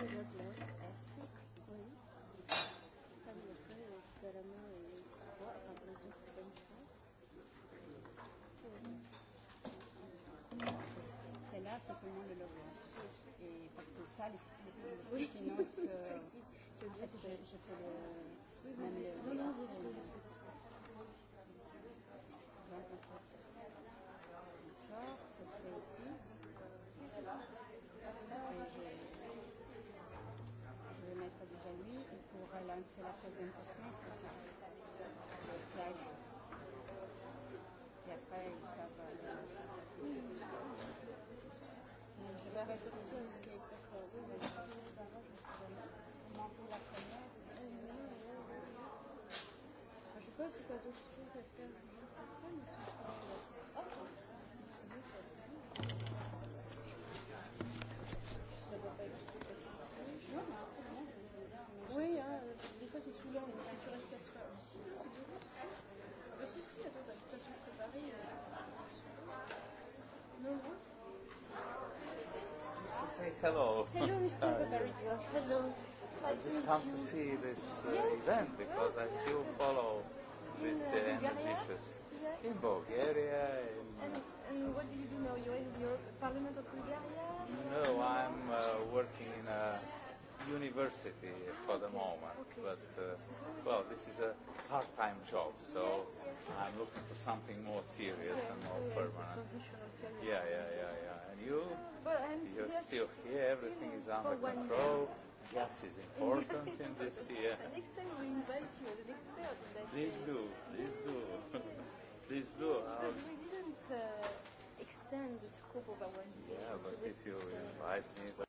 Celle-là, c'est seulement le logo. Et parce que ça, les, les, les finances, euh, en fait, je, je fais le, même le, le, le sort, ça c'est ici. va lancer la présentation, c'est ça. Le slide. Et après, ça va. Oui, je vais rester sur ce qui est pour que vous me disiez d'abord, comment vous la connaissez. Je pense que tu as d'autres trucs à faire juste après, mais je pense que. hello. Hello, Mr. Paparizos. Hello. I've just come you. to see this uh, yes. event because yes. I still follow these uh, energy uh, issues. Yeah. In Bulgaria. In and, and what do you do now? You're in the Europe, Parliament of Bulgaria? No, I'm uh, working in a university for the moment, okay. but uh, well, this is a part-time job, so I'm looking for something more serious yeah, and more yeah, permanent. Yeah, yeah, yeah, yeah. And you, but I'm you're yes, still here. Everything is under control. Gas is important in this year. Next time we invite you as an expert. In that please day. do, please do, please do. Because we didn't uh, extend the scope of our. Yeah, but if you invite me.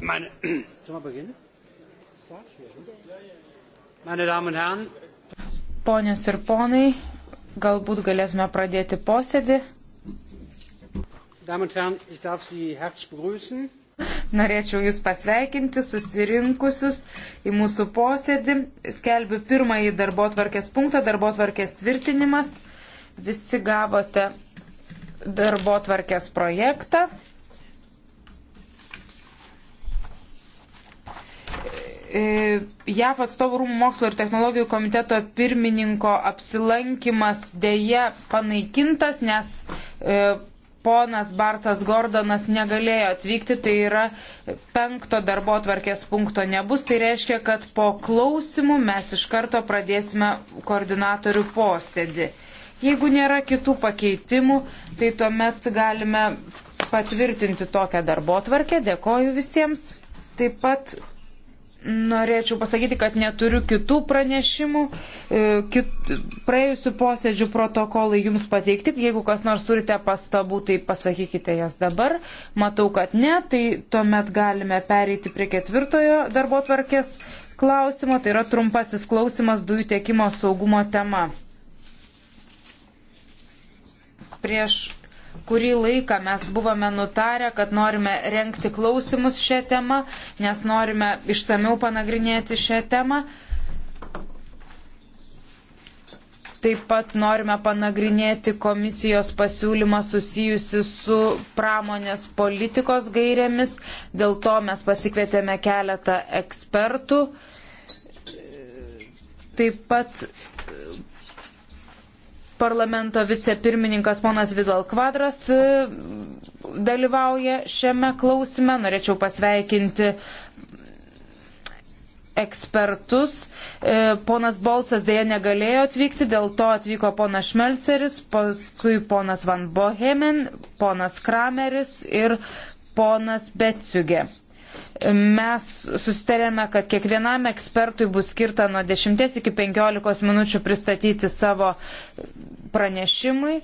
Meine, meine Damen und Herren. Ponios ir ponai, galbūt galėsime pradėti posėdį. Damen und Herren, ich darf Sie herzlich begrüßen. Norėčiau Jūs pasveikinti susirinkusius į mūsų posėdį. Skelbiu pirmąjį darbo tvarkės punktą, darbo tvarkės tvirtinimas. Visi gavote darbo tvarkės projektą. E, JAF atstovų rūmų mokslo ir technologijų komiteto pirmininko apsilankimas dėje panaikintas, nes e, ponas Bartas Gordonas negalėjo atvykti, tai yra penkto darbo tvarkės punkto nebus. Tai reiškia, kad po klausimų mes iš karto pradėsime koordinatorių posėdį. Jeigu nėra kitų pakeitimų, tai tuomet galime patvirtinti tokią darbo tvarkę. Dėkoju visiems. Taip pat Norėčiau pasakyti, kad neturiu kitų pranešimų. E, kit, praėjusių posėdžių protokolai jums pateikti. Jeigu kas nors turite pastabų, tai pasakykite jas dabar. Matau, kad ne. Tai tuomet galime pereiti prie ketvirtojo darbo tvarkės klausimo. Tai yra trumpasis klausimas dujų tiekimo saugumo tema. Prieš kurį laiką mes buvome nutarę, kad norime renkti klausimus šią temą, nes norime išsameu panagrinėti šią temą. Taip pat norime panagrinėti komisijos pasiūlymą susijusi su pramonės politikos gairėmis. Dėl to mes pasikvietėme keletą ekspertų. Taip pat parlamento vicepirmininkas ponas Vidal Kvadras e, dalyvauja šiame klausime. Norėčiau pasveikinti ekspertus. E, ponas Bolsas dėja negalėjo atvykti, dėl to atvyko ponas Šmelceris, paskui ponas Van Bohemen, ponas Krameris ir ponas Betsiugė mes susitarėme, kad kiekvienam ekspertui bus skirta nuo 10 iki 15 minučių pristatyti savo pranešimui,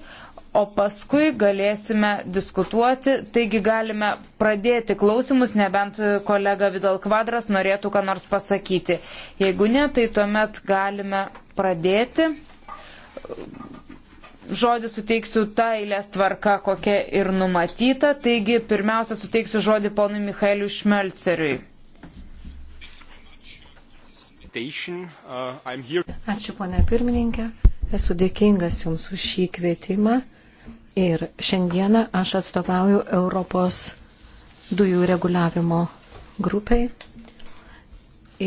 o paskui galėsime diskutuoti. Taigi galime pradėti klausimus, nebent kolega Vidal Kvadras norėtų ką nors pasakyti. Jeigu ne, tai tuomet galime pradėti žodį suteiksiu tą eilės tvarką, kokia ir numatyta. Taigi, pirmiausia, suteiksiu žodį ponui Michaeliu Šmelceriui. Ačiū, ponė pirmininkė. Esu dėkingas Jums už šį kvietimą. Ir šiandieną aš atstovauju Europos dujų reguliavimo grupiai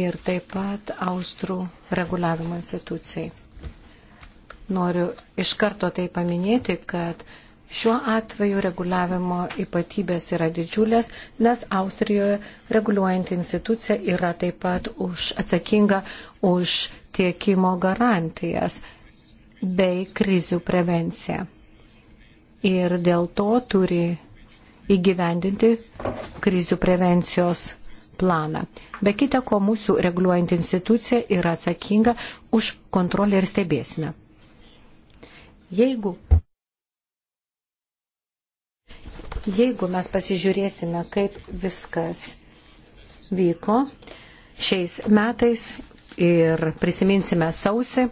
ir taip pat Austrų reguliavimo institucijai. Noriu iš karto tai paminėti, kad šiuo atveju reguliavimo ypatybės yra didžiulės, nes Austrijoje reguliuojanti institucija yra taip pat už, atsakinga už tiekimo garantijas bei krizių prevenciją. Ir dėl to turi įgyvendinti krizių prevencijos planą. Be kita ko, mūsų reguliuojanti institucija yra atsakinga už kontrolę ir stebėsiną. Jeigu, jeigu mes pasižiūrėsime, kaip viskas vyko šiais metais ir prisiminsime sausį,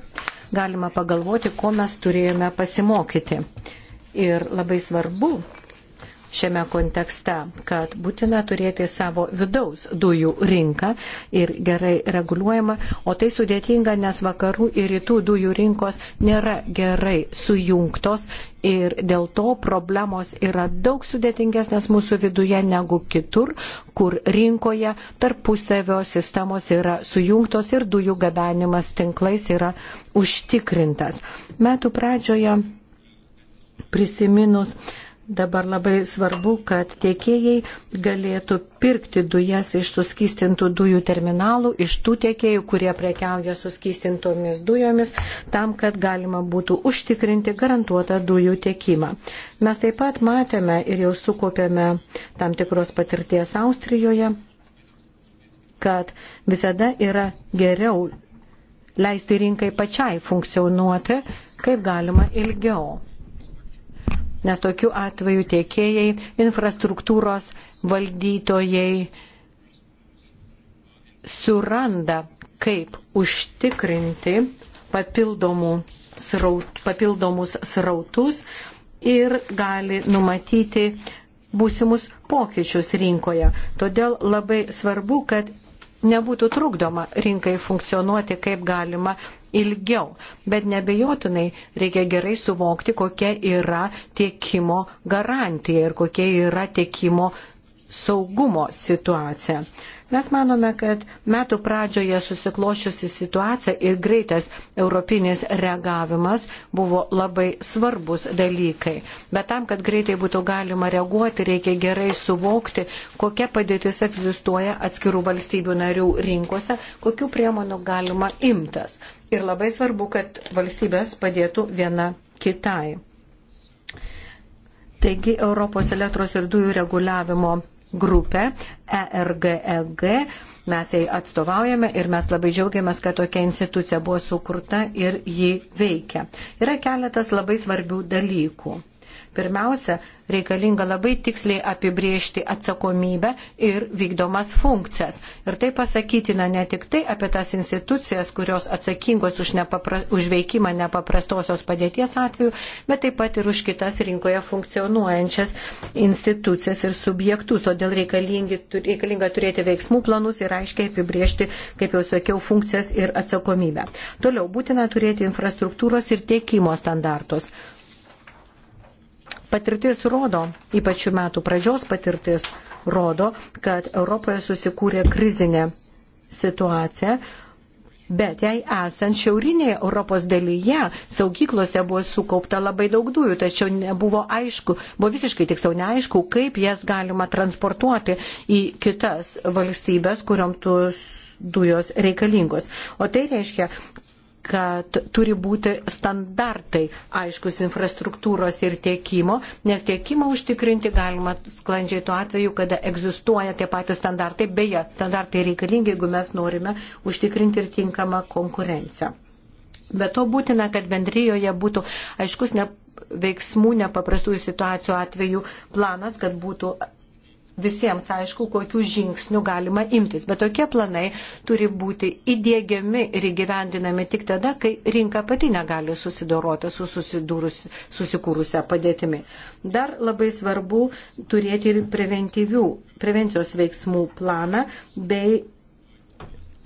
galima pagalvoti, ko mes turėjome pasimokyti. Ir labai svarbu, šiame kontekste, kad būtina turėti savo vidaus dujų rinką ir gerai reguliuojama, o tai sudėtinga, nes vakarų ir rytų dujų rinkos nėra gerai sujungtos ir dėl to problemos yra daug sudėtingesnės mūsų viduje negu kitur, kur rinkoje tarpusavio sistemos yra sujungtos ir dujų gabenimas tinklais yra užtikrintas. Metų pradžioje prisiminus Dabar labai svarbu, kad tiekėjai galėtų pirkti dujas iš suskistintų dujų terminalų, iš tų tiekėjų, kurie prekiauja suskistintomis dujomis, tam, kad galima būtų užtikrinti garantuotą dujų tiekimą. Mes taip pat matėme ir jau sukopėme tam tikros patirties Austrijoje, kad visada yra geriau leisti rinkai pačiai funkcionuoti, kaip galima ilgiau nes tokiu atveju tiekėjai, infrastruktūros valdytojai suranda, kaip užtikrinti papildomų sraut, papildomus srautus ir gali numatyti būsimus pokyčius rinkoje. Todėl labai svarbu, kad nebūtų trukdoma rinkai funkcionuoti kaip galima ilgiau. Bet nebejotinai reikia gerai suvokti, kokia yra tiekimo garantija ir kokie yra tiekimo saugumo situaciją. Mes manome, kad metų pradžioje susiklošiusi situacija ir greitas europinis reagavimas buvo labai svarbus dalykai. Bet tam, kad greitai būtų galima reaguoti, reikia gerai suvokti, kokia padėtis egzistuoja atskirų valstybių narių rinkose, kokių priemonių galima imtas. Ir labai svarbu, kad valstybės padėtų viena kitai. Taigi Europos elektros ir dujų reguliavimo grupę ERGEG. E mes jai atstovaujame ir mes labai džiaugiamės, kad tokia institucija buvo sukurta ir ji veikia. Yra keletas labai svarbių dalykų. Pirmiausia, reikalinga labai tiksliai apibriežti atsakomybę ir vykdomas funkcijas. Ir tai pasakytina ne tik tai apie tas institucijas, kurios atsakingos už, nepapra už veikimą nepaprastosios padėties atveju, bet taip pat ir už kitas rinkoje funkcionuojančias institucijas ir subjektus. Todėl reikalinga turėti veiksmų planus ir aiškiai apibriežti, kaip jau sakiau, funkcijas ir atsakomybę. Toliau būtina turėti infrastruktūros ir tiekimo standartus. Patirtis rodo, ypač šių metų pradžios patirtis rodo, kad Europoje susikūrė krizinė situacija, Bet jei esant šiaurinėje Europos dalyje, saugyklose buvo sukaupta labai daug dujų, tačiau nebuvo aišku, buvo visiškai tiksliau neaišku, kaip jas galima transportuoti į kitas valstybės, kuriuom tų dujos reikalingos. O tai reiškia, kad turi būti standartai aiškus infrastruktūros ir tiekimo, nes tiekimą užtikrinti galima sklandžiai tuo atveju, kada egzistuoja tie patys standartai. Beje, standartai reikalingi, jeigu mes norime užtikrinti ir tinkamą konkurenciją. Be to būtina, kad bendryjoje būtų aiškus ne, veiksmų nepaprastųjų situacijų atveju planas, kad būtų visiems aišku, kokių žingsnių galima imtis. Bet tokie planai turi būti įdėgiami ir įgyvendinami tik tada, kai rinka pati negali susidoroti su susikūrusią padėtimi. Dar labai svarbu turėti ir prevencijos veiksmų planą bei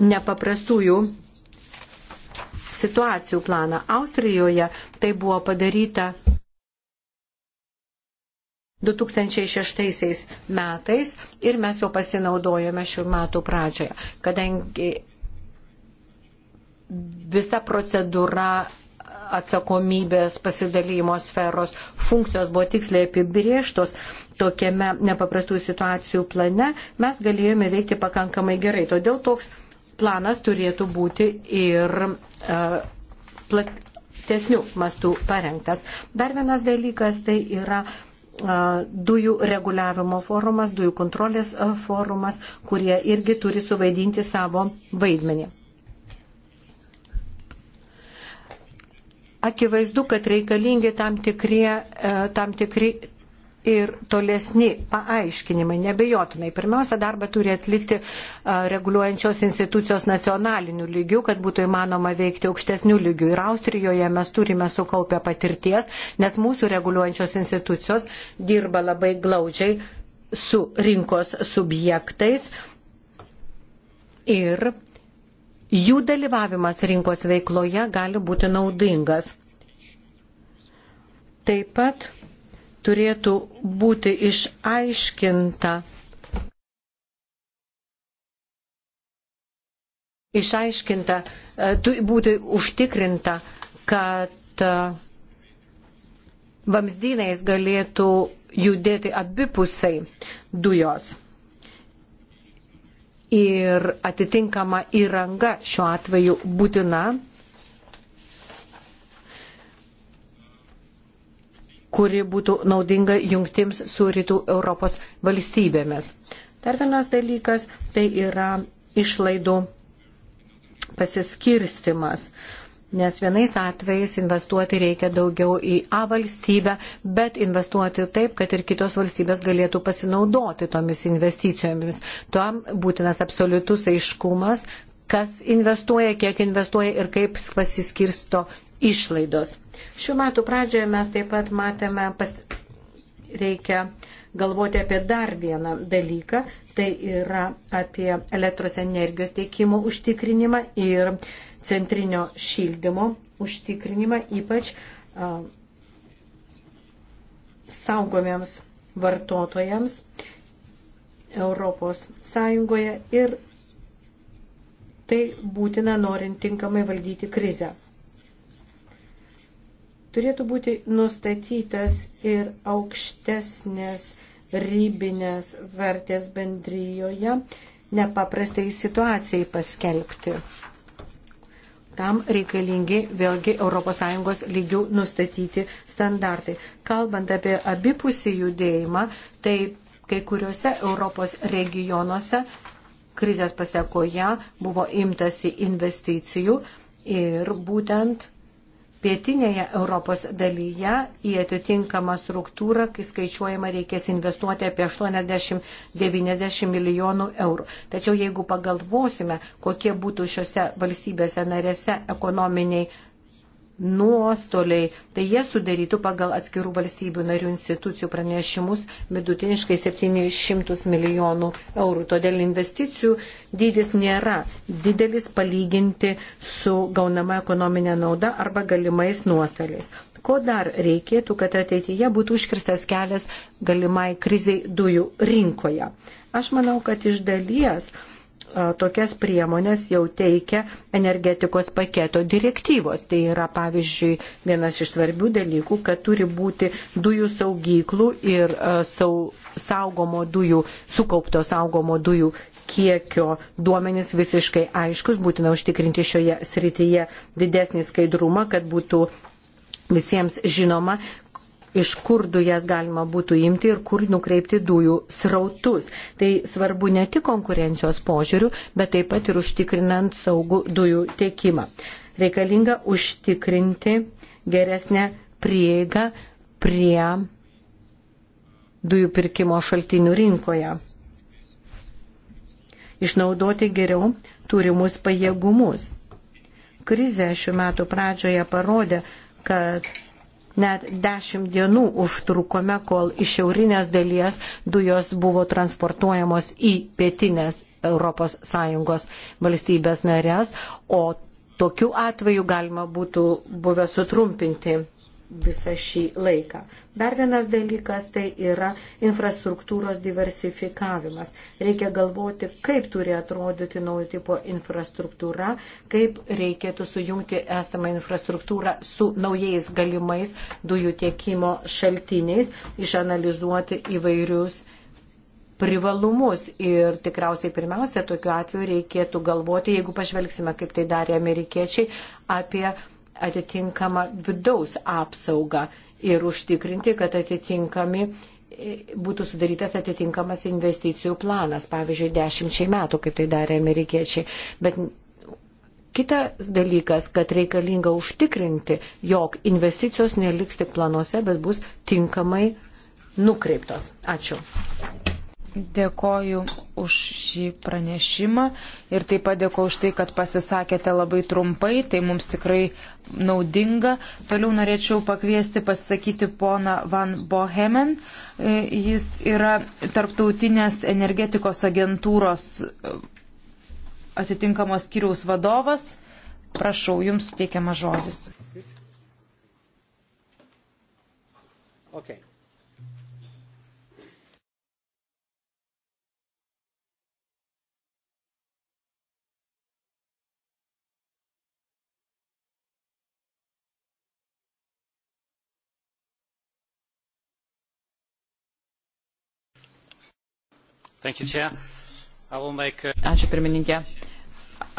nepaprastųjų situacijų planą. Austrijoje tai buvo padaryta 2006 metais ir mes jau pasinaudojome šių metų pradžioje, kadangi visa procedūra atsakomybės pasidalymo sferos funkcijos buvo tiksliai apibrieštos tokiame nepaprastų situacijų plane, mes galėjome veikti pakankamai gerai. Todėl toks planas turėtų būti ir uh, e, platesnių mastų parengtas. Dar vienas dalykas tai yra dujų reguliavimo forumas, dujų kontrolės forumas, kurie irgi turi suvaidinti savo vaidmenį. Akivaizdu, kad reikalingi tam tikri, e, tam tikri ir tolesni paaiškinimai, nebejotinai. Pirmiausia, darbą turi atlikti reguliuojančios institucijos nacionaliniu lygiu, kad būtų įmanoma veikti aukštesnių lygių. Ir Austrijoje mes turime sukaupę patirties, nes mūsų reguliuojančios institucijos dirba labai glaudžiai su rinkos subjektais ir jų dalyvavimas rinkos veikloje gali būti naudingas. Taip pat turėtų būti išaiškinta. Išaiškinta, e, turi būti užtikrinta, kad e, vamzdynais galėtų judėti abipusiai dujos. Ir atitinkama įranga šiuo atveju būtina kuri būtų naudinga jungtims su rytų Europos valstybėmis. Dar vienas dalykas tai yra išlaidų pasiskirstimas nes vienais atvejais investuoti reikia daugiau į A valstybę, bet investuoti taip, kad ir kitos valstybės galėtų pasinaudoti tomis investicijomis. Tuom būtinas absoliutus aiškumas, kas investuoja, kiek investuoja ir kaip pasiskirsto išlaidos. Šių metų pradžioje mes taip pat matėme, pas... reikia galvoti apie dar vieną dalyką, tai yra apie elektros energijos teikimo užtikrinimą ir centrinio šildymo užtikrinimą, ypač uh, saugomiems vartotojams Europos Sąjungoje ir tai būtina norint tinkamai valdyti krizę. Turėtų būti nustatytas ir aukštesnės rybinės vertės bendryjoje nepaprastai situacijai paskelbti. Tam reikalingi vėlgi ES lygių nustatyti standartai. Kalbant apie abipusį judėjimą, tai kai kuriuose Europos regionuose krizės pasiekoje buvo imtasi investicijų ir būtent pietinėje Europos dalyje į atitinkamą struktūrą, kai skaičiuojama reikės investuoti apie 80-90 milijonų eurų. Tačiau jeigu pagalvosime, kokie būtų šiuose valstybėse narėse ekonominiai nuostoliai, tai jie sudarytų pagal atskirų valstybių narių institucijų pranešimus vidutiniškai 700 milijonų eurų. Todėl investicijų dydis nėra didelis palyginti su gaunama ekonominė nauda arba galimais nuostoliais. Ko dar reikėtų, kad ateityje būtų užkirstas kelias galimai kriziai dujų rinkoje? Aš manau, kad iš dalies uh, tokias priemonės jau teikia energetikos paketo direktyvos. Tai yra, pavyzdžiui, vienas iš svarbių dalykų, kad turi būti dujų saugyklų ir sau, saugomo dujų, sukaupto saugomo dujų kiekio duomenys visiškai aiškus, būtina užtikrinti šioje srityje didesnį skaidrumą, kad būtų visiems žinoma, iš kur dujas galima būtų imti ir kur nukreipti dujų srautus. Tai svarbu ne tik konkurencijos požiūrių, bet taip pat ir užtikrinant saugų dujų tiekimą. Reikalinga užtikrinti geresnę prieigą prie dujų pirkimo šaltinių rinkoje. Išnaudoti geriau turimus pajėgumus. Krize šių metų pradžioje parodė, kad Net dešimt dienų užtrukome, kol iš šiaurinės dalies dujos buvo transportuojamos į pietinės ES valstybės narės, o tokiu atveju galima būtų buvę sutrumpinti visą šį laiką. Dar vienas dalykas tai yra infrastruktūros diversifikavimas. Reikia galvoti, kaip turi atrodyti naujo tipo infrastruktūra, kaip reikėtų sujungti esamą infrastruktūrą su naujais galimais dujų tiekimo šaltiniais, išanalizuoti įvairius privalumus ir tikriausiai pirmiausia tokiu atveju reikėtų galvoti, jeigu pažvelgsime, kaip tai darė amerikiečiai, apie atitinkamą vidaus apsaugą ir užtikrinti, kad atitinkami e, būtų sudarytas atitinkamas investicijų planas, pavyzdžiui, dešimčiai metų, kaip tai darė amerikiečiai. Bet kitas dalykas, kad reikalinga užtikrinti, jog investicijos neliks tik planuose, bet bus tinkamai nukreiptos. Ačiū. Dėkoju už šį pranešimą ir taip pat dėkoju už tai, kad pasisakėte labai trumpai, tai mums tikrai naudinga. Toliau norėčiau pakviesti pasisakyti poną Van Bohemen. E, jis yra tarptautinės energetikos agentūros e, atitinkamos kiriaus vadovas. Prašau, jums suteikiamas žodis. Okay. Ačiū pirmininkė.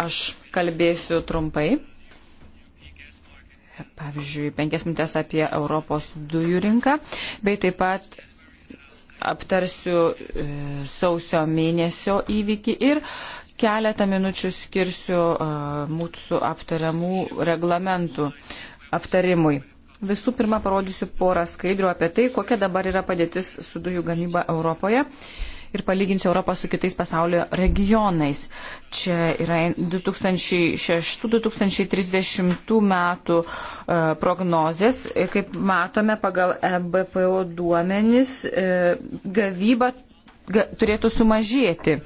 Aš kalbėsiu trumpai. Pavyzdžiui, penkias minutės apie Europos dujų rinką, bei taip pat aptarsiu e, sausio mėnesio įvykį ir keletą minučių skirsiu e, mūsų aptariamų reglamentų aptarimui. Visų pirma, parodysiu porą skaidrių apie tai, kokia dabar yra padėtis su dujų gamyba Europoje. E, ir palyginsiu Europą su kitais pasaulio regionais. Čia yra 2006-2030 metų e, prognozės. E, kaip matome, pagal EBPO duomenis e, gavyba turėtų sumažėti.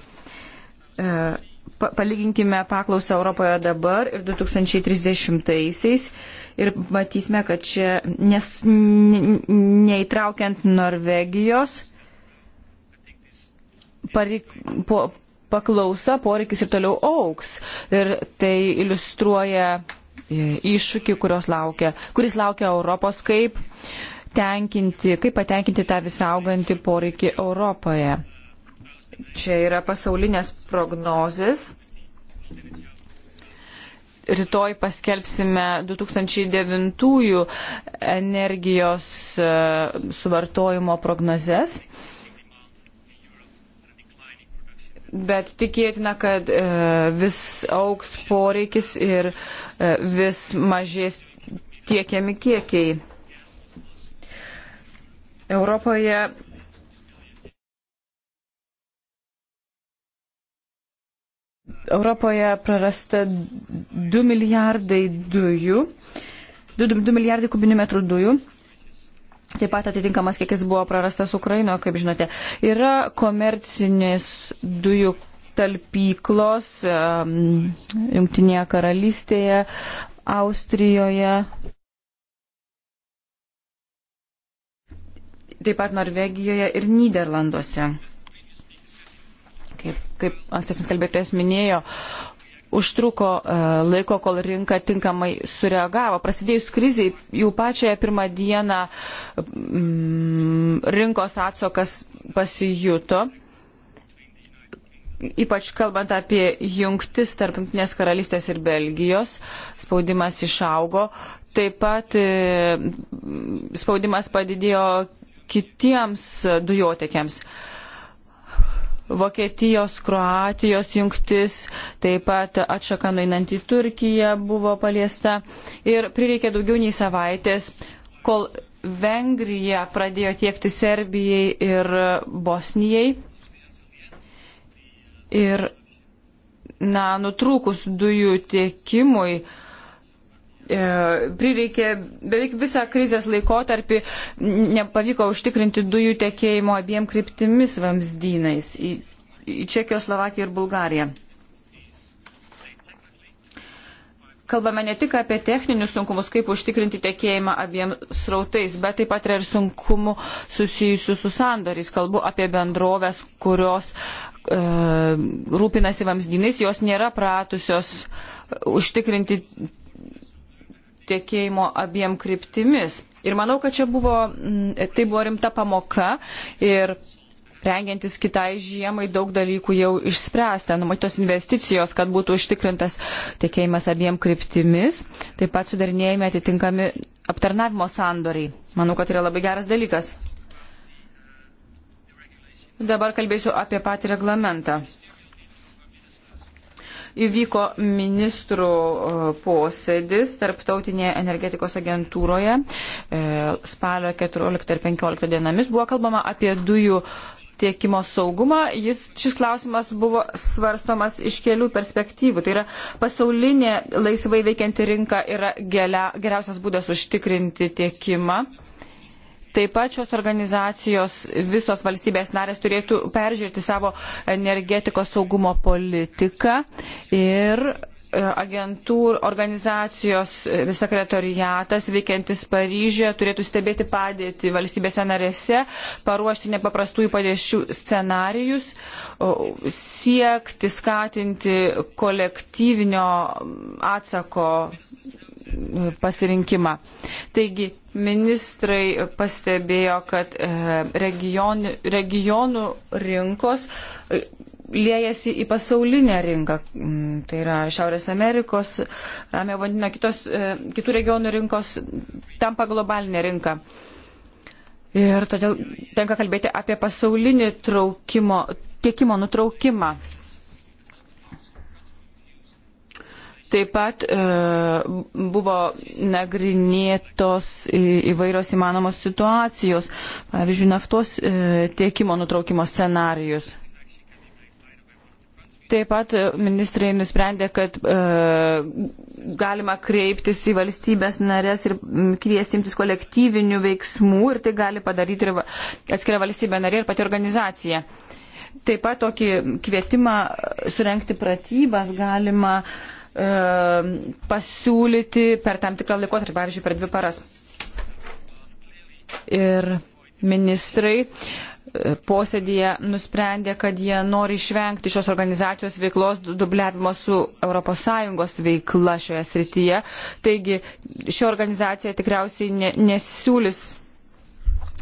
Palyginkime paklausą Europoje dabar ir 2030-aisiais ir matysime, kad čia nes, neįtraukiant Norvegijos pareik, po, paklausa, poreikis ir toliau auks. Ir tai iliustruoja e, iššūkį, laukia, kuris laukia Europos, kaip, tenkinti, kaip patenkinti tą visą augantį poreikį Europoje. Čia yra pasaulinės prognozės. Rytoj paskelbsime 2009 energijos e, suvartojimo prognozes bet tikėtina, kad e, vis auks poreikis ir e, vis mažės tiekiami kiekiai. Europoje Europoje prarasta 2 milijardai dujų, 2, 2 milijardai kubinių metrų dujų Taip pat atitinkamas kiekis buvo prarastas Ukrainoje, kaip žinote. Yra komercinės dujų talpyklos um, Junktinėje karalystėje, Austrijoje. Taip pat Norvegijoje ir Niderlanduose. Kaip, kaip ankstesnis kalbėtojas minėjo, uh, užtruko e, laiko, kol rinka tinkamai sureagavo. Prasidėjus kriziai, jau pačią pirmą dieną mm, rinkos atsokas pasijuto. Ypač kalbant apie jungtis tarp Junktinės karalystės ir Belgijos, spaudimas išaugo. Taip pat e, spaudimas padidėjo kitiems dujotekiams. Vokietijos, Kroatijos jungtis, taip pat atšaka nuinant į Turkiją buvo paliesta ir prireikė daugiau nei savaitės, kol Vengrija pradėjo tiekti Serbijai ir Bosnijai. Ir, na, nutrūkus dujų tiekimui, uh, E, prireikė beveik visą krizės laikotarpį, nepavyko užtikrinti dujų tekėjimo abiem kryptimis vamzdynais į, į Čekiją, Slovakiją ir Bulgariją. Kalbame ne tik apie techninius sunkumus, kaip užtikrinti tekėjimą abiem srautais, bet taip pat yra ir sunkumų susijusių su sandoriais. Kalbu apie bendrovės, kurios e, rūpinasi vamzdynais, jos nėra pratusios užtikrinti tekėjimo abiem kryptimis. Ir manau, kad čia buvo, mm, tai buvo rimta pamoka ir rengiantis kitai žiemai daug dalykų jau išspręsta, numatytos investicijos, kad būtų užtikrintas tiekėjimas abiem kryptimis, taip pat sudarinėjami atitinkami aptarnavimo sandoriai. Manau, kad yra labai geras dalykas. Dabar kalbėsiu apie patį reglamentą įvyko ministrų e, posėdis tarptautinėje energetikos agentūroje e, spalio 14 ir 15 dienomis. Buvo kalbama apie dujų tiekimo saugumą. Jis, šis klausimas buvo svarstomas iš kelių perspektyvų. Tai yra pasaulinė laisvai veikianti rinka yra gelia, geriausias būdas užtikrinti tiekimą. Taip pat šios organizacijos visos valstybės narės turėtų peržiūrėti savo energetikos saugumo politiką ir e, agentūr organizacijos e, sekretoriatas veikiantis Paryžioje turėtų stebėti padėtį valstybėse narėse, paruošti nepaprastųjų padėšių scenarijus, siekti, skatinti kolektyvinio atsako pasirinkimą. Taigi, ministrai pastebėjo, kad e, region, regionų rinkos e, liejasi į pasaulinę rinką. Mm, tai yra Šiaurės Amerikos, Ramė vadina, kitos, e, kitų regionų rinkos tampa globalinė rinka. Ir todėl tenka kalbėti apie pasaulinį traukimo, tiekimo nutraukimą. Taip pat e, buvo nagrinėtos įvairios įmanomos situacijos, pavyzdžiui, naftos e, tiekimo nutraukimo scenarius. Taip pat e, ministrai nusprendė, kad e, galima kreiptis į valstybės narės ir kviesti imtis kolektyvinių veiksmų ir tai gali padaryti ir atskira valstybė narė ir pati organizacija. Taip pat tokį kvietimą e, surenkti pratybas galima uh, Ehm, pasiūlyti per tam tikrą laikotarpį, pavyzdžiui, per dvi paras. Ir ministrai e, posėdėje nusprendė, kad jie nori išvengti šios organizacijos veiklos dubliavimo su ES veikla šioje srityje. Taigi ši organizacija tikriausiai ne, nesiūlis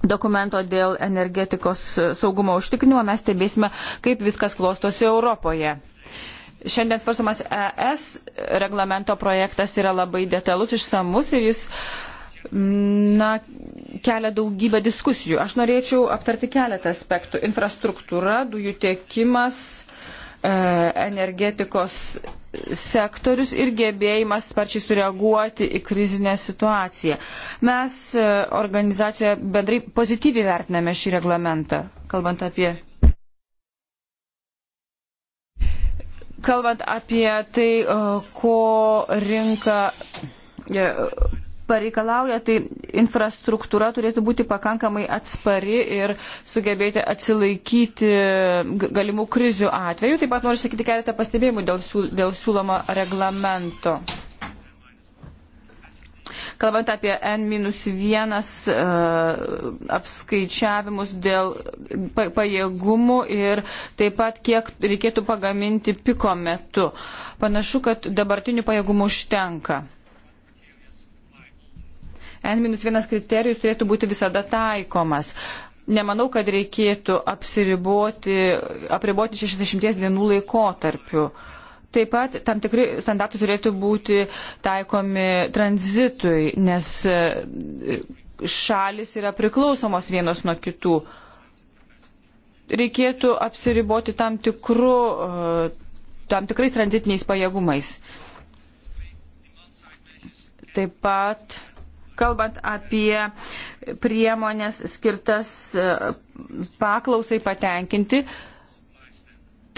dokumento dėl energetikos saugumo užtikrinimo. Mes stebėsime, kaip viskas klostosi Europoje. Šiandien svarstamas ES reglamento projektas yra labai detalus, išsamus ir jis na, kelia daugybę diskusijų. Aš norėčiau aptarti keletą aspektų. Infrastruktūra, dujų tiekimas, e, energetikos sektorius ir gebėjimas sparčiai sureaguoti į krizinę situaciją. Mes e, organizacijoje bendrai pozityviai vertiname šį reglamentą, kalbant apie kalbant apie tai, e, ko rinka e, pareikalauja, tai infrastruktūra turėtų būti pakankamai atspari ir sugebėti atsilaikyti galimų krizių atveju. Taip pat noriu sakyti keletą pastebėjimų dėl, siūl dėl siūlomo reglamento kalbant apie N-1 e, apskaičiavimus dėl pajėgumų ir taip pat kiek reikėtų pagaminti piko metu. Panašu, kad dabartinių pajėgumų užtenka. N-1 kriterijus turėtų būti visada taikomas. Nemanau, kad reikėtų apsiriboti, apriboti 60 dienų laikotarpiu. Uh, Taip pat tam tikri standartai turėtų būti taikomi tranzitui, nes e, šalis yra priklausomos vienos nuo kitų. Reikėtų apsiriboti tam, tikru, e, tam tikrais tranzitiniais pajėgumais. Taip pat, kalbant apie priemonės skirtas e, paklausai patenkinti,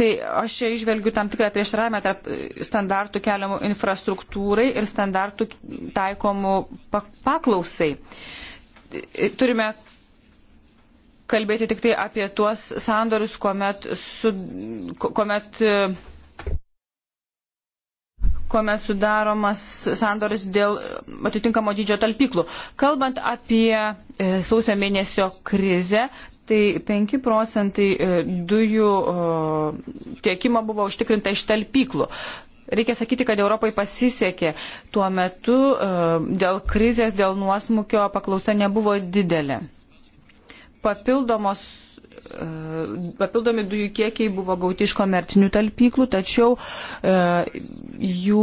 Tai aš čia išvelgiu tam tikrą prieštaravimą tarp e, standartų keliamų infrastruktūrai ir standartų taikomų paklausai. E, turime kalbėti tik tai apie tuos sandorius, kuomet, su, kuomet, e, kuomet sudaromas sandoris dėl atitinkamo dydžio talpyklų. Kalbant apie sausio mėnesio krizę, tai 5 procentai e, dujų e, tiekimo buvo užtikrinta iš talpyklų. Reikia sakyti, kad Europai pasisekė. Tuo metu e, dėl krizės, dėl nuosmukio paklausa nebuvo didelė. Papildomos papildomi dujų kiekiai buvo gauti iš komercinių talpyklų, tačiau e, jų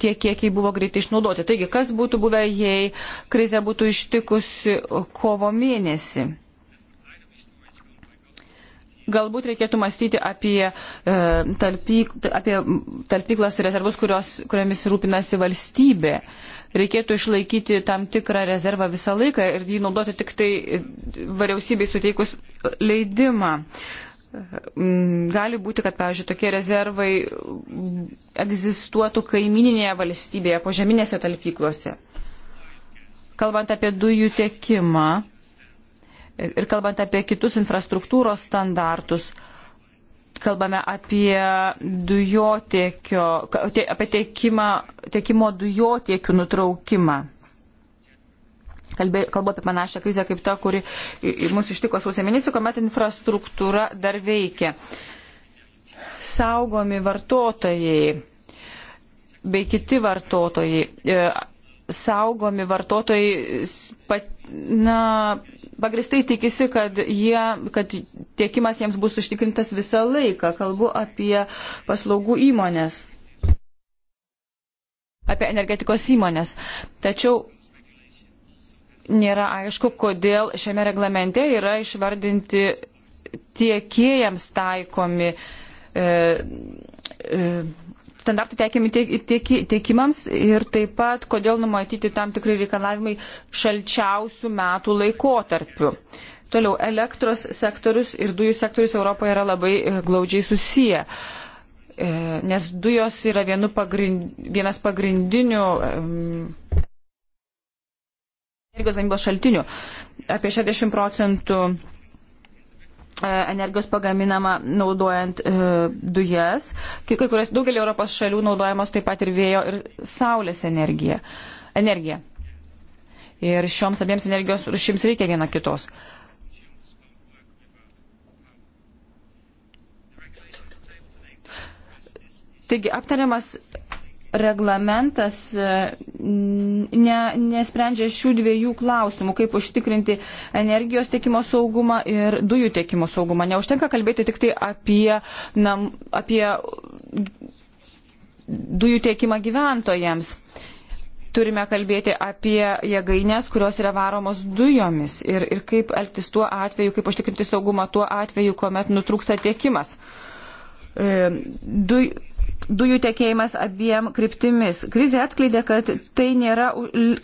tie kiekiai buvo greitai išnaudoti. Taigi, kas būtų buvę, jei krizė būtų ištikusi kovo mėnesį? Galbūt reikėtų mąstyti apie, e, talpyk, apie talpyklas ir rezervus, kurios, kuriamis rūpinasi valstybė. Reikėtų išlaikyti tam tikrą rezervą visą laiką ir jį naudoti tik tai vyriausybei suteikus leidimą. Mm, gali būti, kad, pavyzdžiui, tokie rezervai egzistuotų kaimininėje valstybėje, požeminėse talpyklose. Kalbant apie dujų tiekimą, Ir kalbant apie kitus infrastruktūros standartus, kalbame apie dujotiekio, apie tiekimą, tiekimo dujotiekių nutraukimą. Kalbė, kalbu apie panašią krizę kaip ta, kuri mūsų ištiko sausio mėnesį, kuomet infrastruktūra dar veikia. Saugomi vartotojai bei kiti vartotojai. E, saugomi vartotojai, na, pagristai tikisi, kad, jie, kad tiekimas jiems bus užtikrintas visą laiką. Kalbu apie paslaugų įmonės, apie energetikos įmonės. Tačiau nėra aišku, kodėl šiame reglamente yra išvardinti tiekėjams taikomi e, e, standartai teikiami tiekimams ir taip pat, kodėl numatyti tam tikrai reikalavimai šalčiausių metų laikotarpiu. Toliau, elektros sektorius ir dujų sektorius Europoje yra labai e, glaudžiai susiję, e, nes dujos yra vienu pagrind, vienas pagrindinių energijos gamybos šaltinių. Apie 60 procentų E, energijos pagaminama naudojant e, dujas, kai kurias daugelį Europos šalių naudojamos taip pat ir vėjo ir saulės energija. energija. Ir šioms abiems energijos rušims reikia viena kitos. Taigi aptariamas reglamentas e, ne, nesprendžia šių dviejų klausimų, kaip užtikrinti energijos tiekimo saugumą ir dujų tiekimo saugumą. Neužtenka kalbėti tik tai apie, nam, apie dujų tiekimą gyventojams. Turime kalbėti apie jėgainės, kurios yra varomos dujomis ir, ir kaip elgtis tuo atveju, kaip užtikrinti saugumą tuo atveju, kuomet nutrūksta tiekimas. E, du, dujų tekėjimas abiem kryptimis. Krizė atskleidė, kad tai, nėra,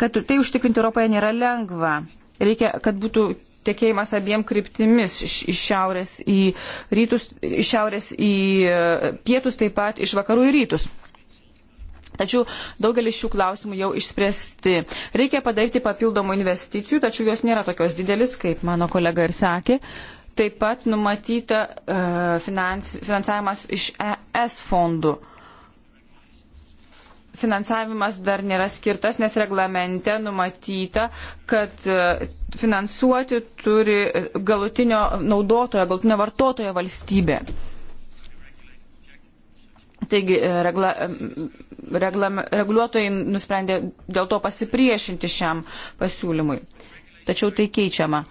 kad tai užtikrinti Europoje nėra lengva. Reikia, kad būtų tekėjimas abiem kryptimis iš šiaurės į rytus, iš šiaurės į e, pietus, taip pat iš vakarų į rytus. Tačiau daugelis šių klausimų jau išspręsti. Reikia padaryti papildomų investicijų, tačiau jos nėra tokios didelis, kaip mano kolega ir sakė. Uh, Taip pat numatyta e, finans, finansavimas iš ES fondų. Finansavimas dar nėra skirtas, nes reglamente numatyta, kad e, finansuoti turi galutinio naudotojo, galutinio vartotojo valstybė. Taigi e, regla, regla, reguliuotojai nusprendė dėl to pasipriešinti šiam pasiūlymui. Tačiau tai keičiama.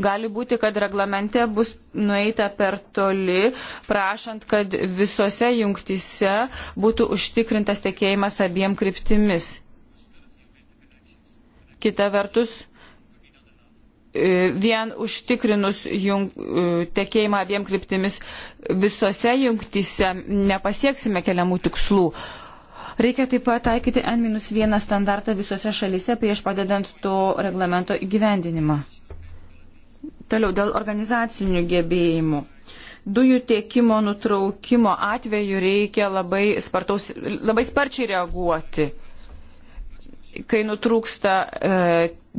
Gali būti, kad reglamente bus nueita per toli, prašant, kad visose jungtise būtų užtikrintas tekėjimas abiem kryptimis. Kita vertus, e, vien užtikrinus jung, e, tekėjimą abiem kryptimis visose jungtise nepasieksime keliamų tikslų. Reikia taip pat taikyti N-1 standartą visose šalise prieš padedant to reglamento įgyvendinimą. Toliau dėl organizacinių gebėjimų. Dujų tiekimo nutraukimo atveju reikia labai, spartaus, labai sparčiai reaguoti. Kai nutrūksta e,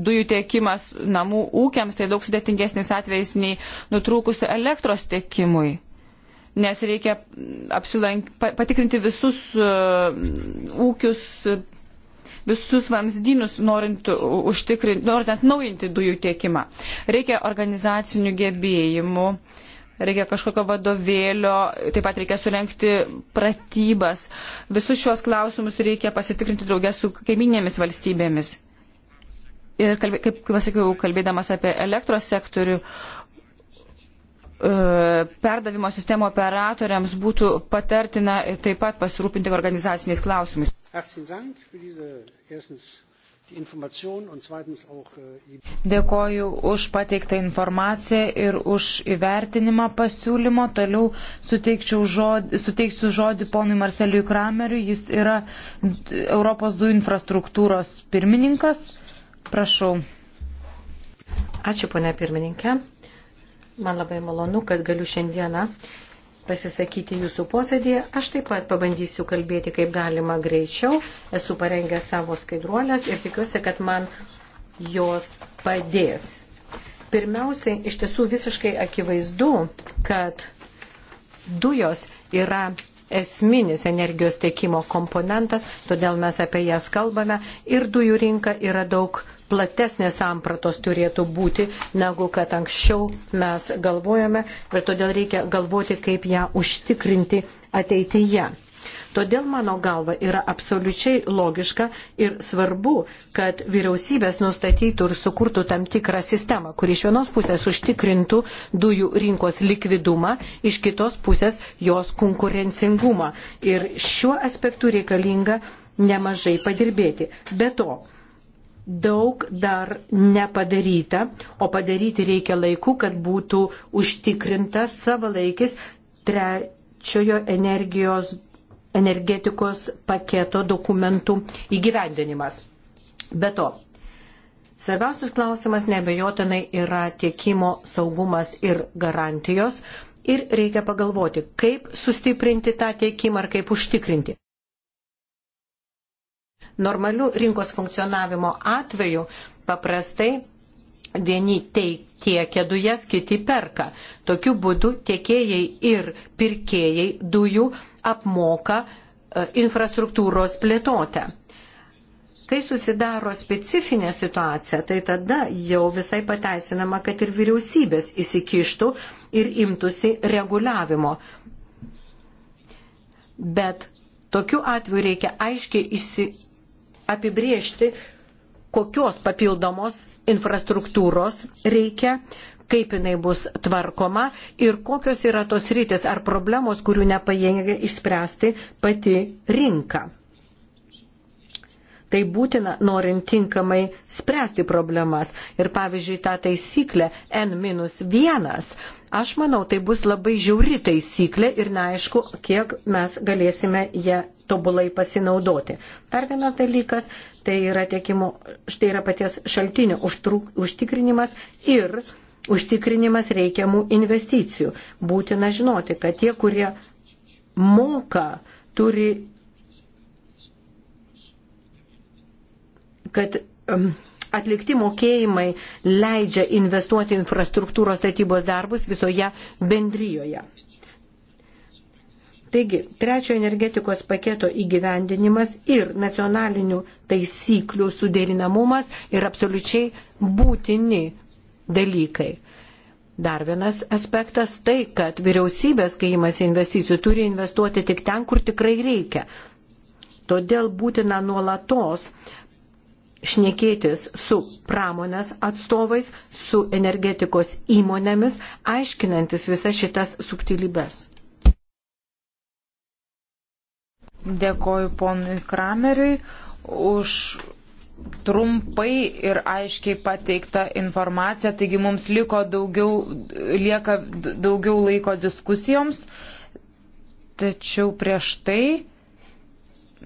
dujų tiekimas namų ūkiams, tai daug sudėtingesnis atvejis nei nutrūkus elektros tiekimui nes reikia apsilank, patikrinti visus uh, ūkius, visus vamzdynus, norint, užtikrin, norint atnaujinti dujų tiekimą. Reikia organizacinių gebėjimų, reikia kažkokio vadovėlio, taip pat reikia surenkti pratybas. Visus šios klausimus reikia pasitikrinti draugės su kaiminėmis valstybėmis. Ir kalbė, kaip, kaip pasakiau, kalbėdamas apie elektros sektorių, uh, E, perdavimo sistemo operatoriams būtų patartina taip pat pasirūpinti organizaciniais klausimais. Äh, Dėkoju už pateiktą informaciją ir už įvertinimą pasiūlymo. Toliau žodį, suteiksiu žodį ponui Marceliui Krameriui. Jis yra Europos dujų infrastruktūros pirmininkas. Prašau. Ačiū, ponia pirmininkė. Man labai malonu, kad galiu šiandieną pasisakyti jūsų posėdėje. Aš taip pat pabandysiu kalbėti kaip galima greičiau. Esu parengęs savo skaidruolės ir tikiuosi, kad man jos padės. Pirmiausiai, iš tiesų visiškai akivaizdu, kad dujos yra esminis energijos tiekimo komponentas, todėl mes apie jas kalbame ir dujų rinka yra daug platesnės sampratos turėtų būti, negu kad anksčiau mes galvojame ir todėl reikia galvoti, kaip ją užtikrinti ateityje. Todėl mano galva yra absoliučiai logiška ir svarbu, kad vyriausybės nustatytų ir sukurtų tam tikrą sistemą, kuri iš vienos pusės užtikrintų dujų rinkos likvidumą, iš kitos pusės jos konkurencingumą. Ir šiuo aspektu reikalinga nemažai padirbėti. Be to, daug dar nepadaryta, o padaryti reikia laiku, kad būtų užtikrintas savalaikis trečiojo energijos, energetikos paketo dokumentų įgyvendinimas. Be to, svarbiausias klausimas nebejotinai yra tiekimo saugumas ir garantijos ir reikia pagalvoti, kaip sustiprinti tą tiekimą ar kaip užtikrinti normalių rinkos funkcionavimo atveju paprastai vieni tiekia dujas, kiti perka. Tokiu būdu tiekėjai ir pirkėjai dujų apmoka e, infrastruktūros plėtotę. Kai susidaro specifinė situacija, tai tada jau visai pateisinama, kad ir vyriausybės įsikištų ir imtųsi reguliavimo. Bet tokiu atveju reikia aiškiai įsikišti apibriežti, kokios papildomos infrastruktūros reikia, kaip jinai bus tvarkoma ir kokios yra tos rytis ar problemos, kurių nepajėgia išspręsti pati rinka. Tai būtina, norint tinkamai spręsti problemas. Ir pavyzdžiui, tą taisyklę N-1, aš manau, tai bus labai žiauri taisyklė ir neaišku, kiek mes galėsime ją tobulai pasinaudoti. Dar vienas dalykas - tai yra, tiekimo, tai yra paties šaltinio užtruk, užtikrinimas ir užtikrinimas reikiamų investicijų. Būtina žinoti, kad tie, kurie moka, turi kad um, atlikti mokėjimai leidžia investuoti infrastruktūros statybos darbus visoje bendryjoje. Taigi, trečio energetikos paketo įgyvendinimas ir nacionalinių taisyklių suderinamumas yra absoliučiai būtini dalykai. Dar vienas aspektas tai, kad vyriausybės, kai imasi investicijų, turi investuoti tik ten, kur tikrai reikia. Todėl būtina nuolatos šnekėtis su pramonės atstovais, su energetikos įmonėmis, aiškinantis visas šitas subtilybes. Dėkoju ponui Krameriui už trumpai ir aiškiai pateiktą informaciją, taigi mums liko daugiau, lieka daugiau laiko diskusijoms, tačiau prieš tai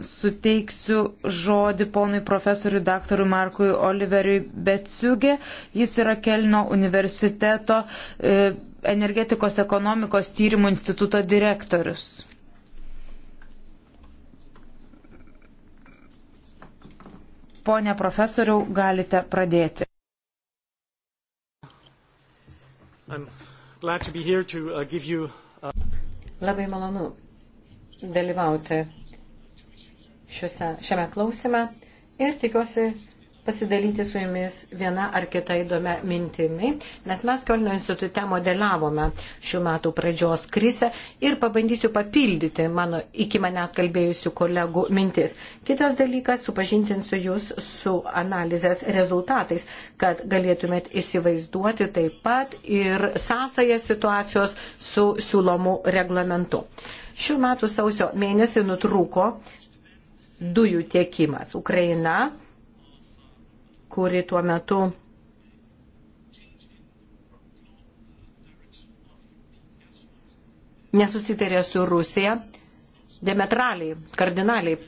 suteiksiu žodį ponui profesoriui daktarui Markui Oliveriui Betsiugė. Jis yra Kelno universiteto e, energetikos ekonomikos tyrimų instituto direktorius. Pone profesoriau, galite pradėti. Uh, you... Uh, Labai malonu dalyvauti šiuose, šiame klausime ir tikiuosi pasidalinti su jumis viena ar kita įdomia mintimi, nes mes Kielno institute modeliavome šių metų pradžios krizę ir pabandysiu papildyti mano iki manęs kalbėjusių kolegų mintis. Kitas dalykas, supažintinsiu jūs su analizės rezultatais, kad galėtumėt įsivaizduoti taip pat ir sąsąją situacijos su siūlomu reglamentu. Šių metų sausio mėnesį nutrūko dujų tiekimas. Ukraina kuri tuo metu nesusitarė su Rusija, demetraliai, kardinaliai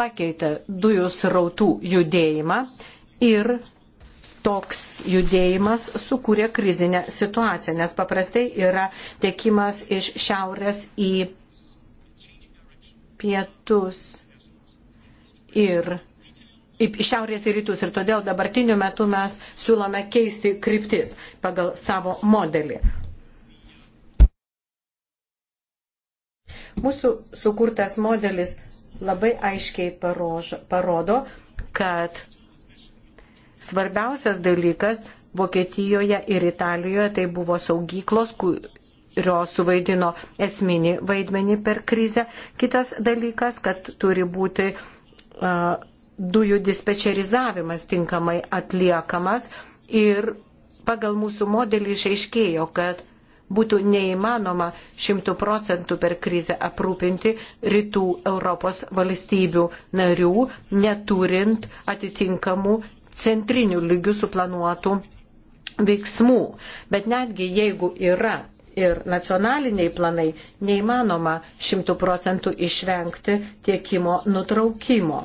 pakeitė dujų srautų judėjimą ir toks judėjimas sukūrė krizinę situaciją, nes paprastai yra tiekimas iš šiaurės į pietus ir į šiaurės ir rytus ir todėl dabartiniu metu mes siūlome keisti kryptis pagal savo modelį. Mūsų sukurtas modelis labai aiškiai parožo, parodo, kad svarbiausias dalykas Vokietijoje ir Italijoje tai buvo saugyklos, kurios suvaidino esminį vaidmenį per krizę. Kitas dalykas, kad turi būti uh, dujų dispečerizavimas tinkamai atliekamas ir pagal mūsų modelį išaiškėjo, kad būtų neįmanoma šimtų procentų per krizę aprūpinti rytų Europos valstybių narių, neturint atitinkamų centrinių lygių suplanuotų veiksmų. Bet netgi jeigu yra ir nacionaliniai planai, neįmanoma šimtų procentų išvengti tiekimo nutraukimo.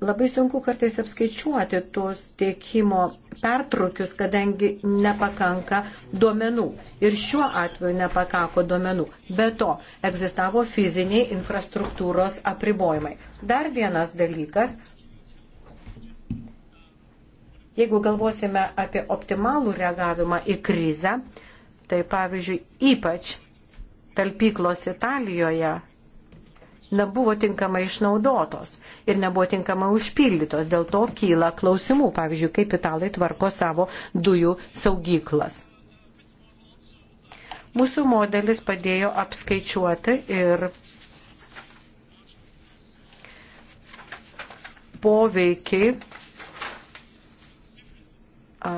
Labai sunku kartais apskaičiuoti tuos tiekimo pertraukius, kadangi nepakanka duomenų. Ir šiuo atveju nepakako duomenų. Be to, egzistavo fiziniai infrastruktūros apribojimai. Dar vienas dalykas. Jeigu galvosime apie optimalų reagavimą į krizę, tai pavyzdžiui, ypač talpyklos Italijoje nebuvo tinkamai išnaudotos ir nebuvo tinkamai užpildytos. Dėl to kyla klausimų, pavyzdžiui, kaip italai tvarko savo dujų saugyklas. Mūsų modelis padėjo apskaičiuoti ir poveikį a,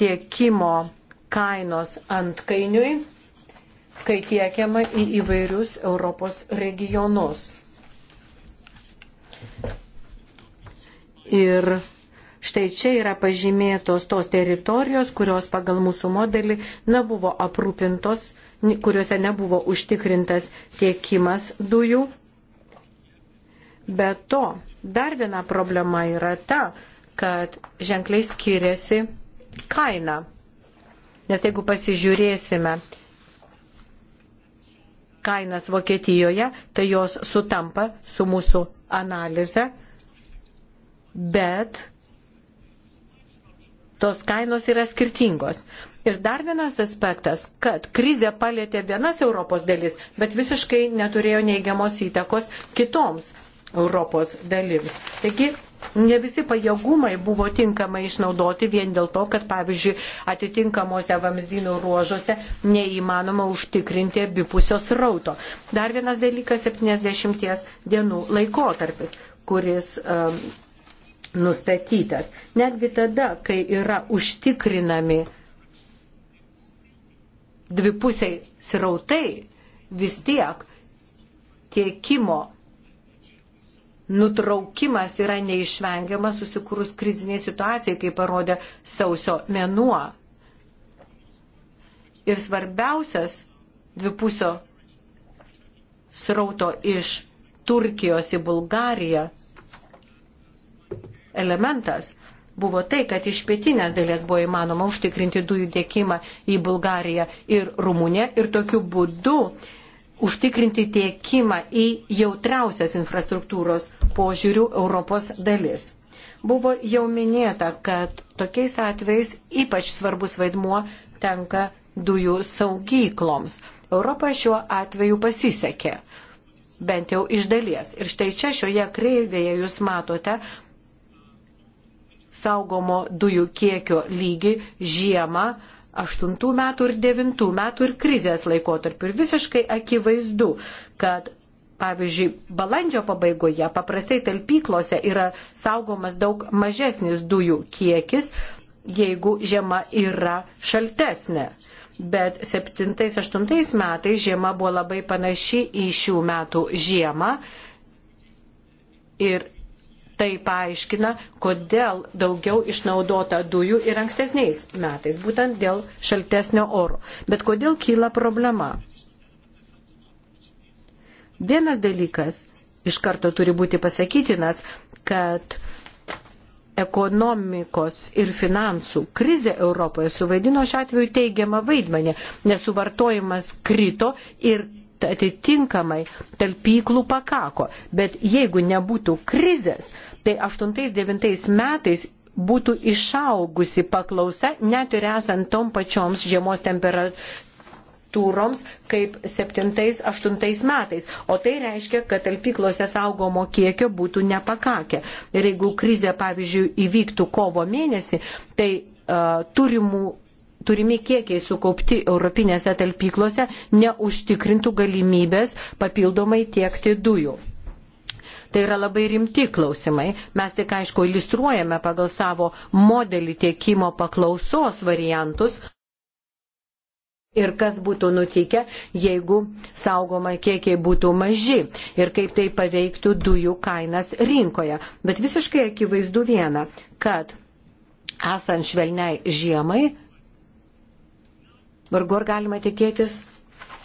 tiekimo kainos antkainiui kai tiekiama į įvairius Europos regionus. Ir štai čia yra pažymėtos tos teritorijos, kurios pagal mūsų modelį nebuvo aprūpintos, kuriuose nebuvo užtikrintas tiekimas dujų. Be to, dar viena problema yra ta, kad ženkliai skiriasi kaina. Nes jeigu pasižiūrėsime kainas Vokietijoje, tai jos sutampa su mūsų analize, bet tos kainos yra skirtingos. Ir dar vienas aspektas, kad krizė palėtė vienas Europos dalis, bet visiškai neturėjo neigiamos įtakos kitoms Europos dalims. Taigi ne visi pajėgumai buvo tinkamai išnaudoti vien dėl to, kad, pavyzdžiui, atitinkamuose vamzdynų ruožuose neįmanoma užtikrinti abipusios rauto. Dar vienas dalykas - 70 dienų laikotarpis, kuris um, nustatytas. Netgi tada, kai yra užtikrinami dvipusiai srautai, vis tiek tiekimo nutraukimas yra neišvengiamas susikūrus krizinė situacija, kaip parodė sausio mėnuo. Ir svarbiausias dvipusio srauto iš Turkijos į Bulgariją elementas buvo tai, kad iš pietinės dalies buvo įmanoma užtikrinti dujų tiekimą į Bulgariją ir Rumuniją ir tokiu būdu užtikrinti tiekimą į jautriausias infrastruktūros požiūrių Europos dalis. Buvo jau minėta, kad tokiais atvejais ypač svarbus vaidmuo tenka dujų saugykloms. Europa šiuo atveju pasisekė, bent jau iš dalies. Ir štai čia šioje kreivėje jūs matote saugomo dujų kiekio lygį žiemą 8 metų ir 9 metų ir krizės laikotarpiu. Ir visiškai akivaizdu, kad Pavyzdžiui, balandžio pabaigoje paprastai talpyklose yra saugomas daug mažesnis dujų kiekis, jeigu žiema yra šaltesnė. Bet 7-8 metais žiema buvo labai panaši į šių metų žiemą ir tai paaiškina, kodėl daugiau išnaudota dujų ir ankstesniais metais, būtent dėl šaltesnio oro. Bet kodėl kyla problema? Vienas dalykas iš karto turi būti pasakytinas, kad ekonomikos ir finansų krizė Europoje suvaidino šiuo atveju teigiamą vaidmenį, nes suvartojimas krito ir atitinkamai talpyklų pakako. Bet jeigu nebūtų krizės, tai 8-9 metais būtų išaugusi paklausa, net ir esant tom pačioms žiemos temperatūros skulptūroms kaip 7-8 metais. O tai reiškia, kad talpyklose saugomo kiekio būtų nepakakę. Ir jeigu krizė, pavyzdžiui, įvyktų kovo mėnesį, tai uh, turimų turimi kiekiai sukaupti europinėse talpyklose neužtikrintų galimybės papildomai tiekti dujų. Tai yra labai rimti klausimai. Mes tik aišku iliustruojame pagal savo modelį tiekimo paklausos variantus ir kas būtų nutikę, jeigu saugoma kiekiai būtų maži ir kaip tai paveiktų dujų kainas rinkoje. Bet visiškai akivaizdu viena, kad esant švelniai žiemai, vargu ar galima tikėtis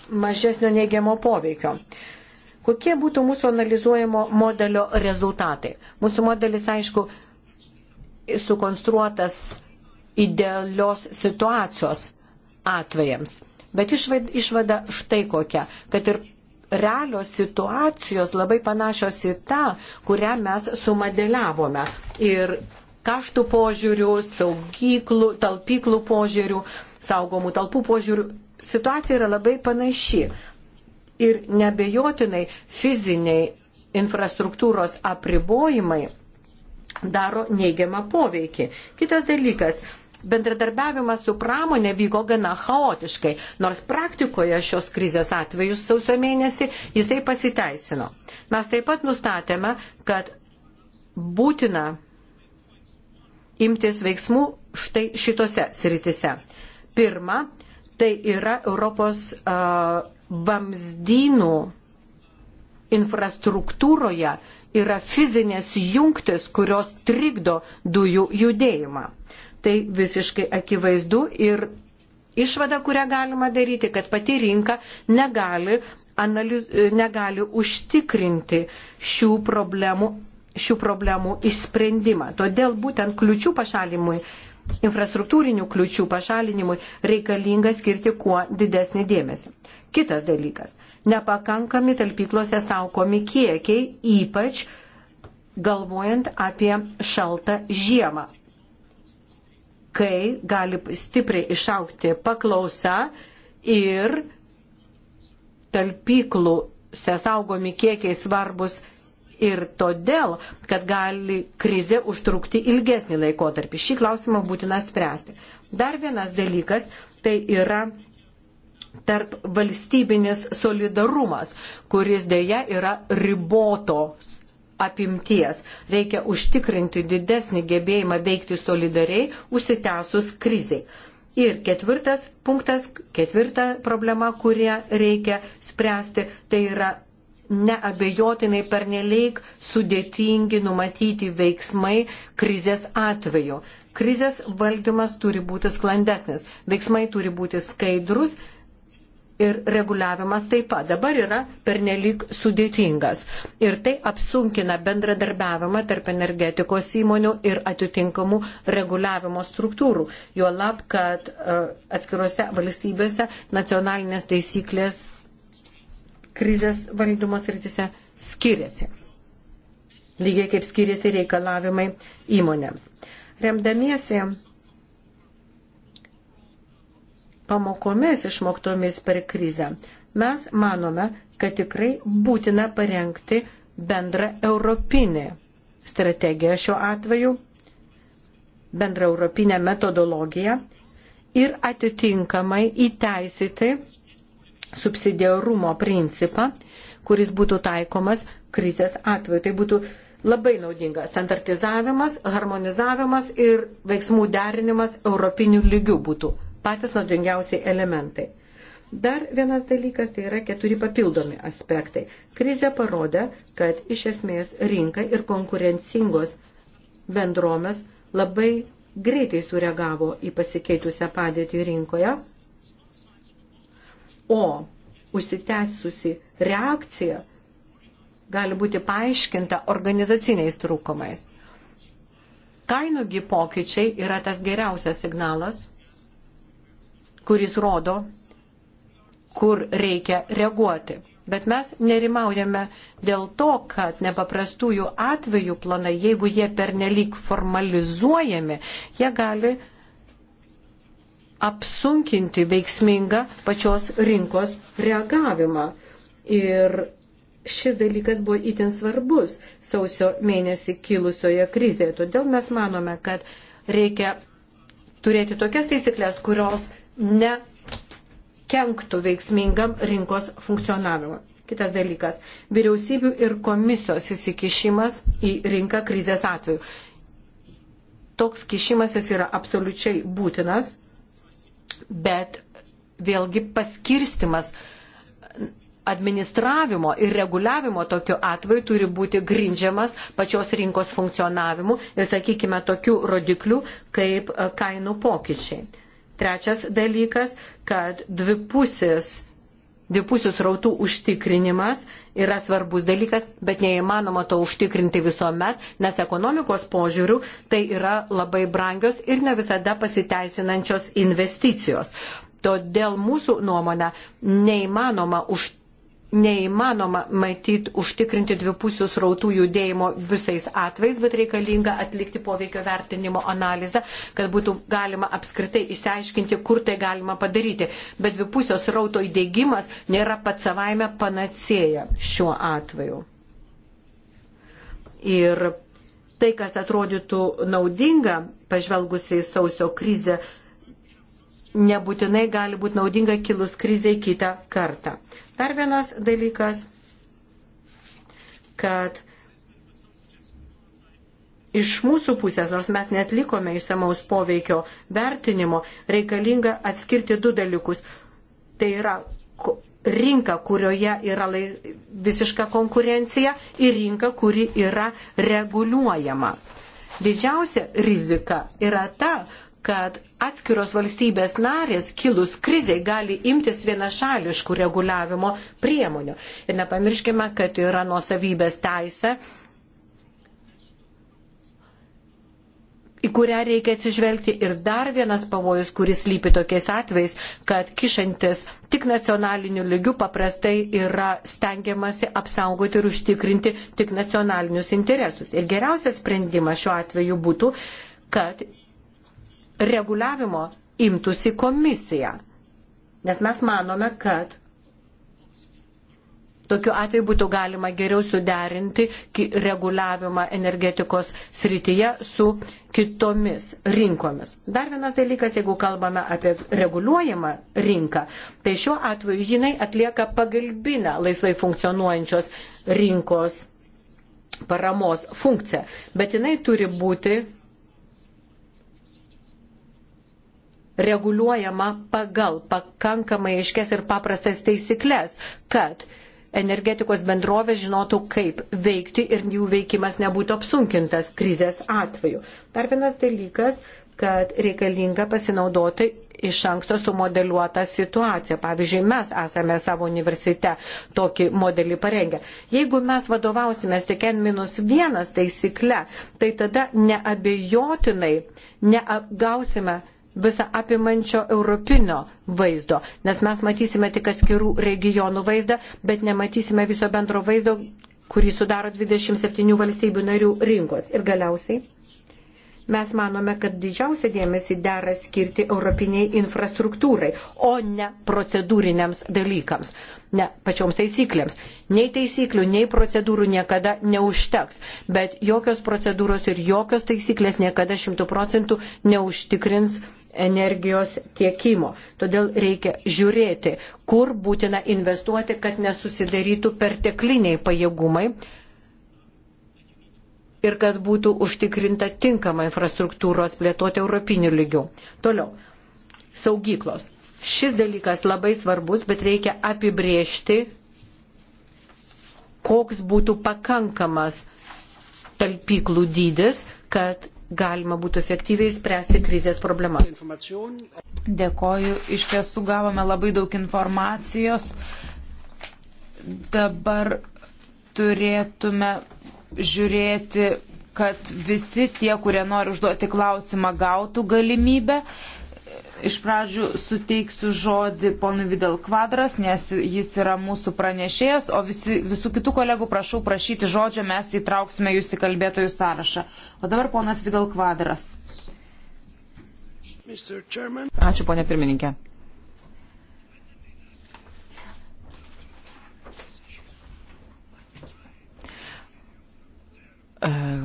mažesnio neigiamo poveikio. Kokie būtų mūsų analizuojamo modelio rezultatai? Mūsų modelis, aišku, sukonstruotas idealios situacijos atvejams. Bet išvada štai kokia, kad ir realios situacijos labai panašios į tą, kurią mes sumadeliavome. Ir kaštų požiūrių, saugyklų, talpyklų požiūrių, saugomų talpų požiūrių. Situacija yra labai panaši. Ir nebejotinai fiziniai infrastruktūros apribojimai daro neigiamą poveikį. Kitas dalykas, bendradarbiavimas su pramonė vyko gana chaotiškai, nors praktikoje šios krizės atvejus sausio mėnesį jisai pasiteisino. Mes taip pat nustatėme, kad būtina imtis veiksmų štai šitose sritise. Pirma, tai yra Europos uh, vamzdynų infrastruktūroje yra fizinės jungtis, kurios trikdo dujų judėjimą. Tai visiškai akivaizdu ir išvada, kurią galima daryti, kad pati rinka negali, analiz, negali užtikrinti šių problemų, šių problemų išsprendimą. Todėl būtent kliučių pašalimui, infrastruktūrinių kliučių pašalinimui reikalinga skirti kuo didesnį dėmesį. Kitas dalykas - nepakankami talpyklose saukomi kiekiai, ypač galvojant apie šaltą žiemą kai gali stipriai išaukti paklausa ir talpyklų sesaugomi kiekiai svarbus ir todėl, kad gali krizė užtrukti ilgesnį laikotarpį. Šį klausimą būtina spręsti. Dar vienas dalykas tai yra tarp valstybinis solidarumas, kuris dėja yra ribotos apimties. Reikia užtikrinti didesnį gebėjimą veikti solidariai, užsitęsus kriziai. Ir ketvirtas punktas, ketvirta problema, kurią reikia spręsti, tai yra neabejotinai pernelyg sudėtingi numatyti veiksmai krizės atveju. Krizės valdymas turi būti sklandesnis, veiksmai turi būti skaidrus, ir reguliavimas taip pat dabar yra pernelik sudėtingas. Ir tai apsunkina bendradarbiavimą tarp energetikos įmonių ir atitinkamų reguliavimo struktūrų. Juolab, kad e, atskiruose valstybėse nacionalinės taisyklės krizės valdymo srityse skiriasi. Lygiai kaip skiriasi reikalavimai įmonėms. Remdamiesi pamokomis išmoktomis per krizę, mes manome, kad tikrai būtina parengti bendrą europinį strategiją šiuo atveju, bendrą europinę metodologiją ir atitinkamai įteisyti subsidiarumo principą, kuris būtų taikomas krizės atveju. Tai būtų labai naudinga standartizavimas, harmonizavimas ir veiksmų derinimas europinių lygių būtų patys naudingiausiai elementai. Dar vienas dalykas tai yra keturi papildomi aspektai. Krizė parodė, kad iš esmės rinka ir konkurencingos bendromis labai greitai sureagavo į pasikeitusią padėtį rinkoje, o užsitęsusi reakcija gali būti paaiškinta organizaciniais trūkumais. Kainogi pokyčiai yra tas geriausias signalas, kuris rodo, kur reikia reaguoti. Bet mes nerimaujame dėl to, kad nepaprastųjų atvejų planai, jeigu jie pernelyg formalizuojami, jie gali apsunkinti veiksmingą pačios rinkos reagavimą. Ir šis dalykas buvo itin svarbus sausio mėnesį kilusioje krizėje. Todėl mes manome, kad reikia turėti tokias taisyklės, kurios nekenktų veiksmingam rinkos funkcionavimui. Kitas dalykas - vyriausybių ir komisijos įsikišimas į rinką krizės atveju. Toks kišimasis yra absoliučiai būtinas, bet vėlgi paskirstimas administravimo ir reguliavimo tokiu atveju turi būti grindžiamas pačios rinkos funkcionavimu ir, sakykime, tokių rodiklių kaip e, kainų pokyčiai. Trečias dalykas, kad dvipusis Dipusių srautų užtikrinimas yra svarbus dalykas, bet neįmanoma to užtikrinti visuomet, nes ekonomikos požiūrių tai yra labai brangios ir ne visada pasiteisinančios investicijos. Todėl mūsų nuomonė neįmanoma užtikrinti neįmanoma matyti užtikrinti dvipusių srautų judėjimo visais atvejais, bet reikalinga atlikti poveikio vertinimo analizę, kad būtų galima apskritai išsiaiškinti, kur tai galima padaryti. Bet dvipusio srauto įdėgymas nėra pats savaime panacėja šiuo atveju. Ir tai, kas atrodytų naudinga, pažvelgusiai sausio krizę, nebūtinai gali būti naudinga kilus kriziai kitą kartą. Dar vienas dalykas, kad iš mūsų pusės, nors mes netlikome įsamaus poveikio vertinimo, reikalinga atskirti du dalykus. Tai yra rinka, kurioje yra visiška konkurencija ir rinka, kuri yra reguliuojama. Didžiausia rizika yra ta, kad atskiros valstybės narės kilus kriziai gali imtis vienašališkų reguliavimo priemonių. Ir nepamirškime, kad yra nuosavybės teisė, į kurią reikia atsižvelgti. Ir dar vienas pavojus, kuris lypi tokiais atvejais, kad kišantis tik nacionaliniu lygiu paprastai yra stengiamasi apsaugoti ir užtikrinti tik nacionalinius interesus. Ir geriausias sprendimas šiuo atveju būtų, kad reguliavimo imtųsi komisija. Nes mes manome, kad tokiu atveju būtų galima geriau suderinti reguliavimą energetikos srityje su kitomis rinkomis. Dar vienas dalykas, jeigu kalbame apie reguliuojamą rinką, tai šiuo atveju jinai atlieka pagalbinę laisvai funkcionuojančios rinkos paramos funkciją, bet jinai turi būti reguliuojama pagal pakankamai iškes ir paprastas taisyklės, kad energetikos bendrovės žinotų, kaip veikti ir jų veikimas nebūtų apsunkintas krizės atveju. Dar vienas dalykas, kad reikalinga pasinaudoti iš anksto sumodeliuotą situaciją. Pavyzdžiui, mes esame savo universitete tokį modelį parengę. Jeigu mes vadovausime tik N-1 taisykle, tai tada neabejotinai negausime visą apimančio europinio vaizdo, nes mes matysime tik atskirų regionų vaizdą, bet nematysime viso bendro vaizdo, kurį sudaro 27 valstybių narių rinkos. Ir galiausiai mes manome, kad didžiausia dėmesį dera skirti europiniai infrastruktūrai, o ne procedūriniams dalykams, ne pačioms taisyklėms. Nei taisyklių, nei procedūrų niekada neužteks, bet jokios procedūros ir jokios taisyklės niekada šimtų procentų neužtikrins energijos tiekimo. Todėl reikia žiūrėti, kur būtina investuoti, kad nesusidarytų pertekliniai pajėgumai ir kad būtų užtikrinta tinkama infrastruktūros plėtoti europinių lygių. Toliau, saugyklos. Šis dalykas labai svarbus, bet reikia apibriežti, koks būtų pakankamas talpyklų dydis, kad galima būtų efektyviai spręsti krizės problemą. Dėkoju, iš tiesų gavome labai daug informacijos. Dabar turėtume žiūrėti, kad visi tie, kurie nori užduoti klausimą, gautų galimybę. Iš pradžių suteiksiu žodį ponui Vidal Kvadras, nes jis yra mūsų pranešėjas, o visi, visų kitų kolegų prašau prašyti žodžio, mes įtrauksime jūs į kalbėtojų sąrašą. O dabar ponas Vidal Kvadras. Ačiū, ponė pirmininkė. E,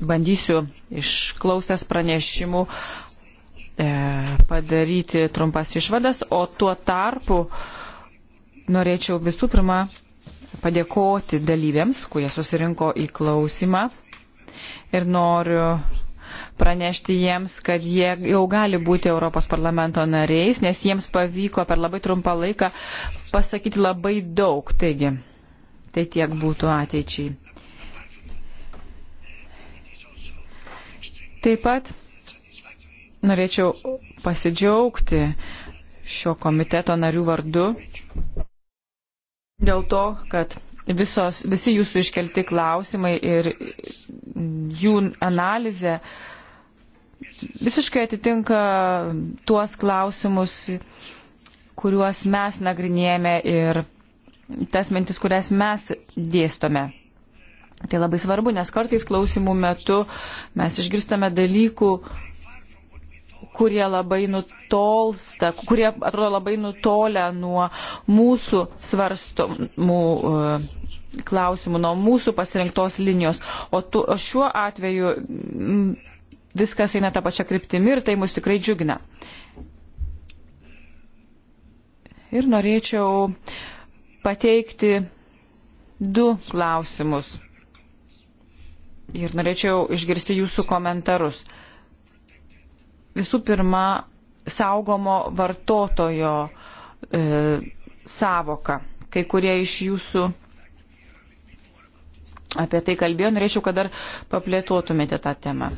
bandysiu išklausęs pranešimų uh, E, padaryti trumpas išvadas, o tuo tarpu norėčiau visų pirma padėkoti dalyviams, kurie susirinko į klausimą ir noriu pranešti jiems, kad jie jau gali būti Europos parlamento nariais, nes jiems pavyko per labai trumpą laiką pasakyti labai daug. Taigi, tai tiek būtų ateičiai. Taip pat Norėčiau pasidžiaugti šio komiteto narių vardu dėl to, kad visos, visi jūsų iškelti klausimai ir jų analizė visiškai atitinka tuos klausimus, kuriuos mes nagrinėjame ir tas mintis, kurias mes dėstome. Tai labai svarbu, nes kartais klausimų metu mes išgirstame dalykų, kurie labai nutolsta, kurie atrodo labai nutolę nuo mūsų svarstomų e, klausimų, nuo mūsų pasirinktos linijos. O, tu, o šiuo atveju viskas eina tą pačią kryptimį ir tai mus tikrai džiugina. Ir norėčiau pateikti du klausimus. Ir norėčiau išgirsti jūsų komentarus. Uh, visų pirma saugomo vartotojo e, savoka. Kai kurie iš jūsų apie tai kalbėjo, norėčiau, kad dar paplėtotumėte tą temą.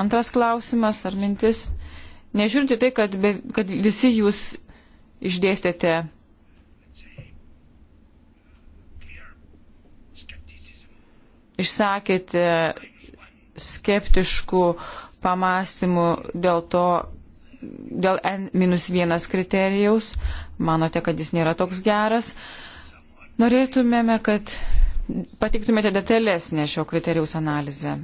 Antras klausimas ar mintis. Nežiūrinti tai, kad, be, kad visi jūs išdėstėte išsakėte skeptiškų uh, pamastymų dėl to, dėl N-1 kriterijaus. Manote, kad jis nėra toks geras. Norėtumėme, kad patiktumėte detalesnę šio kriterijaus analizę.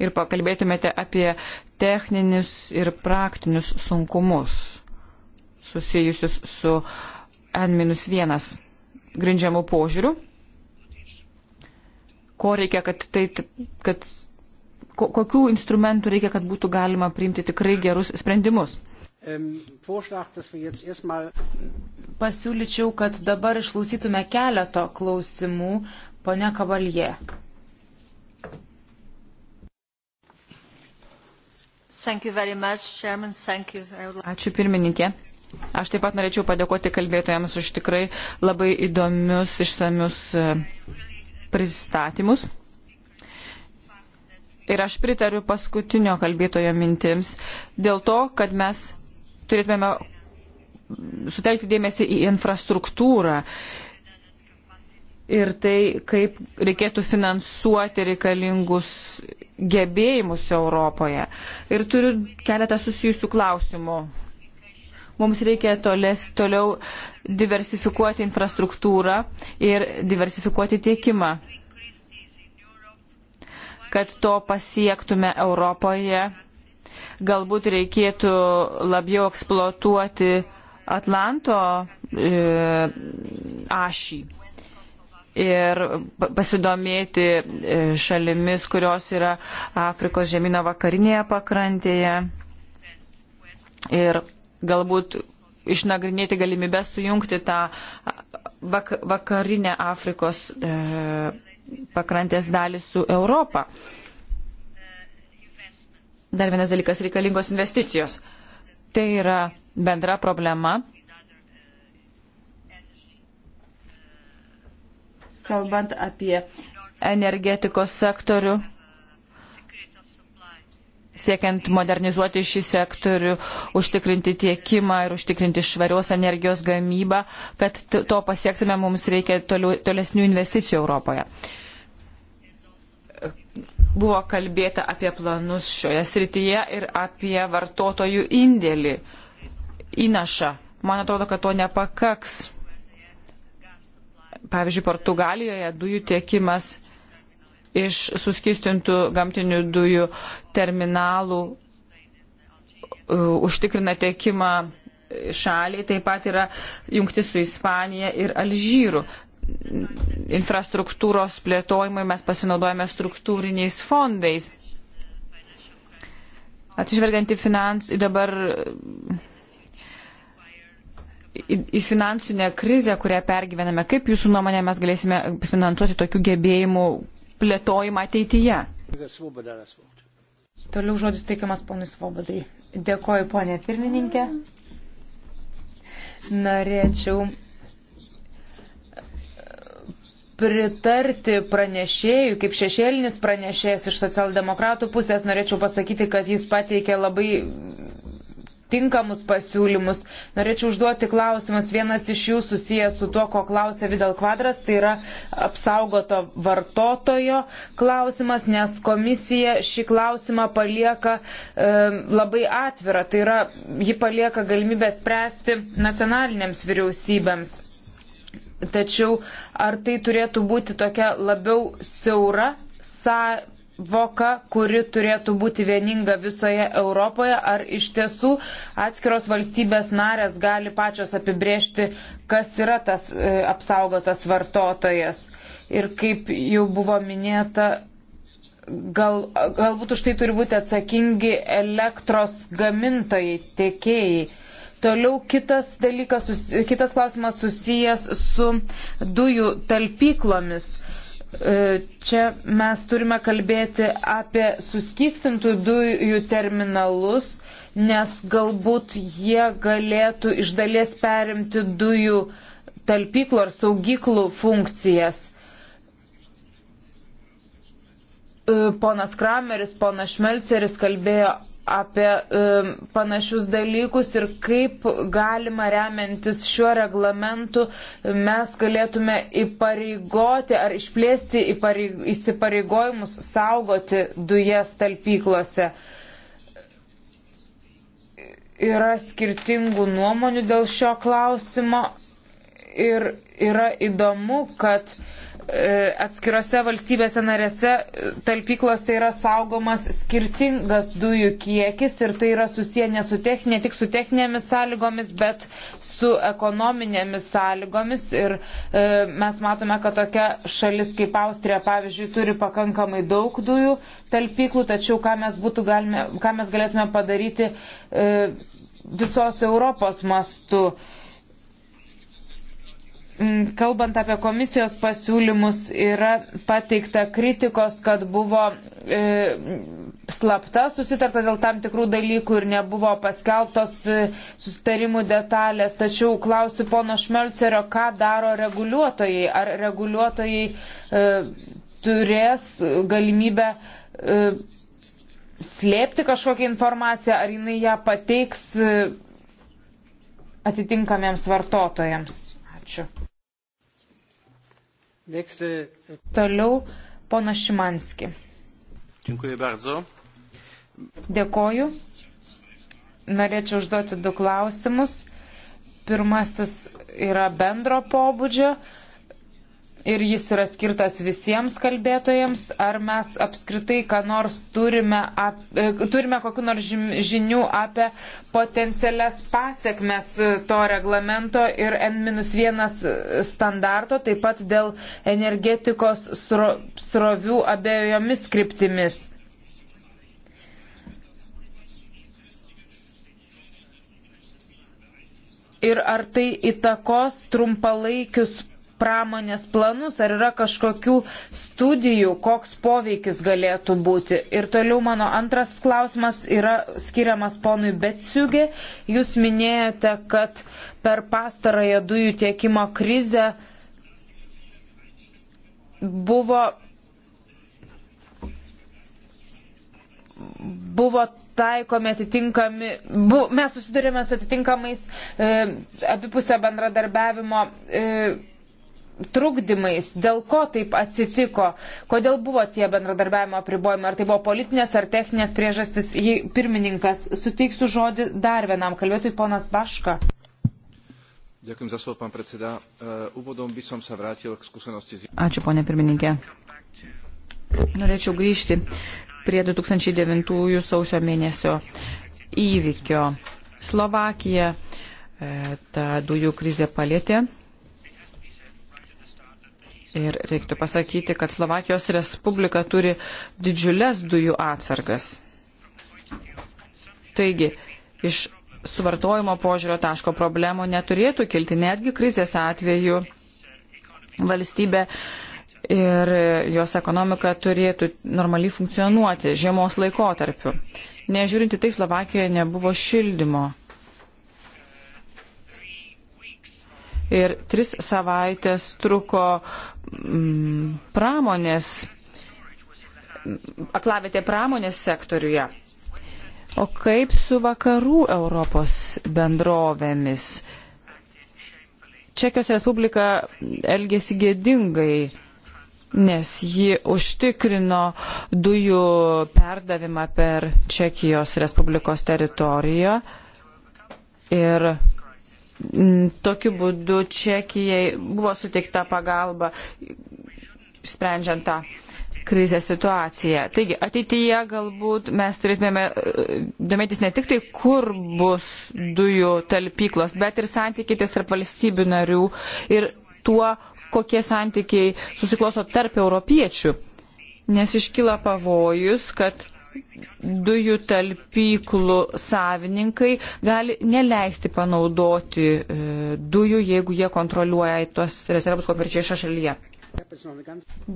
Ir pakalbėtumėte apie techninius ir praktinius sunkumus susijusius su N-1 grindžiamų požiūrių. Ko reikia, kad, tai, kad kokių instrumentų reikia, kad būtų galima priimti tikrai gerus sprendimus. Pasiūlyčiau, kad dabar išklausytume keletą klausimų, ponia Kavalje. Ačiū pirmininkė. Aš taip pat norėčiau padėkoti kalbėtojams už tikrai labai įdomius, išsamius e, pristatymus. Ir aš pritariu paskutinio kalbėtojo mintims dėl to, kad mes turėtume sutelkti dėmesį į infrastruktūrą ir tai, kaip reikėtų finansuoti reikalingus gebėjimus Europoje. Ir turiu keletą susijusių klausimų. Mums reikia tolės, toliau diversifikuoti infrastruktūrą ir diversifikuoti tiekimą kad to pasiektume Europoje. Galbūt reikėtų labiau eksploatuoti Atlanto e, ašį ir pasidomėti e, šalimis, kurios yra Afrikos žemyno vakarinėje pakrantėje ir galbūt išnagrinėti galimybę sujungti tą vakarinę Afrikos e, pakrantės dalį su Europą. Dar vienas dalykas - reikalingos investicijos. Tai yra bendra problema. Kalbant apie energetikos sektorių, siekiant modernizuoti šį sektorių, užtikrinti tiekimą ir užtikrinti švarios energijos gamybą, kad to pasiektume, mums reikia toliau, tolesnių investicijų Europoje. Uh, buvo kalbėta apie planus šioje srityje ir apie vartotojų indėlį, įnašą. Man atrodo, kad to nepakaks. Pavyzdžiui, Portugalijoje dujų tiekimas iš suskistintų gamtinių dujų terminalų e, užtikrina tiekimą šaliai, taip pat yra jungti su Ispanija ir Alžyru infrastruktūros plėtojimui mes pasinaudojame struktūriniais fondais. Atsižvelgiant į, finans, į dabar į, į finansinę krizę, kurią pergyvename, kaip jūsų nuomonė mes galėsime finansuoti tokių gebėjimų plėtojimą ateityje? Toliau žodis teikiamas ponui Svobodai. Dėkoju, ponė pirmininkė. Norėčiau pritarti pranešėjui, kaip šešėlinis pranešėjas iš socialdemokratų pusės, norėčiau pasakyti, kad jis pateikė labai tinkamus pasiūlymus. Norėčiau užduoti klausimus. Vienas iš jų susijęs su tuo, ko klausė Vidal Kvadras, tai yra apsaugoto vartotojo klausimas, nes komisija šį klausimą palieka e, labai atvirą. Tai yra, ji palieka galimybę spręsti nacionalinėms vyriausybėms. Tačiau ar tai turėtų būti tokia labiau siaura savoka, kuri turėtų būti vieninga visoje Europoje, ar iš tiesų atskiros valstybės narės gali pačios apibriežti, kas yra tas e, apsaugotas vartotojas. Ir kaip jau buvo minėta, gal, galbūt už tai turi būti atsakingi elektros gamintojai, tiekėjai. Toliau kitas dalykas, kitas klausimas susijęs su dujų talpyklomis. E, čia mes turime kalbėti apie suskistintų dujų terminalus, nes galbūt jie galėtų iš dalies perimti dujų talpyklų ar saugyklų funkcijas. E, ponas Krameris, ponas Šmelceris kalbėjo apie e, panašius dalykus ir kaip galima remiantis šiuo reglamentu mes galėtume įpareigoti ar išplėsti įpareig, įsipareigojimus saugoti dujas talpyklose. Yra skirtingų nuomonių dėl šio klausimo ir yra įdomu, kad e, E, atskirose valstybėse narėse e, talpyklose yra saugomas skirtingas dujų kiekis ir tai yra susiję ne, su tech, ne tik su techninėmis sąlygomis, bet su ekonominėmis sąlygomis. Ir e, mes matome, kad tokia šalis kaip Austrija, pavyzdžiui, turi pakankamai daug dujų talpyklų, tačiau ką mes, galime, ką mes galėtume padaryti e, visos Europos mastu. E, Mm, kalbant apie komisijos pasiūlymus, yra pateikta kritikos, kad buvo e, slapta susitarta dėl tam tikrų dalykų ir nebuvo paskelbtos e, susitarimų detalės. Tačiau klausiu pono Šmelcerio, ką daro reguliuotojai. Ar reguliuotojai e, turės galimybę. E, slėpti kažkokią informaciją, ar jinai ją pateiks e, atitinkamiems vartotojams. Ačiū. Uh, Toliau pona Šimanski. Dėkoju. Norėčiau užduoti du klausimus. Pirmasis yra bendro pobūdžio ir jis yra skirtas visiems kalbėtojams, ar mes apskritai ką nors turime, ap, e, turime kokiu nors žinių apie potencialias pasiekmes to reglamento ir N-1 standarto, taip pat dėl energetikos sro, srovių abiejomis kryptimis. Ir ar tai įtakos trumpalaikius pramonės planus, ar yra kažkokių studijų, koks poveikis galėtų būti. Ir toliau mano antras klausimas yra skiriamas ponui Betsiugė. Jūs minėjote, kad per pastarąją dujų tiekimo krizę buvo buvo taikomi atitinkami, bu, mes susidurėme su atitinkamais e, abipusio bendradarbiavimo e, trukdymais, dėl ko taip atsitiko, kodėl buvo tie bendradarbiavimo apribojimai, ar tai buvo politinės ar techninės priežastis. Jei pirmininkas, suteiksiu žodį dar vienam kalbėtui, ponas Baška. Ďakujem za slovo, pán predseda. E, úvodom by som sa vrátil k skúsenosti z... Ačiū, ponė pirmininkė. Norėčiau grįžti prie 2009 sausio mėnesio įvykio. Slovakija e, tą dujų krizę palėtė Ir reiktų pasakyti, kad Slovakijos Respublika turi didžiulės dujų atsargas. Taigi, iš suvartojimo požiūrio taško problemų neturėtų kilti netgi krizės atveju valstybė ir jos ekonomika turėtų normaliai funkcionuoti žiemos laikotarpiu. Nežiūrinti tai, Slovakijoje nebuvo šildymo. ir tris savaitės truko mm, pramonės, aklavėte pramonės sektoriuje. O kaip su vakarų Europos bendrovėmis? Čekijos Respublika elgėsi gėdingai, nes ji užtikrino dujų perdavimą per Čekijos Respublikos teritoriją ir Mm, tokiu būdu Čekijai buvo suteikta pagalba sprendžiant tą krizę situaciją. Taigi, ateityje galbūt mes turėtume e, domėtis ne tik tai, kur bus dujų talpyklos, bet ir santykiai tarp valstybių narių ir tuo, kokie santykiai susikloso tarp europiečių. Nes iškyla pavojus, kad dujų talpyklų savininkai gali neleisti panaudoti e, dujų, jeigu jie kontroliuoja tuos rezervus konkrečiai šią šalyje.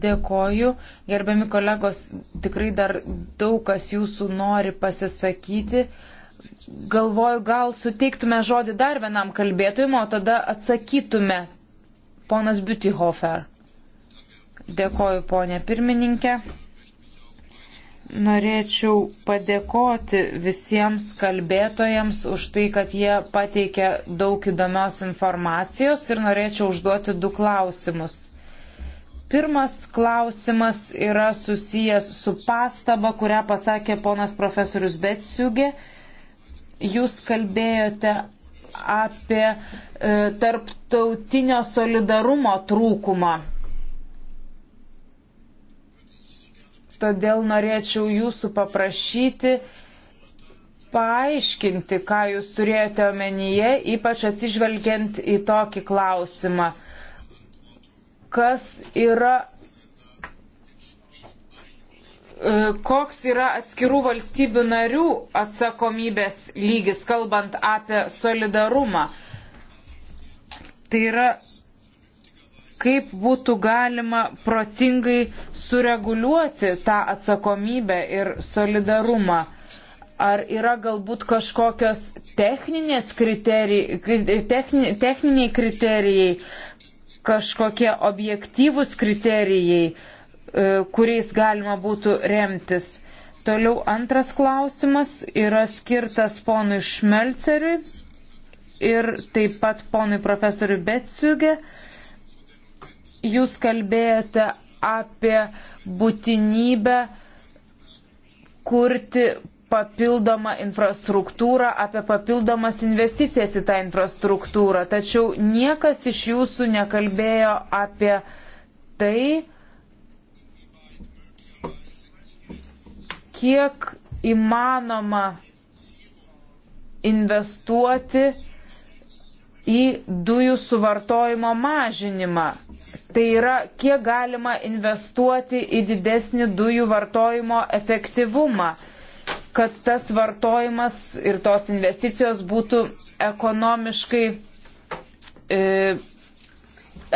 Dėkoju. Gerbiami kolegos, tikrai dar daug kas jūsų nori pasisakyti. Galvoju, gal suteiktume žodį dar vienam kalbėtojui, o tada atsakytume. Ponas Butihofer. Dėkoju, ponė pirmininkė norėčiau padėkoti visiems kalbėtojams už tai, kad jie pateikė daug įdomios informacijos ir norėčiau užduoti du klausimus. Pirmas klausimas yra susijęs su pastaba, kurią pasakė ponas profesorius Betsiugė. Jūs kalbėjote apie e, tarptautinio solidarumo trūkumą Todėl norėčiau jūsų paprašyti paaiškinti, ką jūs turėjote omenyje, ypač atsižvelgiant į tokį klausimą. Kas yra e, koks yra atskirų valstybių narių atsakomybės lygis, kalbant apie solidarumą. Tai yra kaip būtų galima protingai sureguliuoti tą atsakomybę ir solidarumą. Ar yra galbūt kažkokios techninės kriterijai, techni, techniniai kriterijai, kažkokie objektyvūs kriterijai, e, kuriais galima būtų remtis. Toliau antras klausimas yra skirtas ponui Šmelceriui ir taip pat ponui profesoriui Betsiugė jūs kalbėjote apie būtinybę kurti papildomą infrastruktūrą, apie papildomas investicijas į tą infrastruktūrą. Tačiau niekas iš jūsų nekalbėjo apie tai, kiek įmanoma investuoti į dujų suvartojimo mažinimą. Tai yra, kiek galima investuoti į didesnį dujų vartojimo efektyvumą, kad tas vartojimas ir tos investicijos būtų ekonomiškai e,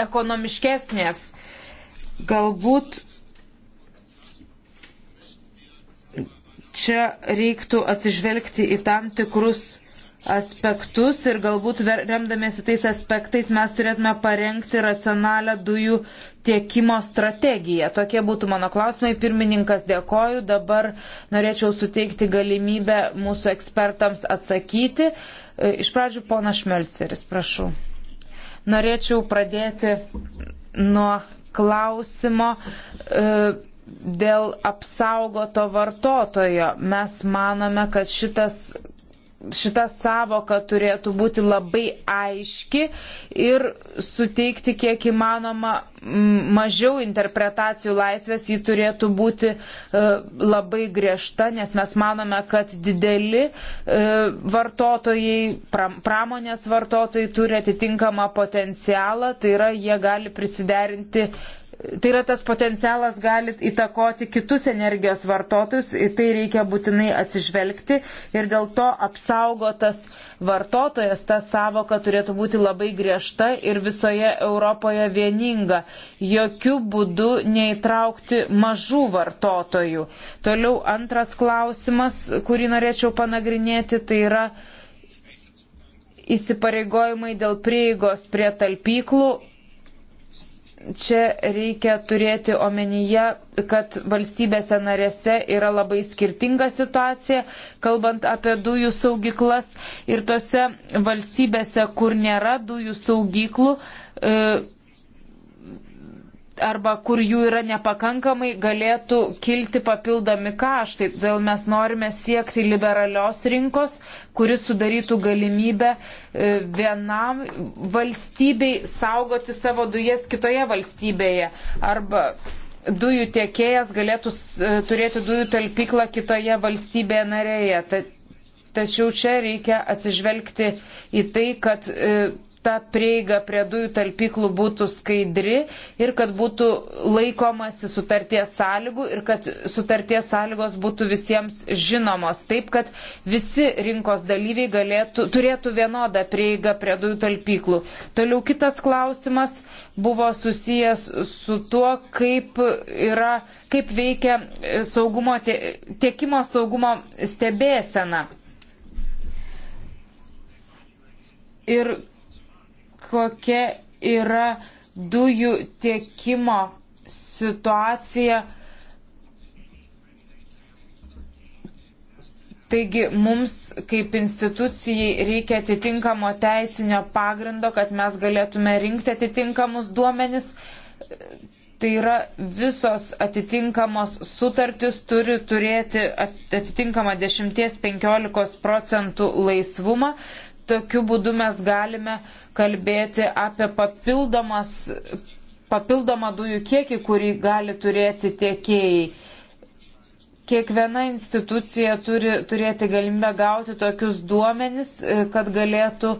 ekonomiškesnės. Galbūt čia reiktų atsižvelgti į tam tikrus aspektus ir galbūt remdamėsi tais aspektais mes turėtume parengti racionalią dujų tiekimo strategiją. Tokie būtų mano klausimai. Pirmininkas dėkoju. Dabar norėčiau suteikti galimybę mūsų ekspertams atsakyti. E, iš pradžių pona Šmelceris, prašau. Norėčiau pradėti nuo klausimo. E, dėl apsaugoto vartotojo. Mes manome, kad šitas šita savoka turėtų būti labai aiški ir suteikti kiek įmanoma mažiau interpretacijų laisvės, ji turėtų būti e, labai griežta, nes mes manome, kad dideli e, vartotojai, pramonės vartotojai turi atitinkamą potencialą, tai yra jie gali prisiderinti Tai yra tas potencialas gali įtakoti kitus energijos vartotojus, į tai reikia būtinai atsižvelgti ir dėl to apsaugotas vartotojas, ta savoka turėtų būti labai griežta ir visoje Europoje vieninga. Jokių būdų neįtraukti mažų vartotojų. Toliau antras klausimas, kurį norėčiau panagrinėti, tai yra įsipareigojimai dėl prieigos prie talpyklų čia reikia turėti omenyje, kad valstybėse narėse yra labai skirtinga situacija, kalbant apie dujų saugyklas. Ir tose valstybėse, kur nėra dujų saugyklų, e, arba kur jų yra nepakankamai, galėtų kilti papildomi kaštai. Todėl mes norime siekti liberalios rinkos, kuris sudarytų galimybę e, vienam valstybei saugoti savo dujas kitoje valstybėje. Arba dujų tiekėjas galėtų e, turėti dujų talpyklą kitoje valstybėje narėje. Ta, tačiau čia reikia atsižvelgti į tai, kad e, ta prieiga prie dujų talpyklų būtų skaidri ir kad būtų laikomasi sutarties sąlygų ir kad sutarties sąlygos būtų visiems žinomos, taip kad visi rinkos dalyviai galėtų, turėtų vienodą prieigą prie dujų talpyklų. Toliau kitas klausimas buvo susijęs su tuo, kaip, yra, kaip veikia saugumo, tiekimo saugumo stebėsena. Ir kokia yra dujų tiekimo situacija. Taigi mums kaip institucijai reikia atitinkamo teisinio pagrindo, kad mes galėtume rinkti atitinkamus duomenis. Tai yra visos atitinkamos sutartys turi turėti atitinkamą 10-15 procentų laisvumą tokiu būdu mes galime kalbėti apie papildomas, papildomą dujų kiekį, kurį gali turėti tiekėjai. Kiekviena institucija turi turėti galimybę gauti tokius duomenis, e, kad galėtų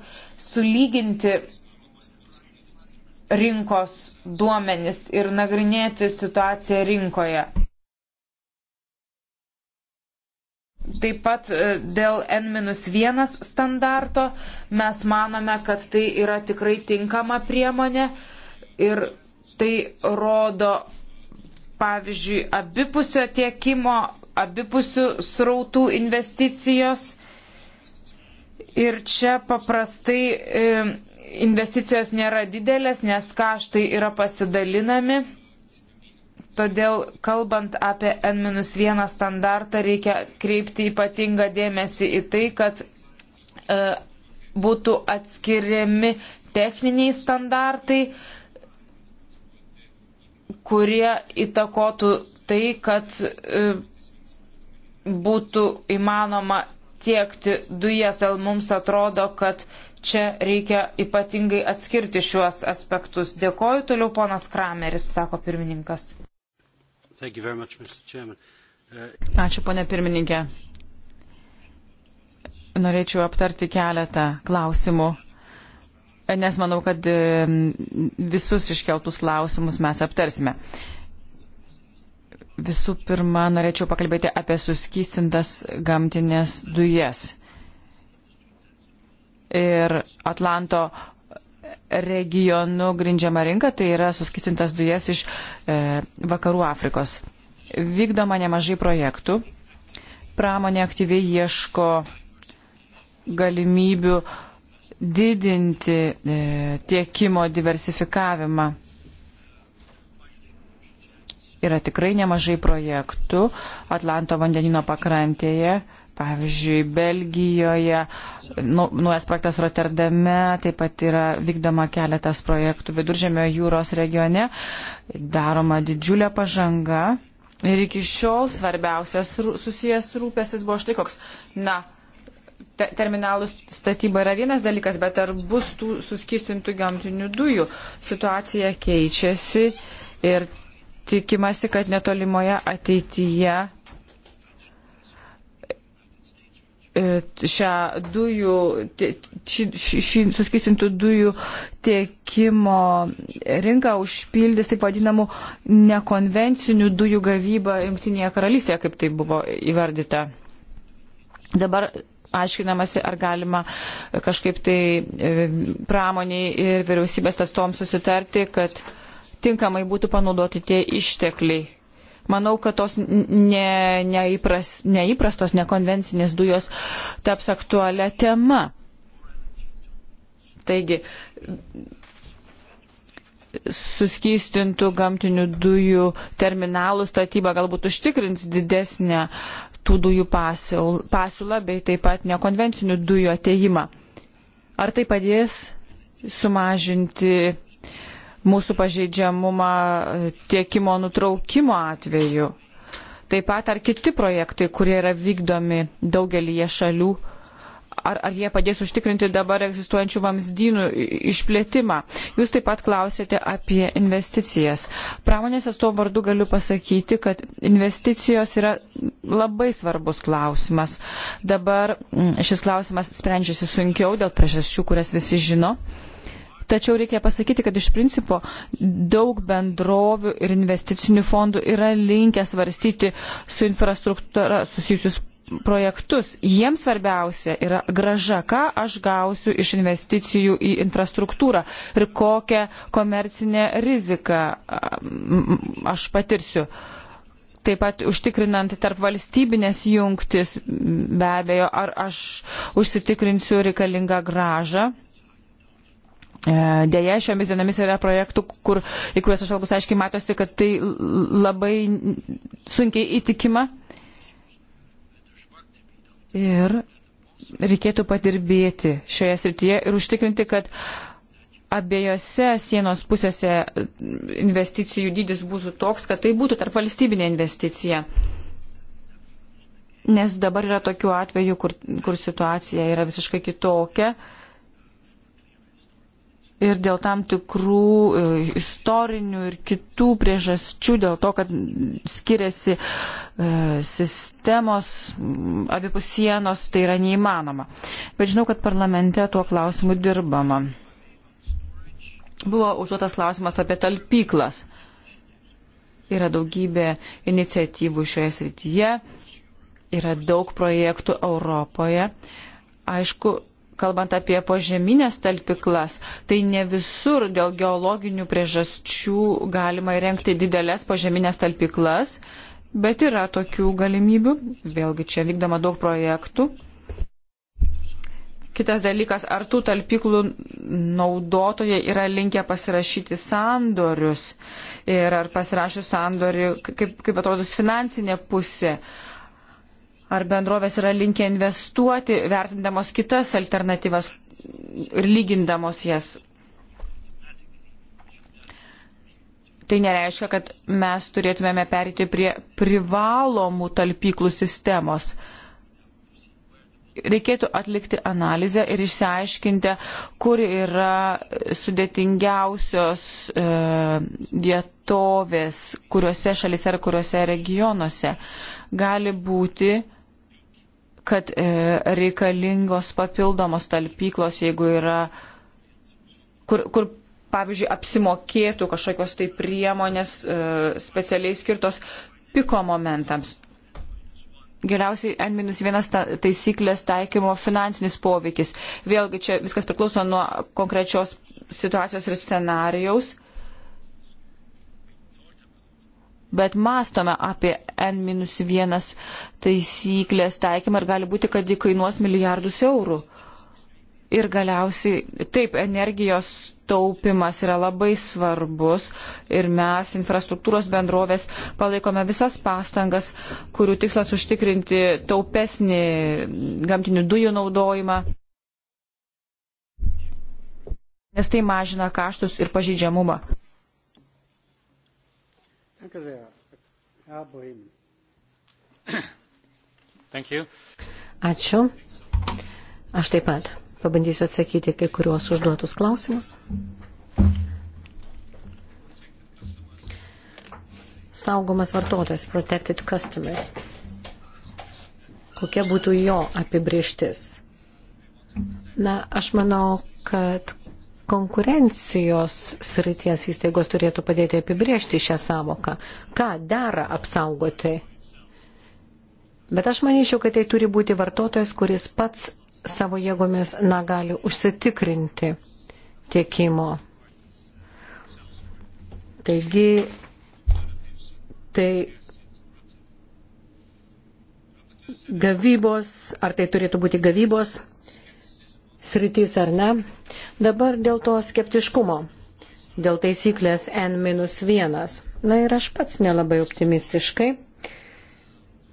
sulyginti rinkos duomenis ir nagrinėti situaciją rinkoje. Taip pat e, dėl N-1 standarto mes manome, kad tai yra tikrai tinkama priemonė ir tai rodo, pavyzdžiui, abipusio tiekimo, abipusių srautų investicijos. Ir čia paprastai e, investicijos nėra didelės, nes kaštai yra pasidalinami Todėl, kalbant apie N-1 standartą, reikia kreipti ypatingą dėmesį į tai, kad e, būtų atskiriami techniniai standartai, kurie įtakotų tai, kad e, būtų įmanoma tiekti dujas. Dėl mums atrodo, kad čia reikia ypatingai atskirti šiuos aspektus. Dėkoju toliau, ponas Krameris, sako pirmininkas. Uh, Ačiū, ponė pirmininkė. Norėčiau aptarti keletą klausimų, nes manau, kad um, visus iškeltus klausimus mes aptarsime. Visų pirma, norėčiau pakalbėti apie suskystintas gamtinės dujas ir Atlanto regionu grindžiama rinka, tai yra suskistintas dujas iš e, vakarų Afrikos. Vykdoma nemažai projektų, pramonė aktyviai ieško galimybių didinti e, tiekimo diversifikavimą. Yra tikrai nemažai projektų Atlanto vandenino pakrantėje. E, Pavyzdžiui, Belgijoje, nu, nuojas projektas Rotterdame, taip pat yra vykdoma keletas projektų viduržėmio jūros regione, daroma didžiulė pažanga. Ir iki šiol svarbiausias susijęs rūpestis buvo štai koks. Na, te, terminalų statyba yra vienas dalykas, bet ar bus tų suskistintų gamtinių dujų? Situacija keičiasi ir tikimasi, kad netolimoje ateityje E, šią dujų, šį, šį suskistintų dujų tiekimo rinką užpildys taip vadinamų nekonvencinių dujų gavybą Junktinėje karalystėje, kaip tai buvo įvardyta. Dabar aiškinamasi, ar galima kažkaip tai e, pramoniai ir vyriausybės atstoms susitarti, kad tinkamai būtų panaudoti tie ištekliai Manau, kad tos ne, neįpras, neįprastos, nekonvencinės dujos taps aktualią temą. Taigi, suskystintų gamtinių dujų terminalų statyba galbūt užtikrins didesnę tų dujų pasiūlą bei taip pat nekonvencinių dujų ateimą. Ar tai padės sumažinti mūsų pažeidžiamumą e, tiekimo nutraukimo atveju. Taip pat ar kiti projektai, kurie yra vykdomi daugelį šalių, ar, ar jie padės užtikrinti dabar egzistuojančių vamzdynų išplėtimą. Jūs taip pat klausėte apie investicijas. Pramonės atstovų vardu galiu pasakyti, kad investicijos yra labai svarbus klausimas. Dabar mm, šis klausimas sprendžiasi sunkiau dėl priežasčių, kurias visi žino. Tačiau reikia pasakyti, kad iš principo daug bendrovių ir investicinių fondų yra linkę svarstyti su infrastruktūra susijusius projektus. Jiems svarbiausia yra graža, ką aš gausiu iš investicijų į infrastruktūrą ir kokią komercinę riziką mm, mm, aš patirsiu. Taip pat užtikrinant tarp valstybinės jungtis, be abejo, ar aš užsitikrinsiu reikalingą gražą E, Deja, šiomis dienomis yra projektų, kur, į kuriuos aš algus aiškiai matosi, kad tai labai sunkiai įtikima. Ir reikėtų padirbėti šioje srityje ir užtikrinti, kad abiejose sienos pusėse investicijų dydis būtų toks, kad tai būtų tarp valstybinė investicija. Nes dabar yra tokių atvejų, kur, kur situacija yra visiškai kitokia ir dėl tam tikrų e, istorinių ir kitų priežasčių, dėl to, kad skiriasi e, sistemos abipus sienos, tai yra neįmanoma. Bet žinau, kad parlamente tuo klausimu dirbama. Buvo užduotas klausimas apie talpyklas. Yra daugybė iniciatyvų šioje srityje, yra daug projektų Europoje. Aišku, kalbant apie požeminės talpiklas, tai ne visur dėl geologinių priežasčių galima įrengti didelės požeminės talpiklas, bet yra tokių galimybių. Vėlgi čia vykdoma daug projektų. Kitas dalykas, ar tų talpiklų naudotojai yra linkę pasirašyti sandorius ir ar pasirašius sandorių, kaip, kaip atrodus finansinė pusė. Uh, Ar bendrovės yra linkę investuoti, vertindamos kitas alternatyvas ir lygindamos jas? Tai nereiškia, kad mes turėtumėme perėti prie privalomų talpyklų sistemos reikėtų atlikti analizę ir išsiaiškinti, kur yra sudėtingiausios e, vietovės, kuriuose šalise ar kuriuose regionuose. Gali būti, kad e, reikalingos papildomos talpyklos, jeigu yra, kur, kur pavyzdžiui, apsimokėtų kažkokios tai priemonės e, specialiai skirtos piko momentams. Geriausiai N-1 taisyklės taikymo finansinis poveikis. Vėlgi čia viskas priklauso nuo konkrečios situacijos ir scenarijaus bet mastome apie N-1 taisyklės taikymą ir gali būti, kad ji kainuos milijardus eurų. Ir galiausiai, taip, energijos taupimas yra labai svarbus ir mes, infrastruktūros bendrovės, palaikome visas pastangas, kurių tikslas užtikrinti taupesnį gamtinių dujų naudojimą, nes tai mažina kaštus ir pažydžiamumą. Danke sehr. Herr Bremen. Thank you. Ačiū. Aš taip pat pabandysiu atsakyti kai kuriuos užduotus klausimus. Saugomas vartotojas, protected customers. Kokia būtų jo apibrieštis? Na, aš manau, kad konkurencijos srities įstaigos turėtų padėti apibriežti šią savoką, ką dera apsaugoti. Bet aš manyčiau, kad tai turi būti vartotojas, kuris pats savo jėgomis na, gali užsitikrinti tiekimo. Taigi, tai gavybos, ar tai turėtų būti gavybos sritys ar ne. Dabar dėl to skeptiškumo, dėl taisyklės N-1. Na ir aš pats nelabai optimistiškai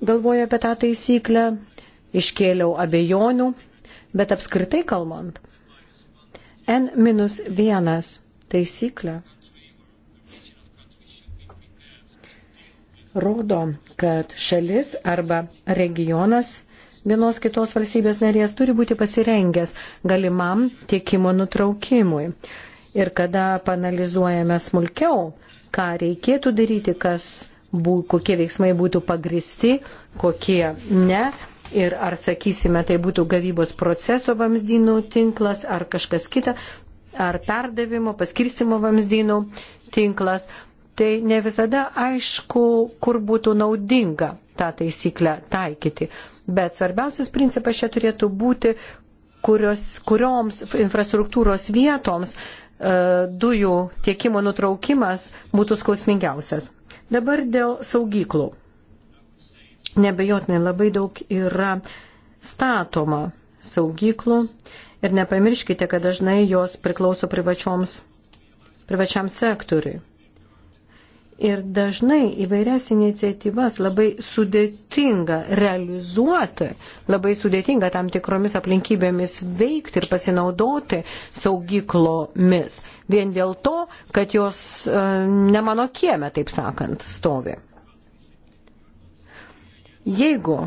galvoju apie tą taisyklę, iškėliau abejonių, bet apskritai kalbant, N-1 taisyklė rodo, kad šalis arba regionas vienos kitos valstybės narės turi būti pasirengęs galimam tiekimo nutraukimui. Ir kada panalizuojame smulkiau, ką reikėtų daryti, kas, bū, kokie veiksmai būtų pagristi, kokie ne, ir ar, sakysime, tai būtų gavybos proceso vamzdynų tinklas ar kažkas kita, ar perdavimo, paskirstimo vamzdynų tinklas, tai ne visada aišku, kur būtų naudinga tą taisyklę taikyti bet svarbiausias principas čia turėtų būti, kurios, kurioms infrastruktūros vietoms e, dujų tiekimo nutraukimas būtų skausmingiausias. Dabar dėl saugyklų. Nebejotinai labai daug yra statoma saugyklų ir nepamirškite, kad dažnai jos priklauso privačioms, privačiam sektoriui. Ir dažnai įvairias iniciatyvas labai sudėtinga realizuoti, labai sudėtinga tam tikromis aplinkybėmis veikti ir pasinaudoti saugyklomis. Vien dėl to, kad jos e, ne mano kieme, taip sakant, stovi. Jeigu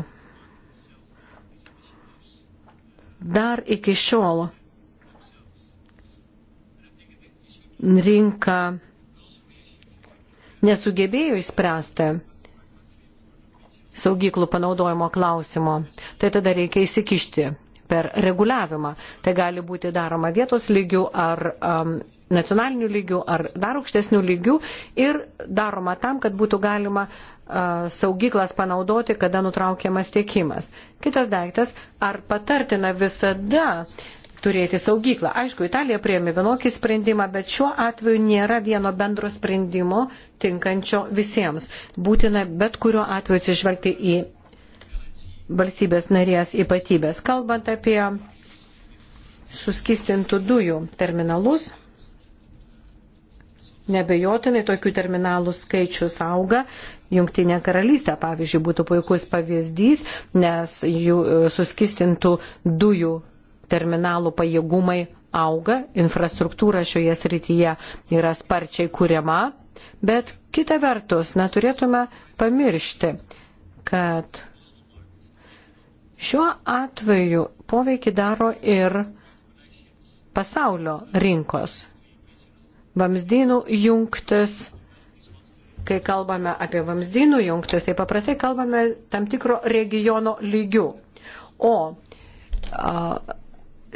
dar iki šiol rinka nesugebėjo įspręsti saugyklų panaudojimo klausimo, tai tada reikia įsikišti per reguliavimą. Tai gali būti daroma vietos lygių ar um, nacionalinių lygių ar dar aukštesnių lygių ir daroma tam, kad būtų galima uh, saugyklas panaudoti, kada nutraukiamas tiekimas. Kitas daiktas, ar patartina visada uh, turėti saugyklą. Aišku, Italija prieimė vienokį sprendimą, bet šiuo atveju nėra vieno bendro sprendimo tinkančio visiems. Būtina bet kuriuo atveju atsižvelgti į valstybės narės ypatybės. Kalbant apie suskistintų dujų terminalus, nebejotinai tokių terminalų skaičius auga. Jungtinė karalystė, pavyzdžiui, būtų puikus pavyzdys, nes jų e, suskistintų dujų terminalų pajėgumai auga, infrastruktūra šioje srityje yra sparčiai kuriama, bet kita vertus, neturėtume pamiršti, kad šiuo atveju poveikį daro ir pasaulio rinkos. Vamzdynų jungtis kai kalbame apie vamzdynų jungtis, tai paprastai kalbame tam tikro regiono lygių. O a,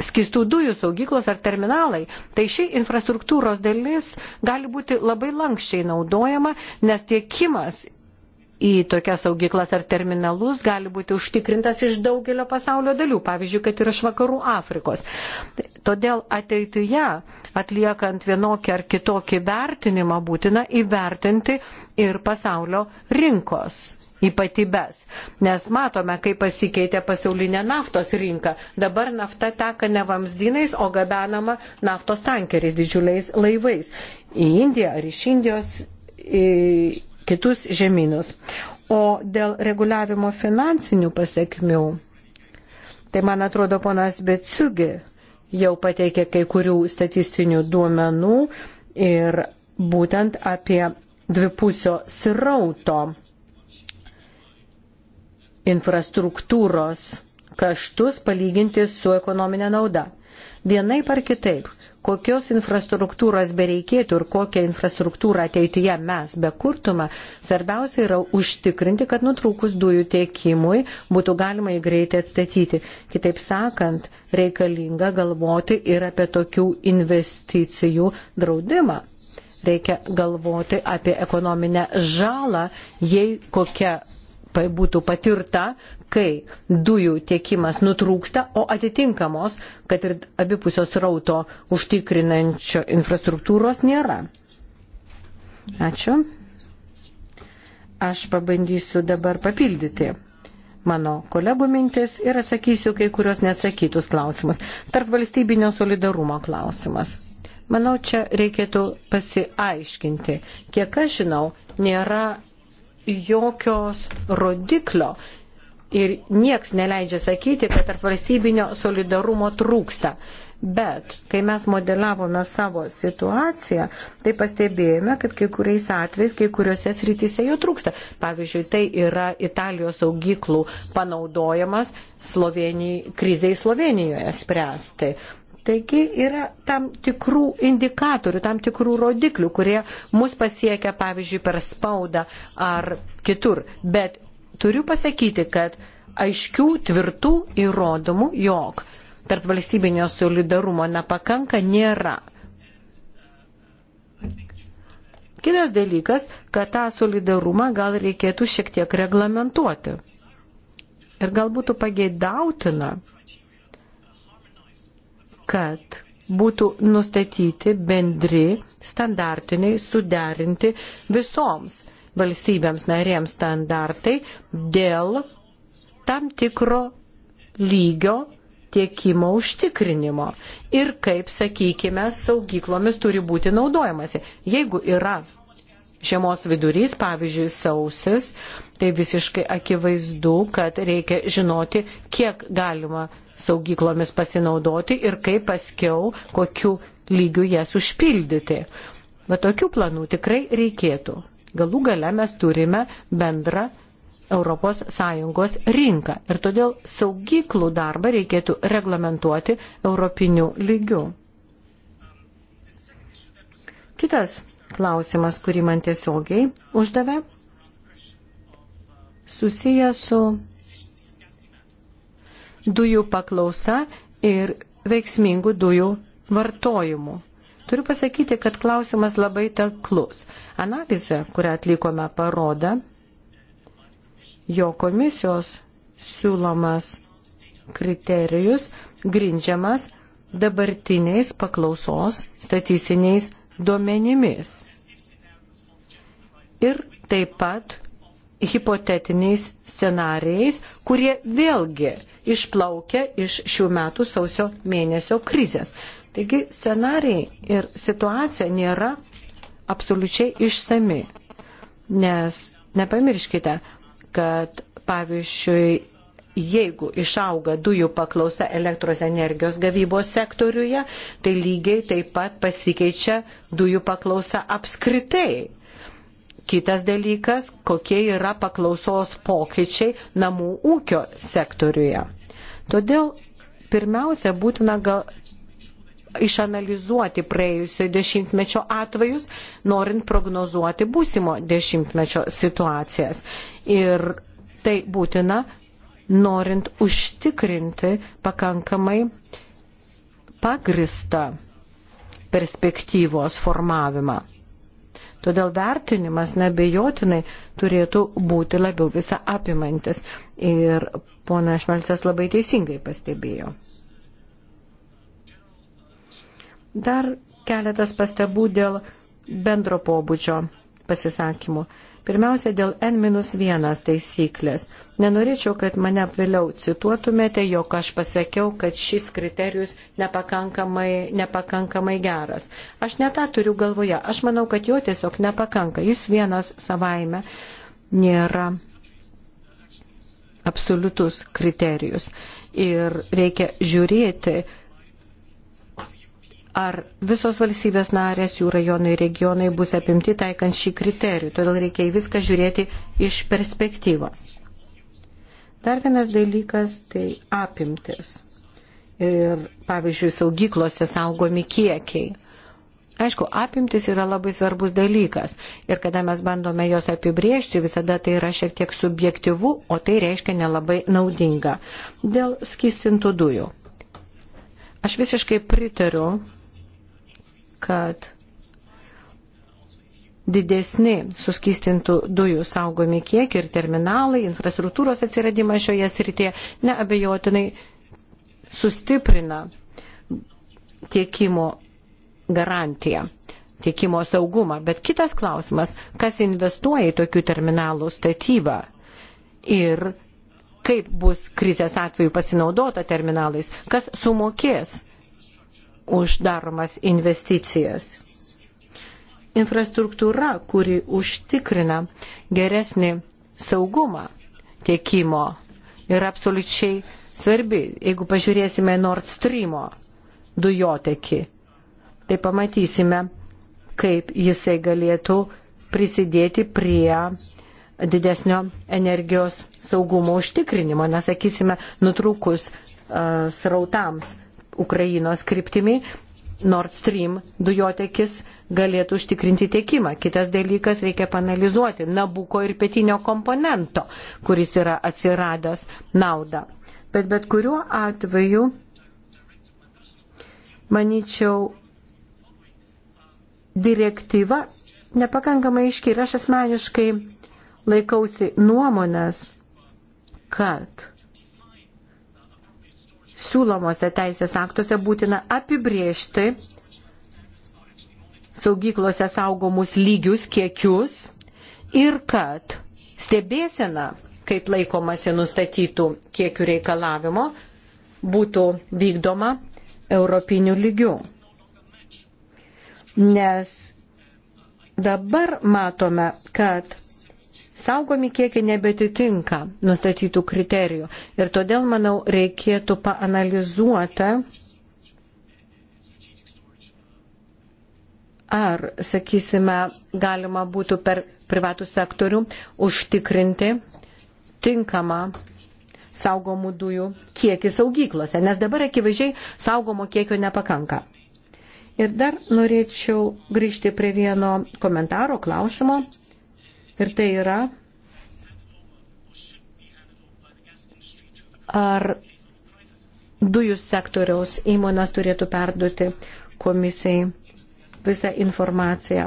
skistų dujų saugyklos ar terminalai, tai ši infrastruktūros dalis gali būti labai lankščiai naudojama, nes tiekimas į tokias saugyklas ar terminalus gali būti užtikrintas iš daugelio pasaulio dalių, pavyzdžiui, kad ir iš vakarų Afrikos. Todėl ateityje, atliekant vienokį ar kitokį vertinimą, būtina įvertinti ir pasaulio rinkos ypatybės. Nes matome, kaip pasikeitė pasaulinė naftos rinka. Dabar nafta teka ne vamzdynais, o gabenama naftos tankeriais, didžiuliais laivais. Į Indiją ar iš Indijos į kitus žemynus. O dėl reguliavimo finansinių pasiekmių, tai man atrodo ponas Betsiugi jau pateikė kai kurių statistinių duomenų ir būtent apie dvipusio srauto infrastruktūros kaštus palyginti su ekonominė nauda. Vienaip ar kitaip, kokios infrastruktūros bereikėtų ir kokią infrastruktūrą ateityje mes bekurtume, svarbiausia yra užtikrinti, kad nutrūkus dujų tiekimui būtų galima jį greitai atstatyti. Kitaip sakant, reikalinga galvoti ir apie tokių investicijų draudimą reikia galvoti apie ekonominę žalą, jei kokia būtų patirta, kai dujų tiekimas nutrūksta, o atitinkamos, kad ir abipusios rauto užtikrinančio infrastruktūros nėra. Ačiū. Aš pabandysiu dabar papildyti mano kolegų mintis ir atsakysiu kai kurios neatsakytus klausimus. Tarp valstybinio solidarumo klausimas. Manau, čia reikėtų pasiaiškinti. Kiek aš žinau, nėra jokios rodiklio, ir nieks neleidžia sakyti, kad tarp valstybinio solidarumo trūksta. Bet kai mes modeliavome savo situaciją, tai pastebėjome, kad kai kuriais atvejais, kai kuriuose srityse jo trūksta. Pavyzdžiui, tai yra Italijos saugyklų panaudojamas Slovenijai, kriziai Slovenijoje spręsti. Taigi yra tam tikrų indikatorių, tam tikrų rodiklių, kurie mus pasiekia, pavyzdžiui, per spaudą ar kitur. Bet turiu pasakyti, kad aiškių, tvirtų įrodymų, jog tarp valstybinio solidarumo nepakanka, nėra. Kitas dalykas, kad tą solidarumą gal reikėtų šiek tiek reglamentuoti. Ir gal būtų pageidautina, kad būtų nustatyti bendri, standartiniai, suderinti visoms valstybėms narėms standartai dėl tam tikro lygio tiekimo užtikrinimo ir kaip, sakykime, saugyklomis turi būti naudojamasi. Jeigu yra žiemos vidurys, pavyzdžiui, sausis, tai visiškai akivaizdu, kad reikia žinoti, kiek galima saugyklomis pasinaudoti ir kaip paskiau, kokiu lygiu jas užpildyti. Bet tokių planų tikrai reikėtų. Galų gale mes turime bendrą ES rinką ir todėl saugyklų darbą reikėtų reglamentuoti europiniu lygiu. Kitas klausimas, kurį man tiesiogiai uždavė, susijęs su dujų paklausa ir veiksmingų dujų vartojimu. Turiu pasakyti, kad klausimas labai taklus. Analizė, kurią atlikome, parodo, jo komisijos siūlomas kriterijus grindžiamas dabartiniais paklausos statistiniais duomenimis ir taip pat hipotetiniais scenarijais, kurie vėlgi išplaukia iš šių metų sausio mėnesio krizės. Taigi scenarijai ir situacija nėra absoliučiai išsami, nes nepamirškite, kad pavyzdžiui, jeigu išauga dujų paklausa elektros energijos gavybos sektoriuje, tai lygiai taip pat pasikeičia dujų paklausa apskritai. Kitas dalykas, kokie yra paklausos pokyčiai namų ūkio sektoriuje. Todėl pirmiausia būtina gal išanalizuoti praėjusio dešimtmečio atvejus, norint prognozuoti būsimo dešimtmečio situacijas. Ir tai būtina, norint užtikrinti pakankamai pagristą perspektyvos formavimą. Todėl vertinimas nebejotinai turėtų būti labiau visą apimantis. Ir pona Šmelcas labai teisingai pastebėjo. Dar keletas pastabų dėl bendro pobūdžio pasisakymų. Pirmiausia, dėl N-1 taisyklės. Nenorėčiau, kad mane vėliau cituotumėte, jog aš pasakiau, kad šis kriterijus nepakankamai, nepakankamai geras. Aš netą turiu galvoje. Aš manau, kad jo tiesiog nepakanka. Jis vienas savaime nėra absoliutus kriterijus. Ir reikia žiūrėti, ar visos valstybės narės, jų rajonai, regionai bus apimti taikant šį kriterijų. Todėl reikia į viską žiūrėti iš perspektyvos. Dar vienas dalykas - tai apimtis. Ir, pavyzdžiui, saugyklose saugomi kiekiai. Aišku, apimtis yra labai svarbus dalykas ir kada mes bandome jos apibriežti, visada tai yra šiek tiek subjektivu, o tai reiškia nelabai naudinga. Dėl skistintų dujų. Aš visiškai pritariu kad didesni suskistintų dujų saugomi kiek ir terminalai, infrastruktūros atsiradimas šioje srityje neabejotinai sustiprina tiekimo garantiją, tiekimo saugumą. Bet kitas klausimas, kas investuoja į tokių terminalų statybą ir kaip bus krizės atveju pasinaudota terminalais, kas sumokės už daromas investicijas. Infrastruktūra, kuri užtikrina geresnį saugumą tiekimo, yra absoliučiai svarbi. Jeigu pažiūrėsime Nord Streamo dujotekį, tai pamatysime, kaip jisai galėtų prisidėti prie didesnio energijos saugumo užtikrinimo, nesakysime, nutrūkus uh, srautams Ukrainos kryptimi, Nord Stream dujotekis galėtų užtikrinti tiekimą. Kitas dalykas reikia panalizuoti Nabuko ir pietinio komponento, kuris yra atsiradęs naudą. Bet bet kuriuo atveju, manyčiau, direktyva nepakankamai iški ir aš asmeniškai laikausi nuomonės, kad siūlomose teisės aktuose būtina apibriežti saugyklose saugomus lygius, kiekius ir kad stebėsena, kaip laikomasi nustatytų kiekių reikalavimo, būtų vykdoma europinių lygių. Nes dabar matome, kad saugomi kiekiai nebetitinka nustatytų kriterijų. Ir todėl, manau, reikėtų paanalizuoti, ar, sakysime, galima būtų per privatų sektorių užtikrinti tinkamą saugomų dujų kiekį saugyklose, nes dabar akivaizdžiai saugomo kiekio nepakanka. Ir dar norėčiau grįžti prie vieno komentaro, klausimo Ir tai yra, ar dujų sektoriaus įmonės turėtų perduoti komisijai visą informaciją,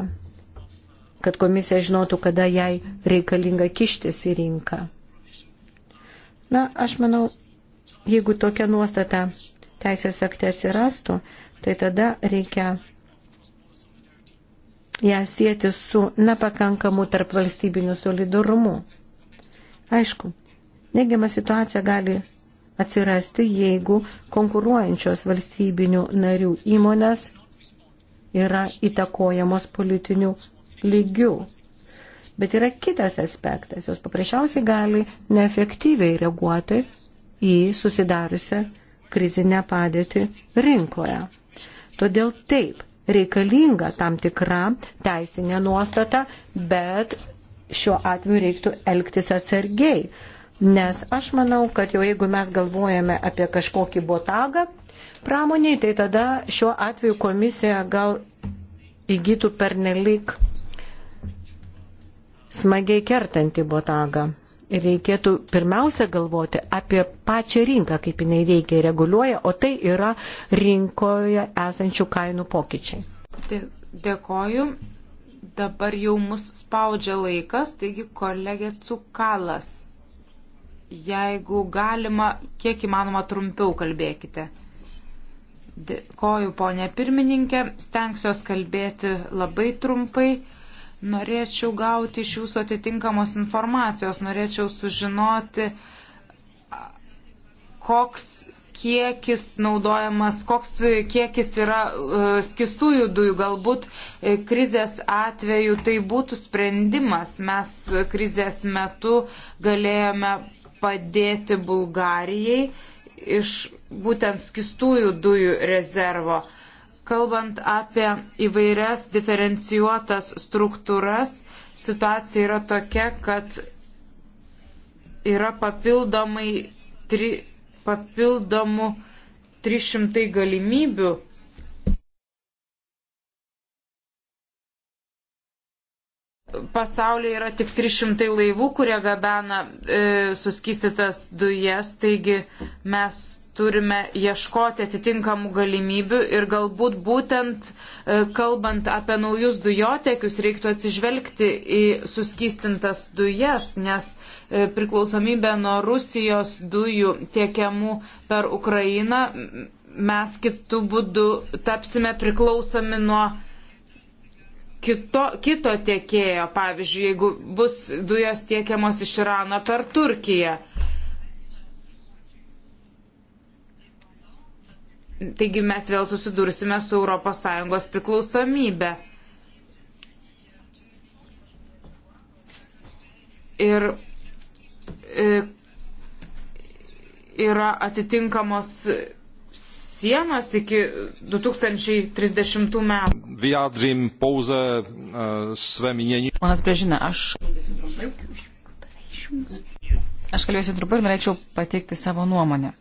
kad komisija žinotų, kada jai reikalinga kištis į rinką. Na, aš manau, jeigu tokia nuostata teisės akte atsirastų, tai tada reikia ją sėti su nepakankamu tarp valstybiniu solidarumu. Aišku, neigiama situacija gali atsirasti, jeigu konkuruojančios valstybinių narių įmonės yra įtakojamos politinių lygių. Bet yra kitas aspektas, jos paprasčiausiai gali neefektyviai reaguoti į susidariusią krizinę padėtį rinkoje. Todėl taip, reikalinga tam tikra teisinė nuostata, bet šiuo atveju reiktų elgtis atsargiai. Nes aš manau, kad jau jeigu mes galvojame apie kažkokį botagą pramoniai, tai tada šiuo atveju komisija gal įgytų pernelik smagiai kertantį botagą reikėtų pirmiausia galvoti apie pačią rinką, kaip jinai veikia ir reguliuoja, o tai yra rinkoje esančių kainų pokyčiai. Dėkoju. Dabar jau mus spaudžia laikas, taigi kolegė Cukalas. Jeigu galima, kiek įmanoma trumpiau kalbėkite. Dėkoju, ponė pirmininkė. Stengsiuos kalbėti labai trumpai. Norėčiau gauti iš jūsų atitinkamos informacijos, norėčiau sužinoti, koks kiekis naudojamas, koks kiekis yra e, skistųjų dujų. Galbūt e, krizės atveju tai būtų sprendimas. Mes krizės metu galėjome padėti Bulgarijai iš būtent skistųjų dujų rezervo. Kalbant apie įvairias diferencijuotas struktūras, situacija yra tokia, kad yra papildomai tri, papildomų 300 galimybių. Pasaulyje yra tik 300 laivų, kurie gabena e, suskistytas dujas, taigi mes turime ieškoti atitinkamų galimybių ir galbūt būtent e, kalbant apie naujus dujotekius reiktų atsižvelgti į suskystintas dujas, nes e, priklausomybė nuo Rusijos dujų tiekiamų per Ukrainą mes kitų būdų tapsime priklausomi nuo kito, kito tiekėjo, pavyzdžiui, jeigu bus dujos tiekiamos iš Irano per Turkiją. Taigi mes vėl susidursime su ES priklausomybė. Ir e, yra atitinkamos sienos iki 2030 metų. Vyjadžim pauzę uh, e, svem įnienį. Ponas Brežina, aš. Aš kalbėsiu trumpai ir norėčiau pateikti savo nuomonę.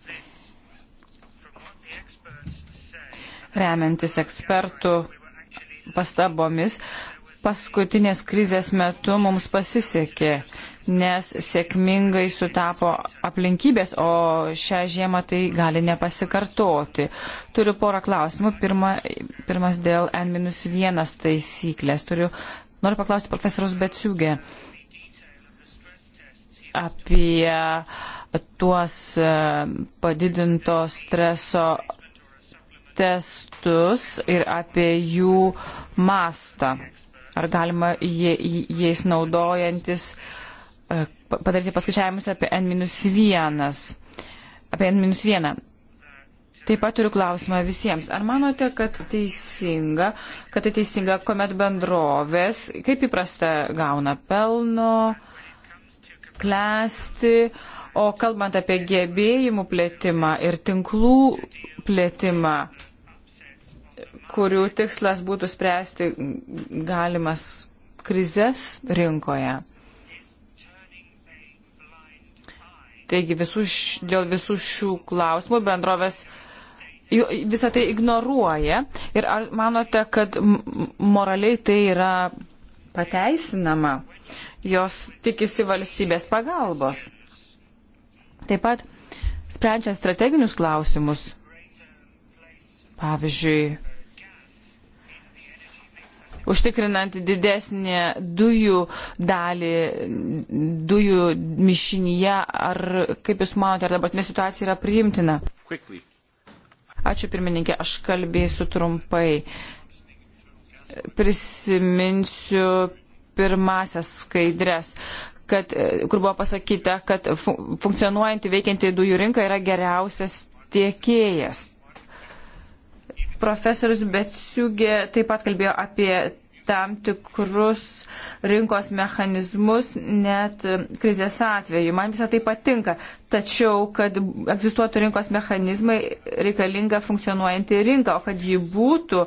remiantis ekspertų pastabomis, paskutinės krizės metu mums pasisekė, nes sėkmingai sutapo aplinkybės, o šią žiemą tai gali nepasikartoti. Turiu porą klausimų. Pirma, pirmas dėl N-1 taisyklės. Turiu, noriu paklausti profesoriaus Betsiūgė apie tuos e, padidinto streso testus ir apie jų mastą. Ar galima jie, jais naudojantis e, padaryti paskaičiavimus apie N-1, apie N-1. Taip pat turiu klausimą visiems. Ar manote, kad teisinga, kad tai teisinga, kuomet bendrovės, kaip įprasta, gauna pelno, klesti, o kalbant apie gebėjimų plėtimą ir tinklų plėtimą, kurių tikslas būtų spręsti galimas krizės rinkoje. Taigi visų, š, dėl visų šių klausimų bendrovės visą tai ignoruoja. Ir ar manote, kad moraliai tai yra pateisinama? Jos tikisi valstybės pagalbos. Taip pat, sprendžiant strateginius klausimus, pavyzdžiui, užtikrinant didesnį dujų dalį, dujų mišinyje, ar kaip Jūs manote, ar dabartinė situacija yra priimtina? Ačiū pirmininkė, aš kalbėsiu trumpai. Prisiminsiu pirmasias skaidrės, kad, kur buvo pasakyta, kad funkcionuojanti veikianti dujų rinka yra geriausias tiekėjas Profesorius Betsiugė taip pat kalbėjo apie tam tikrus rinkos mechanizmus net krizės atveju. Man visą tai patinka. Tačiau, kad egzistuotų rinkos mechanizmai, reikalinga funkcionuojanti rinka, o kad ji būtų,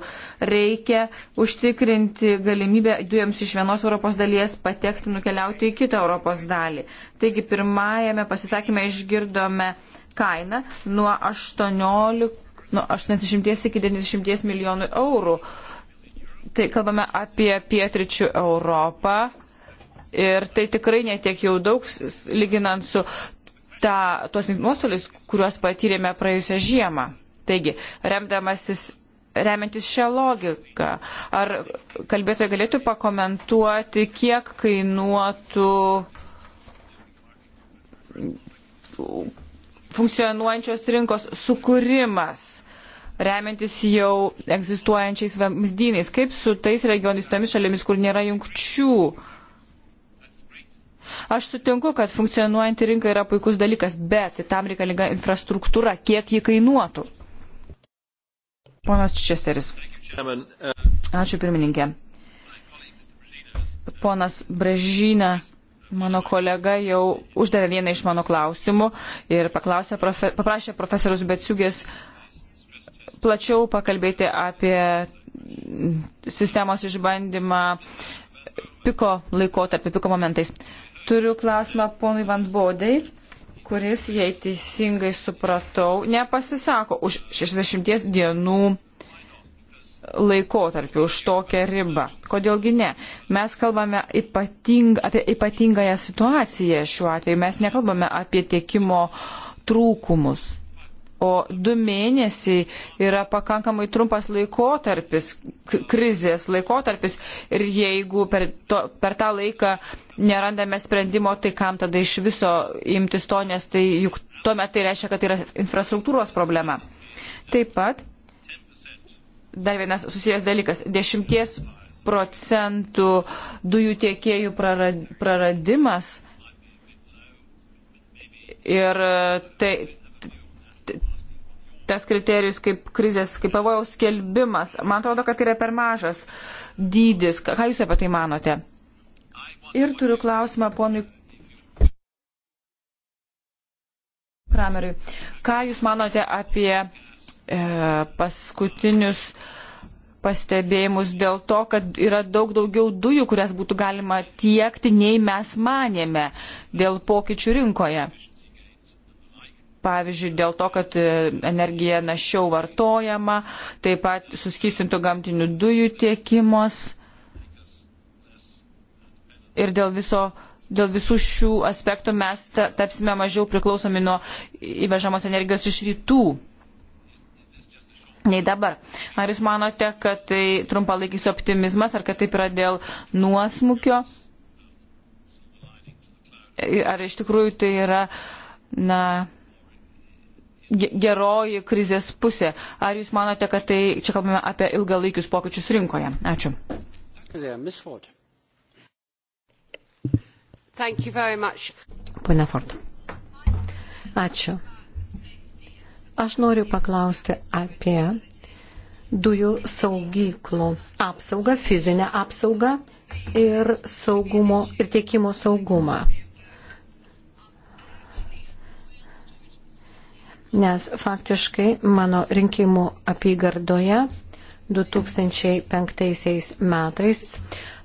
reikia užtikrinti galimybę dujoms iš vienos Europos dalies patekti, nukeliauti į kitą Europos dalį. Taigi pirmajame pasisakymė išgirdome kainą nuo 18 nuo 80 iki 90 milijonų eurų. Tai kalbame apie pietričių Europą ir tai tikrai netiek jau daug lyginant su ta, tos nuostolius, kuriuos patyrėme praėjusią žiemą. Taigi, remdamasis remiantis šią logiką. Ar kalbėtojai galėtų pakomentuoti, kiek kainuotų funkcionuojančios rinkos sukūrimas remiantis jau egzistuojančiais vamzdynais. Kaip su tais regionais, tomis šalimis, kur nėra jungčių? Aš sutinku, kad funkcionuojanti rinka yra puikus dalykas, bet tam reikalinga infrastruktūra, kiek ji kainuotų. Ponas Česteris. Ačiū pirmininkė. Ponas Brežina Mano kolega jau uždavė vieną iš mano klausimų ir profe, paprašė profesorius Betsiugės plačiau pakalbėti apie sistemos išbandymą piko laikotarpį, piko momentais. Turiu klausimą ponui Van Bodai, kuris, jei teisingai supratau, nepasisako už 60 dienų laikotarpiu, už tokią ribą. Kodėlgi ne? Mes kalbame ypating, apie ypatingąją situaciją šiuo atveju, mes nekalbame apie tiekimo trūkumus. O du mėnesiai yra pakankamai trumpas laikotarpis, krizės laikotarpis ir jeigu per, to, per tą laiką nerandame sprendimo, tai kam tada iš viso imtis to, nes tai juk tuomet tai reiškia, kad tai yra infrastruktūros problema. Taip pat dar vienas susijęs dalykas. 10 procentų dujų tiekėjų praradimas ir e, tai, tas kriterijus kaip krizės, kaip pavojaus skelbimas. Man atrodo, kad tai yra per mažas dydis. Ką Jūs apie tai manote? Ir turiu klausimą ponui Krameriui. Ką Jūs manote apie E, paskutinius pastebėjimus dėl to, kad yra daug daugiau dujų, kurias būtų galima tiekti, nei mes manėme dėl pokyčių rinkoje. Pavyzdžiui, dėl to, kad e, energija našiau vartojama, taip pat suskystintų gamtinių dujų tiekimos ir dėl viso dėl visų šių aspektų mes tapsime mažiau priklausomi nuo įvežamos energijos iš rytų nei dabar. Ar jūs manote, kad tai trumpalaikis optimizmas, ar kad taip yra dėl nuosmukio? Ar iš tikrųjų tai yra, na, geroji krizės pusė? Ar jūs manote, kad tai, čia kalbame apie ilgalaikius pokyčius rinkoje? Ačiū. Pone Ford. Ačiū. Aš noriu paklausti apie dujų saugyklų apsaugą, fizinę apsaugą ir, saugumo, ir tiekimo saugumą. Nes faktiškai mano rinkimų apygardoje 2005 metais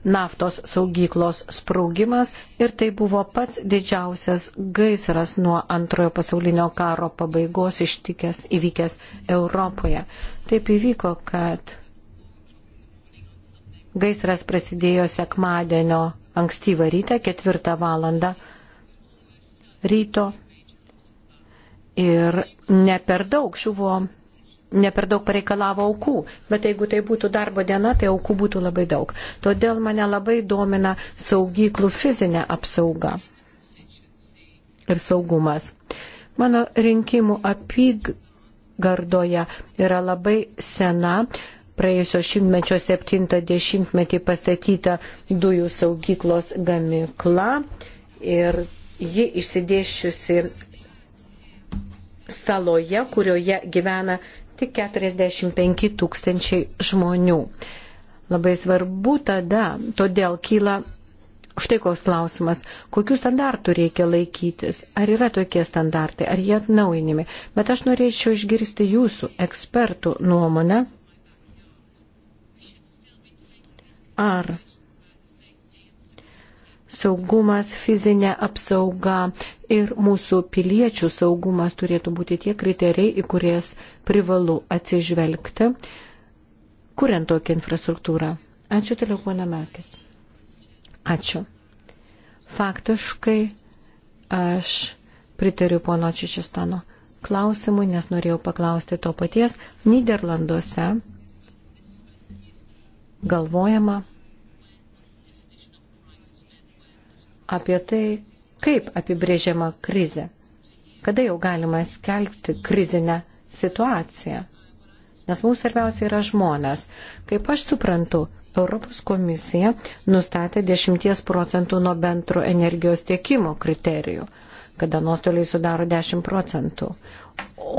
naftos saugyklos sprogimas ir tai buvo pats didžiausias gaisras nuo antrojo pasaulinio karo pabaigos ištikęs įvykęs Europoje. Taip įvyko, kad gaisras prasidėjo sekmadienio ankstyvą rytą, ketvirtą valandą ryto ir ne per daug žuvo ne per daug pareikalavo aukų, bet jeigu tai būtų darbo diena, tai aukų būtų labai daug. Todėl mane labai domina saugyklų fizinė apsauga ir saugumas. Mano rinkimų apygardoje yra labai sena praėjusio šimtmečio 70-metį pastatyta dujų saugyklos gamikla ir ji išsidėšiusi saloje, kurioje gyvena tik 45 tūkstančiai žmonių. Labai svarbu tada, todėl kyla štai koks klausimas, kokių standartų reikia laikytis, ar yra tokie standartai, ar jie atnaujinimi. Bet aš norėčiau išgirsti jūsų ekspertų nuomonę, ar saugumas, fizinė apsauga ir mūsų piliečių saugumas turėtų būti tie kriterijai, į kurias privalu atsižvelgti, kuriant tokią infrastruktūrą. Ačiū toliau, pana Merkis. Ačiū. Faktiškai aš pritariu pono Čičistano klausimui, nes norėjau paklausti to paties. Niderlanduose galvojama apie tai, kaip apibrėžiama krizė, kada jau galima skelbti krizinę situaciją. Nes mums svarbiausia yra žmonės. Kaip aš suprantu, Europos komisija nustatė 10 procentų nuo bendro energijos tiekimo kriterijų, kada nuostoliai sudaro 10 procentų.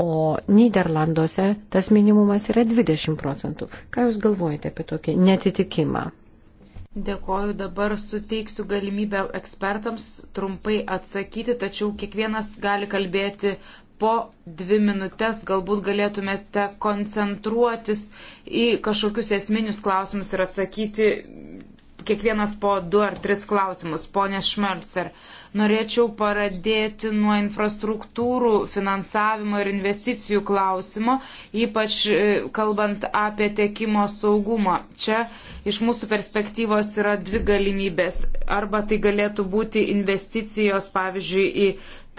O Niderlanduose tas minimumas yra 20 procentų. Ką Jūs galvojate apie tokį netitikimą? Dėkoju, dabar suteiksiu galimybę ekspertams trumpai atsakyti, tačiau kiekvienas gali kalbėti po dvi minutės, galbūt galėtumėte koncentruotis į kažkokius esminius klausimus ir atsakyti kiekvienas po du ar tris klausimus. Pone Šmelcer, Norėčiau pradėti nuo infrastruktūrų finansavimo ir investicijų klausimo, ypač e, kalbant apie tiekimo saugumą. Čia iš mūsų perspektyvos yra dvi galimybės. Arba tai galėtų būti investicijos, pavyzdžiui, į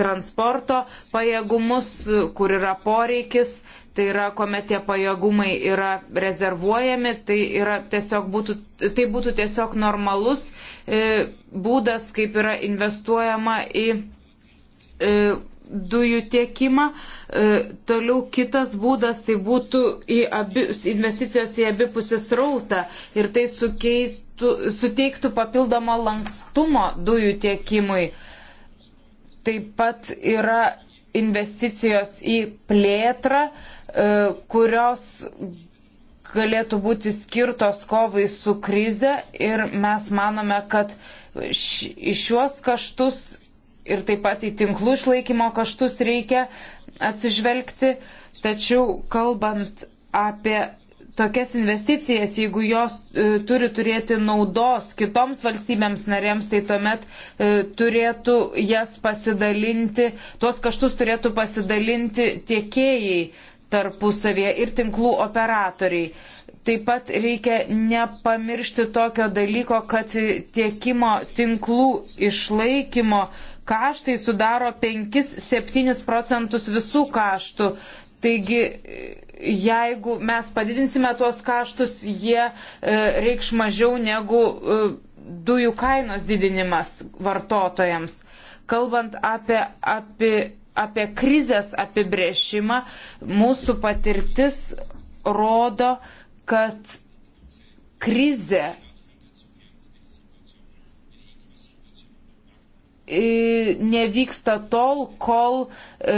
transporto pajėgumus, kur yra poreikis, tai yra, kuomet tie pajėgumai yra rezervuojami, tai, yra tiesiog būtų, tai būtų tiesiog normalus E, būdas, kaip yra investuojama į e, dujų tiekimą. E, toliau kitas būdas tai būtų į abi, investicijos į abipusis rautą ir tai sukeistų, suteiktų papildomą lankstumo dujų tiekimui. Taip pat yra investicijos į plėtrą, kurios galėtų būti skirtos kovai su krize ir mes manome, kad į šiuos kaštus ir taip pat į tinklų išlaikymo kaštus reikia atsižvelgti, tačiau kalbant apie tokias investicijas, jeigu jos e, turi turėti naudos kitoms valstybėms narėms, tai tuomet e, turėtų jas pasidalinti, tuos kaštus turėtų pasidalinti tiekėjai tarpusavėje ir tinklų operatoriai. Taip pat reikia nepamiršti tokio dalyko, kad tiekimo tinklų išlaikymo kaštai sudaro 5-7 procentus visų kaštų. Taigi, jeigu mes padidinsime tuos kaštus, jie e, reikš mažiau negu e, dujų kainos didinimas vartotojams. Kalbant apie, apie apie krizės apibrėžimą, mūsų patirtis rodo, kad krizė e, nevyksta tol, kol e,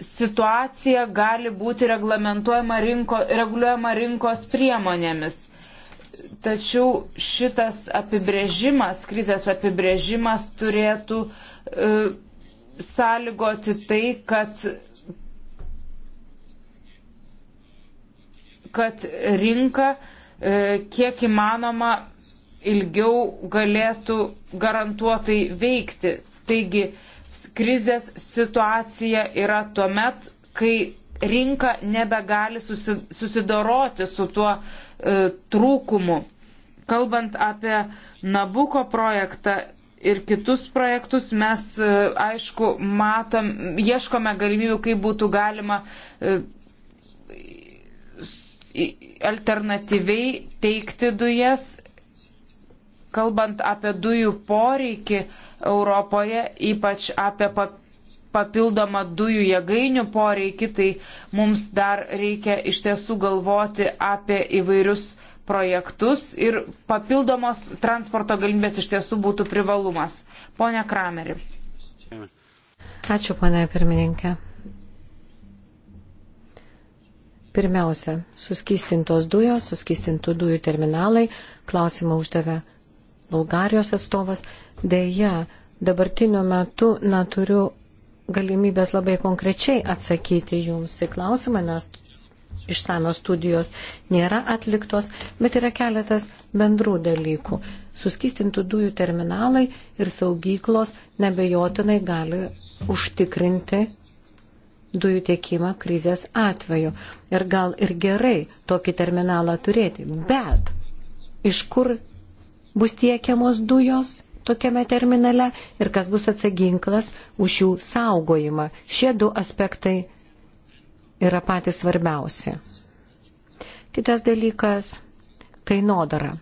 situacija gali būti reglamentuojama rinko, reguliuojama rinkos priemonėmis. Tačiau šitas apibrėžimas, krizės apibrėžimas turėtų uh, sąlygoti tai, kad, kad rinka e, kiek įmanoma ilgiau galėtų garantuotai veikti. Taigi, krizės situacija yra tuo met, kai rinka nebegali susidoroti su tuo e, trūkumu. Kalbant apie Nabuko projektą, ir kitus projektus. Mes, e, aišku, matom, ieškome galimybių, kaip būtų galima e, alternatyviai teikti dujas. Kalbant apie dujų poreikį Europoje, ypač apie papildomą dujų jėgainių poreikį, tai mums dar reikia iš tiesų galvoti apie įvairius uh, projektus ir papildomos transporto galimybės iš tiesų būtų privalumas. Pone Krameri. Ačiū, ponė pirmininkė. Pirmiausia, suskystintos dujos, suskystintų dujų terminalai, klausimą uždavė Bulgarijos atstovas. Deja, dabartiniu metu neturiu galimybės labai konkrečiai atsakyti jums į klausimą, nes išsamios studijos nėra atliktos, bet yra keletas bendrų dalykų. Suskistintų dujų terminalai ir saugyklos nebejotinai gali užtikrinti dujų tiekimą krizės atveju. Ir gal ir gerai tokį terminalą turėti, bet iš kur bus tiekiamos dujos? tokiame terminale ir kas bus atsaginklas už jų saugojimą. Šie du aspektai yra patys svarbiausi. Kitas dalykas - kainodara.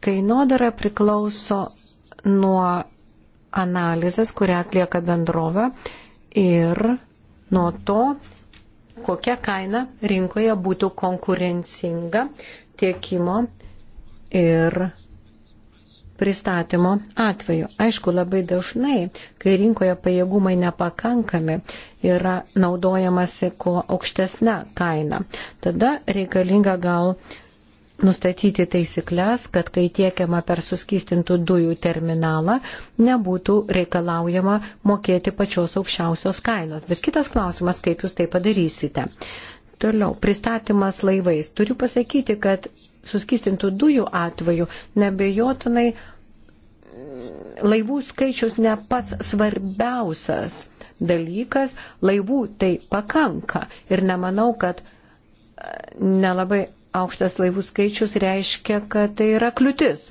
Kainodara priklauso nuo analizės, kurią atlieka bendrovė ir nuo to, kokia kaina rinkoje būtų konkurencinga tiekimo ir pristatymo atveju. Aišku, labai dažnai, kai rinkoje pajėgumai nepakankami, yra naudojamasi kuo aukštesnę kainą. Tada reikalinga gal nustatyti taisyklės, kad kai tiekiama per suskystintų dujų terminalą, nebūtų reikalaujama mokėti pačios aukščiausios kainos. Bet kitas klausimas, kaip jūs tai padarysite. Toliau, pristatymas laivais. Turiu pasakyti, kad suskystintų dujų atveju nebejotinai laivų skaičius ne pats svarbiausias dalykas, laivų tai pakanka ir nemanau, kad e, nelabai aukštas laivų skaičius reiškia, kad tai yra kliūtis.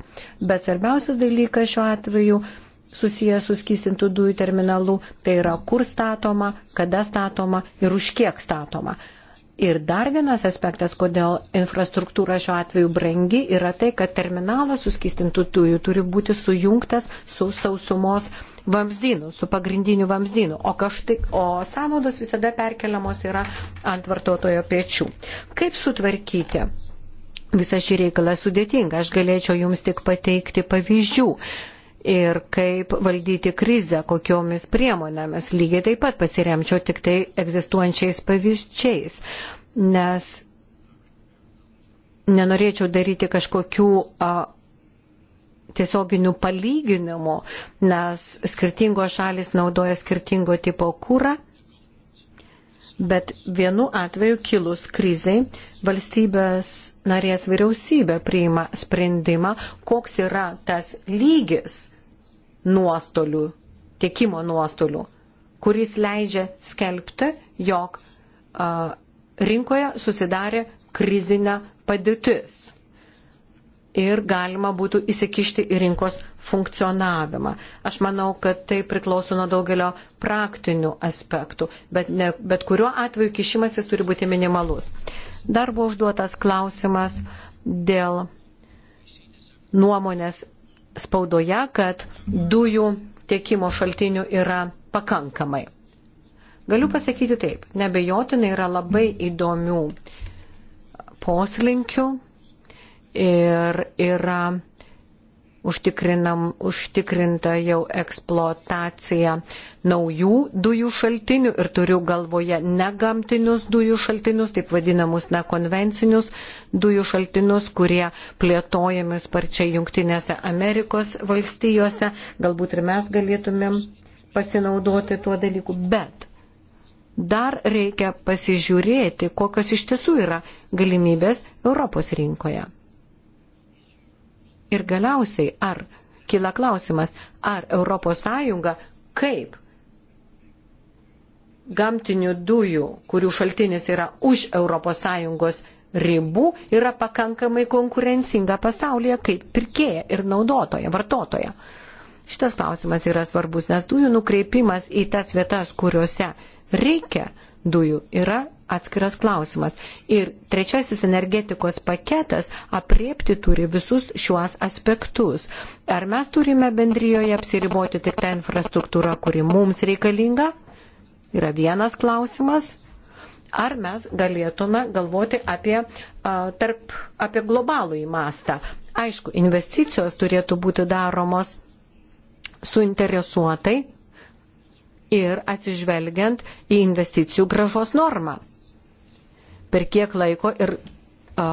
Bet svarbiausias dalykas šiuo atveju susijęs su skystintų dujų terminalu, tai yra kur statoma, kada statoma ir už kiek statoma. Ir dar vienas aspektas, kodėl infrastruktūra šiuo atveju brangi, yra tai, kad terminalas suskistintų dujų turi būti sujungtas su sausumos vamzdynų, su pagrindiniu vamzdynu, o, kažtai, o sąnaudos visada perkeliamos yra ant vartotojo pečių. Kaip sutvarkyti? Visą šį reikalą sudėtinga, aš galėčiau jums tik pateikti pavyzdžių ir kaip valdyti krizę, kokiomis priemonėmis. Lygiai taip pat pasiremčiau tik tai egzistuojančiais pavyzdžiais, nes nenorėčiau daryti kažkokių a, tiesioginių palyginimų, nes skirtingos šalis naudoja skirtingo tipo kūrą Bet vienu atveju kilus krizai valstybės narės vyriausybė priima sprendimą, koks yra tas lygis nuostolių, tiekimo nuostolių, kuris leidžia skelbti, jog a, rinkoje susidarė krizinė padėtis ir galima būtų įsikišti į rinkos funkcionavimą. Aš manau, kad tai priklauso nuo daugelio praktinių aspektų, bet, ne, bet kuriuo atveju kišimasis turi būti minimalus. Dar buvo užduotas klausimas dėl nuomonės spaudoje, kad dujų tiekimo šaltinių yra pakankamai. Galiu pasakyti taip, nebejotinai yra labai įdomių poslinkių ir yra užtikrinta jau eksploatacija naujų dujų šaltinių ir turiu galvoje negamtinius dujų šaltinius, taip vadinamus nekonvencinius dujų šaltinius, kurie plėtojami sparčiai Junktinėse Amerikos valstijose. Galbūt ir mes galėtumėm pasinaudoti tuo dalyku, bet dar reikia pasižiūrėti, kokios iš tiesų yra galimybės Europos rinkoje. Ir galiausiai, ar kyla klausimas, ar ES kaip gamtinių dujų, kurių šaltinis yra už ES ribų, yra pakankamai konkurencinga pasaulyje kaip pirkėja ir naudotoja, vartotoja. Šitas klausimas yra svarbus, nes dujų nukreipimas į tas vietas, kuriuose reikia dujų, yra atskiras klausimas. Ir trečiasis energetikos paketas apriepti turi visus šiuos aspektus. Ar mes turime bendryjoje apsiriboti tik tą infrastruktūrą, kuri mums reikalinga? Yra vienas klausimas. Ar mes galėtume galvoti apie, a, tarp, apie globalų įmastą? Aišku, investicijos turėtų būti daromos suinteresuotai ir atsižvelgiant į investicijų gražos normą per kiek laiko ir a,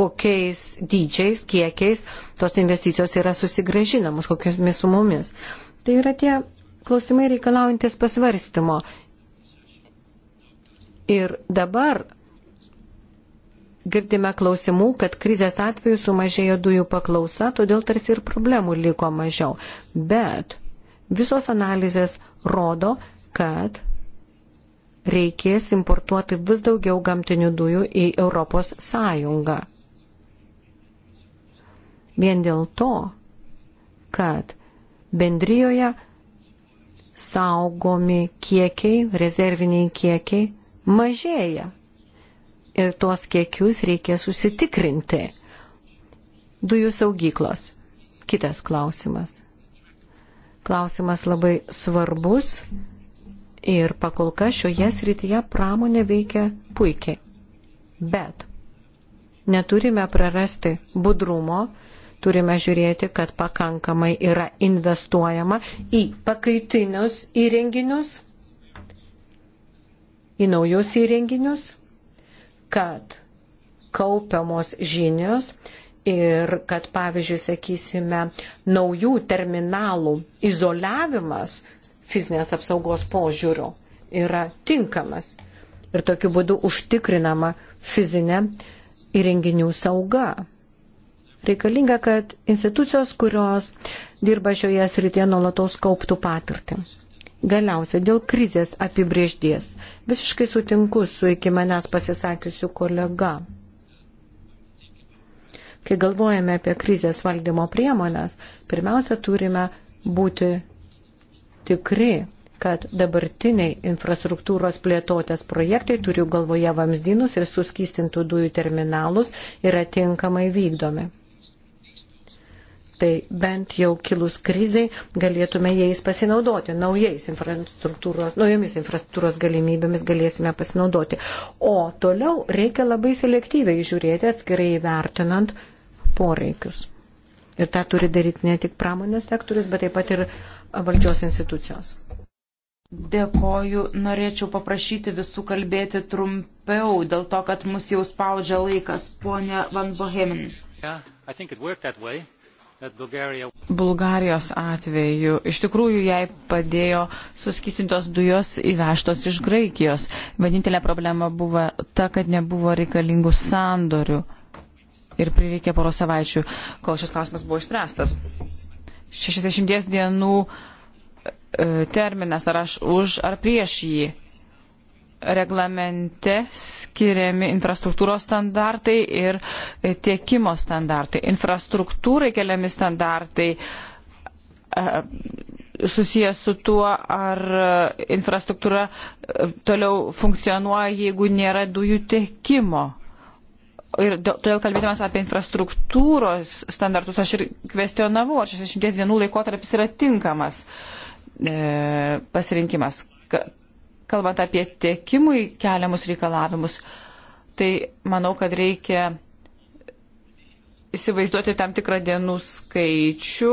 kokiais dydžiais, kiekiais tos investicijos yra susigražinamos, kokiamis sumomis. Tai yra tie klausimai reikalaujantis pasvarstymo. Ir dabar girdime klausimų, kad krizės atveju sumažėjo dujų paklausa, todėl tarsi ir problemų liko mažiau. Bet visos analizės rodo, kad reikės importuoti vis daugiau gamtinių dujų į Europos Sąjungą. Vien dėl to, kad bendrijoje saugomi kiekiai, rezerviniai kiekiai mažėja. Ir tuos kiekius reikės užsitikrinti. Dujų saugyklos. Kitas klausimas. Klausimas labai svarbus. Mhm Ir pakol kas šioje srityje pramonė veikia puikiai. Bet neturime prarasti budrumo, turime žiūrėti, kad pakankamai yra investuojama į pakaitinius įrenginius, į naujus įrenginius, kad kaupiamos žinios ir kad, pavyzdžiui, sakysime, naujų terminalų izoliavimas fizinės apsaugos požiūrių yra tinkamas. Ir tokiu būdu užtikrinama fizinė įrenginių sauga. Reikalinga, kad institucijos, kurios dirba šioje srityje, nuolatos kauptų patirtį. Galiausia, dėl krizės apibriežties. Visiškai sutinku su iki manęs pasisakiusiu kolega. Kai galvojame apie krizės valdymo priemonės, pirmiausia, turime būti tikri, kad dabartiniai infrastruktūros plėtotės projektai, turiu galvoje vamzdynus ir suskystintų dujų terminalus, yra tinkamai vykdomi. Tai bent jau kilus krizai galėtume jais pasinaudoti, naujais infrastruktūros, naujomis infrastruktūros galimybėmis galėsime pasinaudoti. O toliau reikia labai selektyviai žiūrėti atskirai įvertinant poreikius. Ir tą turi daryti ne tik pramonės sektorius, bet taip pat ir uh, valdžios institucijos. Dėkoju, norėčiau paprašyti visų kalbėti trumpiau, dėl to, kad mus jau spaudžia laikas, ponė Van Bohemin. Yeah, Bulgarijos atveju iš tikrųjų jai padėjo suskysintos dujos įvežtos iš Graikijos. Vienintelė problema buvo ta, kad nebuvo reikalingų sandorių ir prireikė poro savaičių, kol šis klausimas buvo išspręstas. 60 dienų e, terminas, ar aš už ar prieš jį. Reglamente skiriami infrastruktūros standartai ir e, tiekimo standartai. Infrastruktūrai keliami standartai e, susijęs su tuo, ar infrastruktūra toliau funkcionuoja, jeigu nėra dujų tiekimo. Ir todėl kalbėdamas apie infrastruktūros standartus, aš ir kvestionavau, ar 60 dienų laikotarpis yra tinkamas e, pasirinkimas. Kalbant apie tiekimui keliamus reikalavimus, tai manau, kad reikia įsivaizduoti tam tikrą dienų skaičių,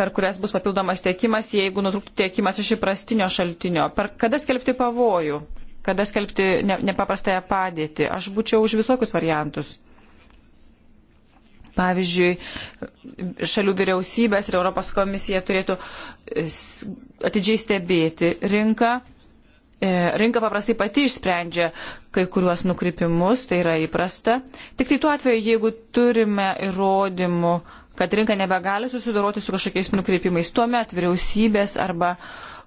per kurias bus papildomas tiekimas, jeigu nutrūktų tiekimas iš įprastinio šaltinio. Per kada skelbti pavojų? kada skelbti ne, nepaprastąją padėtį. Aš būčiau už visokius variantus. Pavyzdžiui, šalių vyriausybės ir Europos komisija turėtų e, atidžiai stebėti rinką. E, rinka paprastai pati išsprendžia kai kuriuos nukrypimus, tai yra įprasta. Tik tai tuo atveju, jeigu turime įrodymų, kad rinka nebegali susidoroti su kažkokiais nukreipimais. Tuomet vyriausybės arba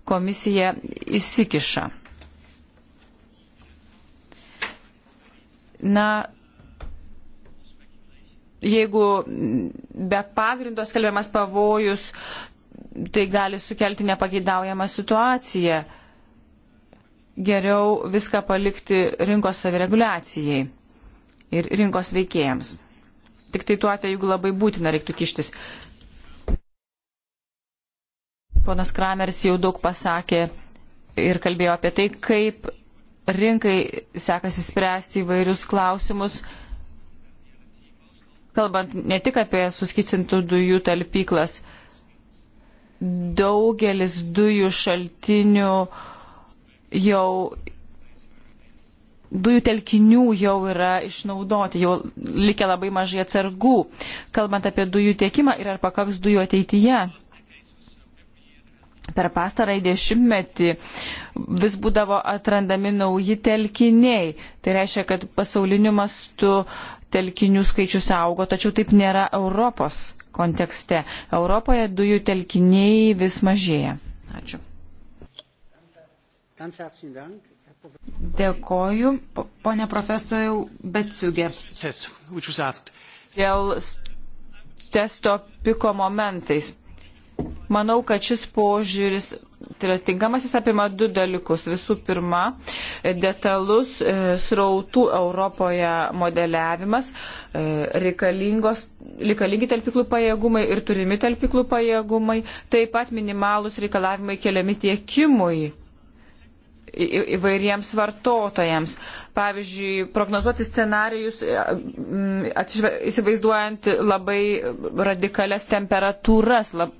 komisija įsikiša. Na, jeigu be pagrindo skelbiamas pavojus, tai gali sukelti nepageidaujamą situaciją. Geriau viską palikti rinkos savireguliacijai ir rinkos veikėjams. Tik tai tuo atveju, jeigu labai būtina, reiktų kištis. Ponas Kramers jau daug pasakė ir kalbėjo apie tai, kaip rinkai sekasi spręsti įvairius klausimus, kalbant ne tik apie suskicintų dujų talpyklas. Daugelis dujų šaltinių jau dujų telkinių jau yra išnaudoti, jau likia labai mažai atsargų. Kalbant apie dujų tiekimą ir ar pakaks dujų ateityje, per pastarąjį dešimtmetį vis būdavo atrandami nauji telkiniai. Tai reiškia, kad pasauliniu mastu telkinių skaičius augo, tačiau taip nėra Europos kontekste. Europoje dujų telkiniai vis mažėja. Ačiū. Dėkoju, ponė profesoriau Betsiugė. Dėl testo piko momentais Manau, kad šis požiūris, tai yra tinkamas, jis apima du dalykus. Visų pirma, detalus e, srautų Europoje modeliavimas, e, reikalingi talpiklų pajėgumai ir turimi talpiklų pajėgumai, taip pat minimalus reikalavimai keliami tiekimui įvairiems vartotojams. Pavyzdžiui, prognozuoti scenarius, e, įsivaizduojant labai radikalias temperatūras, lab,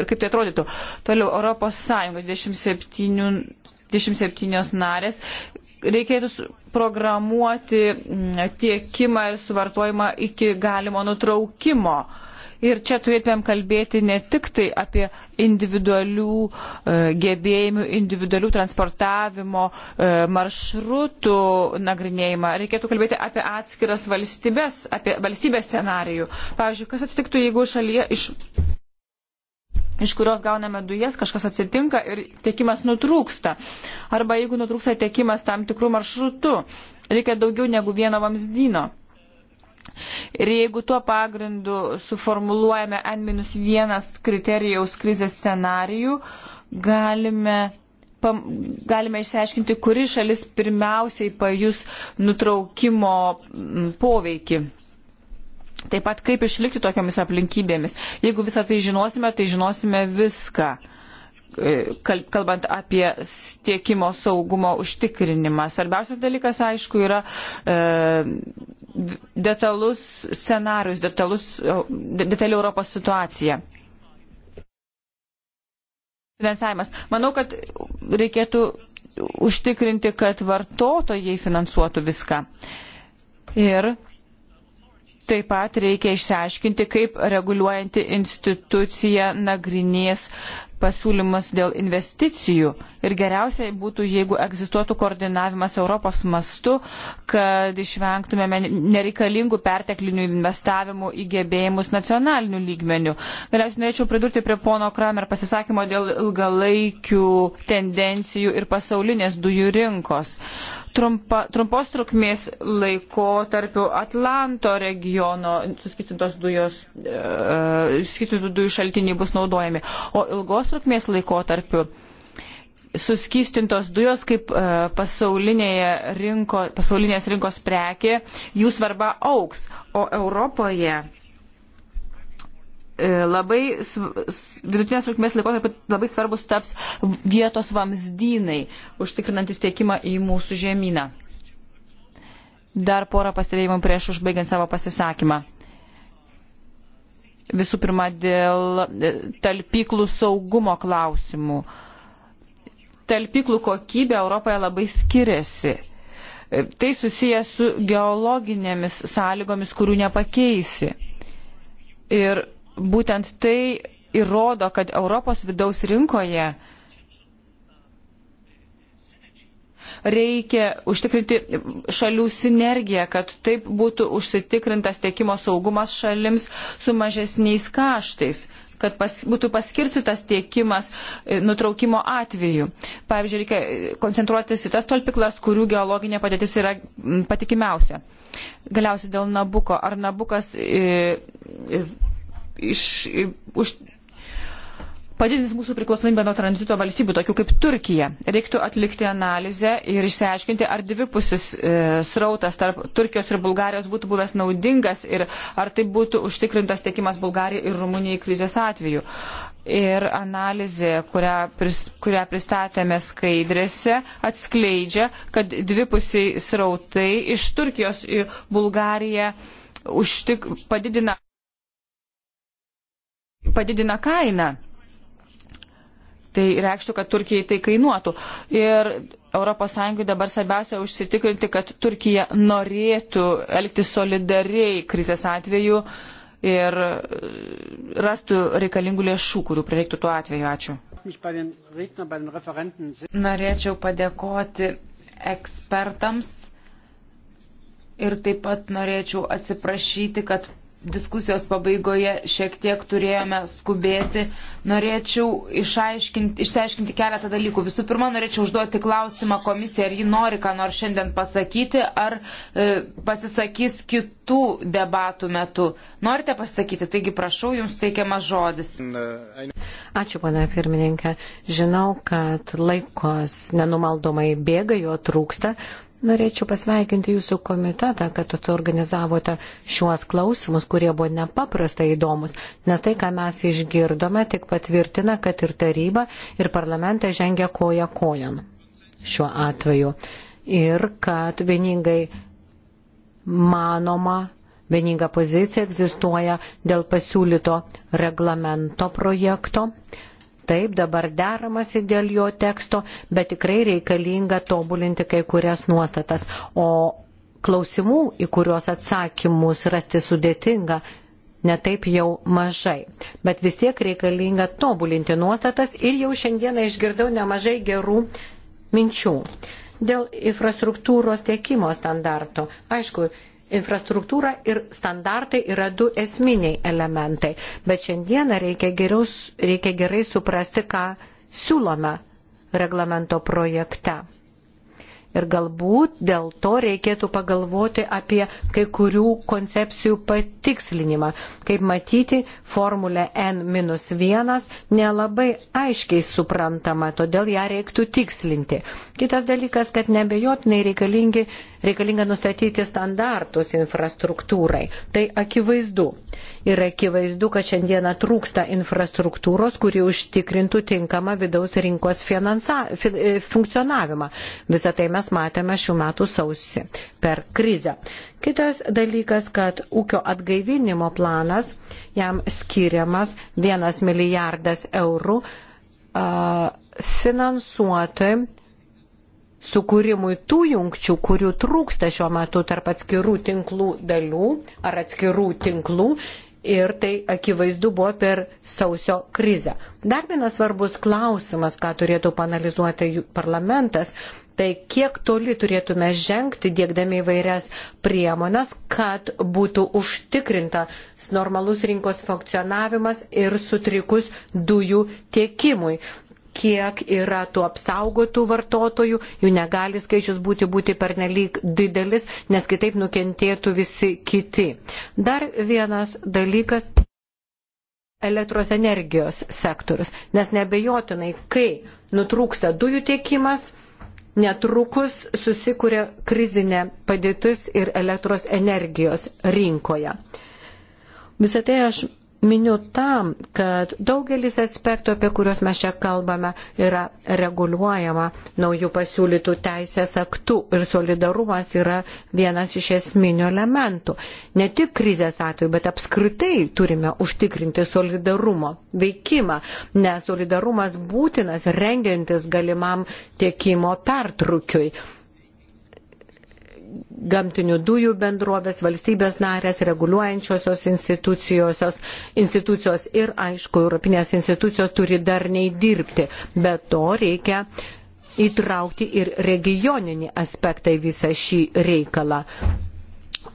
kaip tai atrodytų. Toliau, Europos Sąjunga 27, 27 narės. Reikėtų programuoti mm, tiekimą ir suvartojimą iki galimo nutraukimo. Ir čia turėtumėm kalbėti ne tik tai apie individualių e, gebėjimų, individualių transportavimo e, maršrutų nagrinėjimą. Reikėtų kalbėti apie atskiras valstybės, apie valstybės scenarijų. Pavyzdžiui, kas atsitiktų, jeigu šalyje iš iš kurios gauname dujas, kažkas atsitinka ir tiekimas nutrūksta. Arba jeigu nutrūksta tiekimas tam tikrų maršrutų, reikia daugiau negu vieno vamzdyno. Ir jeigu tuo pagrindu suformuluojame N-1 kriterijaus krizės scenarijų, galime, pam, galime išsiaiškinti, kuri šalis pirmiausiai pajus nutraukimo poveikį. Taip pat kaip išlikti tokiamis aplinkybėmis. Jeigu visą tai žinosime, tai žinosime viską e, kalbant apie tiekimo saugumo užtikrinimą. Svarbiausias dalykas, aišku, yra e, detalus scenarius, detalus, e, detali Europos situacija. Finansavimas. Manau, kad reikėtų užtikrinti, kad vartotojai finansuotų viską. Ir Taip pat reikia išsiaiškinti, kaip reguliuojanti institucija nagrinės pasiūlymus dėl investicijų. Ir geriausiai būtų, jeigu egzistuotų koordinavimas Europos mastu, kad išvengtumėme nereikalingų perteklinių investavimų į gebėjimus nacionalinių lygmenių. Galiausiai norėčiau pridurti prie pono Kramer pasisakymo dėl ilgalaikių tendencijų ir pasaulinės dujų rinkos. Uh, trumpa, trumpos trukmės laiko tarp Atlanto regiono suskistintos dujos, uh, e, suskistintų dujų šaltiniai bus naudojami, o ilgos trukmės laiko tarp suskistintos dujos kaip uh, pasaulinėje rinko, pasaulinės rinkos prekė, jų svarba auks, o Europoje E, labai vidutinės trukmės laikotarpį labai svarbus taps vietos vamzdynai, užtikrinantis tiekimą į mūsų žemyną. Dar porą pastebėjimų prieš užbaigiant savo pasisakymą. Visų pirma, dėl e, talpyklų saugumo klausimų. Talpyklų kokybė Europoje labai skiriasi. E, tai susijęs su geologinėmis sąlygomis, kurių nepakeisi. Ir būtent tai įrodo, kad Europos vidaus rinkoje reikia užtikrinti šalių sinergiją, kad taip būtų užsitikrintas tiekimo saugumas šalims su mažesniais kaštais kad pas, būtų paskirstytas tiekimas e, nutraukimo atveju. Pavyzdžiui, reikia koncentruotis į tas tolpiklas, kurių geologinė padėtis yra patikimiausia. Galiausiai dėl Nabuko. Ar Nabukas. E, e, iš, už, padidins mūsų priklausomybę nuo tranzito valstybių, tokių kaip Turkija. Reiktų atlikti analizę ir išsiaiškinti, ar dvipusis e, srautas tarp Turkijos ir Bulgarijos būtų buvęs naudingas ir ar tai būtų užtikrintas tiekimas Bulgarijai ir Rumunijai krizės atveju. Ir analizė, kurią, pris, kurią pristatėme skaidrėse, atskleidžia, kad dvipusiai srautai iš Turkijos į Bulgariją užtik, padidina padidina kainą. Tai reikštų, kad Turkijai tai kainuotų. Ir ES dabar svarbiausia užsitikrinti, kad Turkija norėtų elgti solidariai krizės atveju ir rastų reikalingų lėšų, kurių prireiktų tuo atveju. Ačiū. Norėčiau padėkoti ekspertams ir taip pat norėčiau atsiprašyti, kad diskusijos pabaigoje šiek tiek turėjome skubėti. Norėčiau išsiaiškinti keletą dalykų. Visų pirma, norėčiau užduoti klausimą komisijai, ar ji nori ką nors šiandien pasakyti, ar e, pasisakys kitų debatų metu. Norite pasakyti, taigi prašau, jums teikiamas žodis. Ačiū, pana pirmininkė. Žinau, kad laikos nenumaldomai bėga, jo trūksta. Norėčiau pasveikinti jūsų komitetą, kad organizavote šiuos klausimus, kurie buvo nepaprastai įdomus, nes tai, ką mes išgirdome, tik patvirtina, kad ir taryba, ir parlamentas žengia koja kojan šiuo atveju. Ir kad vieningai manoma, vieninga pozicija egzistuoja dėl pasiūlyto reglamento projekto Taip, dabar deramasi dėl jo teksto, bet tikrai reikalinga tobulinti kai kurias nuostatas. O klausimų, į kuriuos atsakymus rasti sudėtinga, netaip jau mažai. Bet vis tiek reikalinga tobulinti nuostatas ir jau šiandieną išgirdau nemažai gerų minčių. Dėl infrastruktūros tiekimo standarto. Aišku, Infrastruktūra ir standartai yra du esminiai elementai, bet šiandieną reikia, geriau, reikia gerai suprasti, ką siūlome reglamento projekte. Ir galbūt dėl to reikėtų pagalvoti apie kai kurių koncepcijų patikslinimą. Kaip matyti, formulė N-1 nelabai aiškiai suprantama, todėl ją reiktų tikslinti. Kitas dalykas, kad nebejotinai reikalingi reikalinga nustatyti standartus infrastruktūrai. Tai akivaizdu. Ir akivaizdu, kad šiandieną trūksta infrastruktūros, kuri užtikrintų tinkamą vidaus rinkos finansa, fi, e, funkcionavimą. Visą tai mes matėme šių metų sausį per krizę. Kitas dalykas, kad ūkio atgaivinimo planas, jam skiriamas 1 milijardas eurų finansuoti sukūrimui tų jungčių, kurių trūksta šiuo metu tarp atskirų tinklų dalių ar atskirų tinklų. Ir tai akivaizdu buvo per sausio krizę. Dar vienas svarbus klausimas, ką turėtų panalizuoti parlamentas, tai kiek toli turėtume žengti, dėkdami įvairias priemonės, kad būtų užtikrintas normalus rinkos funkcionavimas ir sutrikus dujų tiekimui kiek yra tų apsaugotų vartotojų, jų negali skaičius būti, būti pernelyg didelis, nes kitaip nukentėtų visi kiti. Dar vienas dalykas elektros energijos sektorius, nes nebejotinai, kai nutrūksta dujų tiekimas, netrukus susikuria krizinė padėtis ir elektros energijos rinkoje. Visą tai aš miniu tam, kad daugelis aspektų, apie kuriuos mes čia kalbame, yra reguliuojama naujų pasiūlytų teisės aktų ir solidarumas yra vienas iš esminių elementų. Ne tik krizės atveju, bet apskritai turime užtikrinti solidarumo veikimą, nes solidarumas būtinas rengiantis galimam tiekimo pertrukiui gamtinių dujų bendrovės, valstybės narės, reguliuojančiosios institucijos, institucijos ir, aišku, Europinės institucijos turi darniai dirbti. Bet to reikia įtraukti ir regioninį aspektą į visą šį reikalą.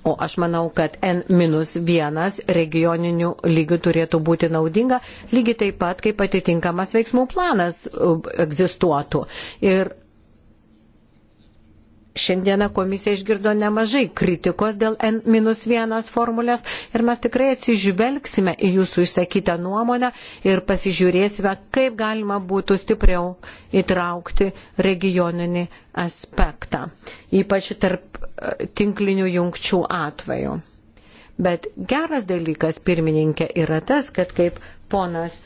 O aš manau, kad N-1 regioninių lygių turėtų būti naudinga, lygiai taip pat, kaip atitinkamas veiksmų planas uh, egzistuotų. Ir Šiandieną komisija išgirdo nemažai kritikos dėl N-1 formulės ir mes tikrai atsižvelgsime į jūsų išsakytą nuomonę ir pasižiūrėsime, kaip galima būtų stipriau įtraukti regioninį aspektą, ypač tarp e, tinklinių jungčių atveju. Bet geras dalykas, pirmininkė, yra tas, kad kaip ponas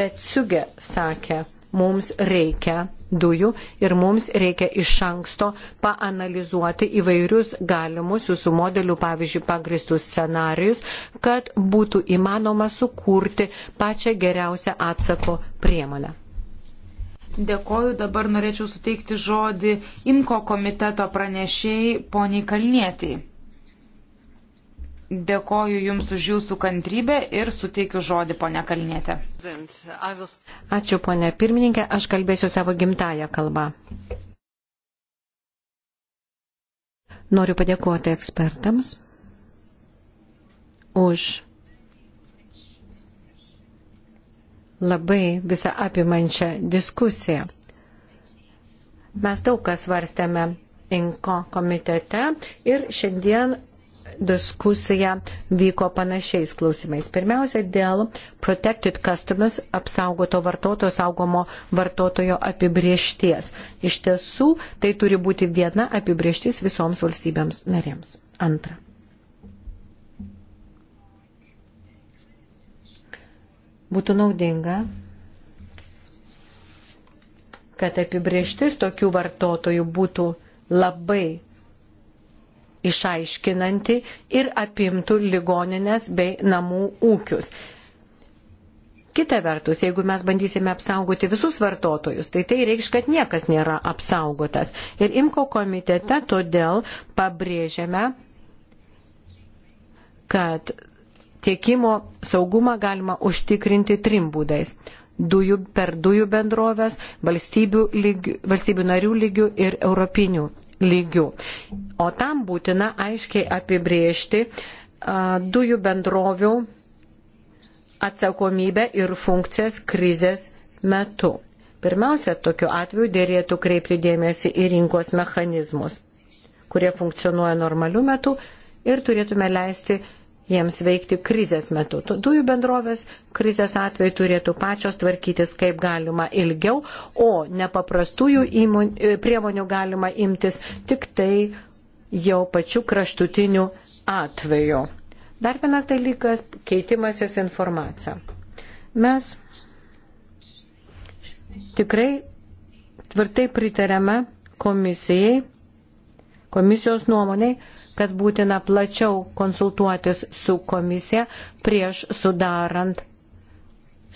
Betsiugė sakė, mums reikia dujų ir mums reikia iš anksto paanalizuoti įvairius galimus jūsų modelių, pavyzdžiui, pagristus scenarius, kad būtų įmanoma sukurti pačią geriausią atsako priemonę. Dėkoju, dabar norėčiau suteikti žodį Imko komiteto pranešėjai poniai Kalnietiai. Dėkoju Jums už Jūsų kantrybę ir suteikiu žodį, ponia Kalnėte. Ačiū, ponia pirmininkė, aš kalbėsiu savo gimtają kalbą. Noriu padėkoti ekspertams už labai visą apimančią diskusiją. Mes daug kas varstėme Inko komitete ir šiandien diskusija vyko panašiais klausimais. Pirmiausia, dėl protected customers apsaugoto vartotojo, saugomo vartotojo apibriešties. Iš tiesų, tai turi būti viena apibrieštis visoms valstybėms narėms. Antra. Būtų naudinga kad apibrieštis tokių vartotojų būtų labai išaiškinanti ir apimtų ligoninės bei namų ūkius. Kita vertus, jeigu mes bandysime apsaugoti visus vartotojus, tai tai reikš, kad niekas nėra apsaugotas. Ir IMKO komitete todėl pabrėžiame, kad tiekimo saugumą galima užtikrinti trim būdais dujų, per dujų bendrovės, valstybių, lygių, valstybių narių lygių ir europinių lygių. O tam būtina aiškiai apibriežti dujų bendrovių atsakomybę ir funkcijas krizės metu. Pirmiausia, tokiu atveju dėrėtų kreipti dėmesį į rinkos mechanizmus, kurie funkcionuoja normaliu metu ir turėtume leisti jiems veikti krizės metu. Dujų bendrovės krizės atveju turėtų pačios tvarkytis kaip galima ilgiau, o nepaprastųjų įmon, e, priemonių galima imtis tik tai jau pačių kraštutinių atveju. Dar vienas dalykas - keitimasis informacija. Mes tikrai tvirtai pritarėme komisijai, komisijos nuomoniai, kad būtina plačiau konsultuotis su komisija prieš sudarant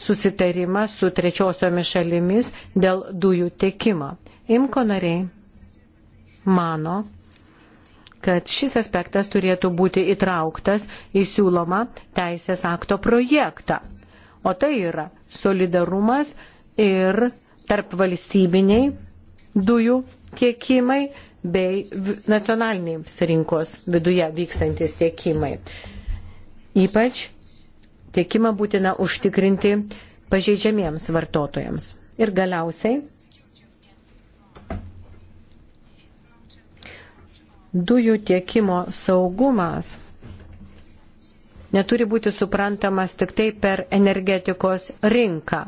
susitarimą su trečiosiomis šalimis dėl dujų tiekimo. Imko nariai mano, kad šis aspektas turėtų būti įtrauktas į siūlomą teisės akto projektą. O tai yra solidarumas ir tarp valstybiniai dujų tiekimai bei nacionalinės rinkos viduje vykstantis tiekimai. Ypač tiekimą būtina užtikrinti pažeidžiamiems vartotojams. Ir galiausiai dujų tiekimo saugumas neturi būti suprantamas tik tai per energetikos rinką.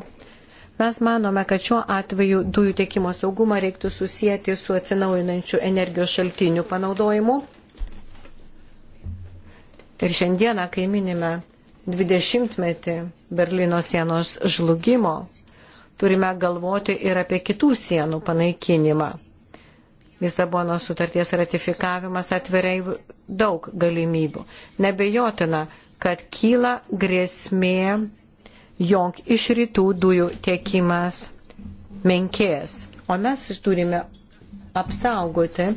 Mes manome, kad šiuo atveju dujų tiekimo saugumą reiktų susijęti su atsinaujinančių energijos šaltinių panaudojimu. Ir šiandieną, kai minime 20-metį Berlyno sienos žlugimo, turime galvoti ir apie kitų sienų panaikinimą. Lisabono sutarties ratifikavimas atveria daug galimybių. Nebejotina, kad kyla grėsmė jog iš rytų dujų tiekimas menkės. O mes turime apsaugoti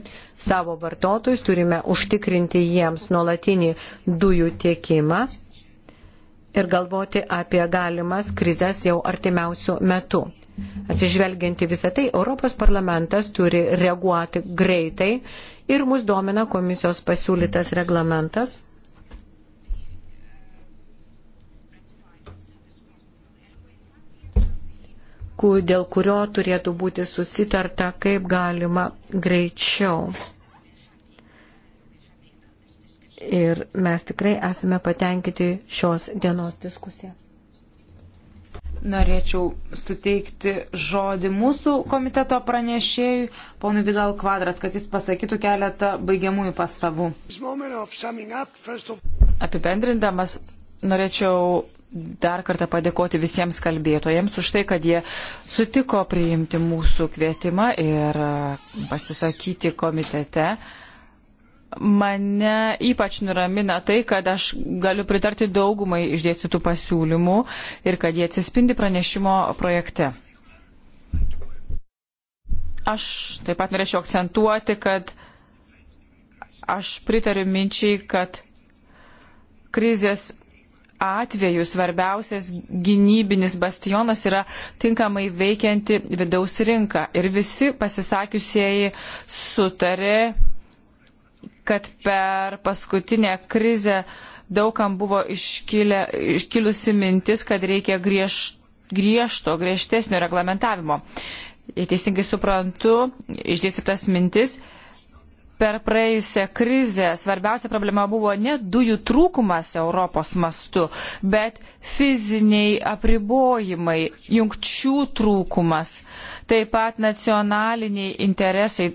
savo vartotojus, turime užtikrinti jiems nuolatinį dujų tiekimą ir galvoti apie galimas krizės jau artimiausių metų. Atsižvelgianti visą tai, Europos parlamentas turi reaguoti greitai ir mus domina komisijos pasiūlytas reglamentas, dėl kurio turėtų būti susitarta kaip galima greičiau. Ir mes tikrai esame patenkinti šios dienos diskusiją. Norėčiau suteikti žodį mūsų komiteto pranešėjui, ponui Vidal Kvadras, kad jis pasakytų keletą baigiamųjų pastabų. Apibendrindamas, norėčiau dar kartą padėkoti visiems kalbėtojams už tai, kad jie sutiko priimti mūsų kvietimą ir e, pasisakyti komitete. Mane ypač nuramina tai, kad aš galiu pritarti daugumai išdėstytų pasiūlymų ir kad jie atsispindi pranešimo projekte. Aš taip pat norėčiau akcentuoti, kad aš pritariu minčiai, kad krizės atveju svarbiausias gynybinis bastionas yra tinkamai veikianti vidaus rinka. Ir visi pasisakiusieji sutarė, kad per paskutinę krizę daugam buvo iškilę, iškilusi mintis, kad reikia griež, griežto, griežtesnio reglamentavimo. Jei teisingai suprantu, išdėstytas mintis, per praėjusią krizę svarbiausia problema buvo ne dujų trūkumas Europos mastu, bet fiziniai apribojimai, jungčių trūkumas, taip pat nacionaliniai interesai,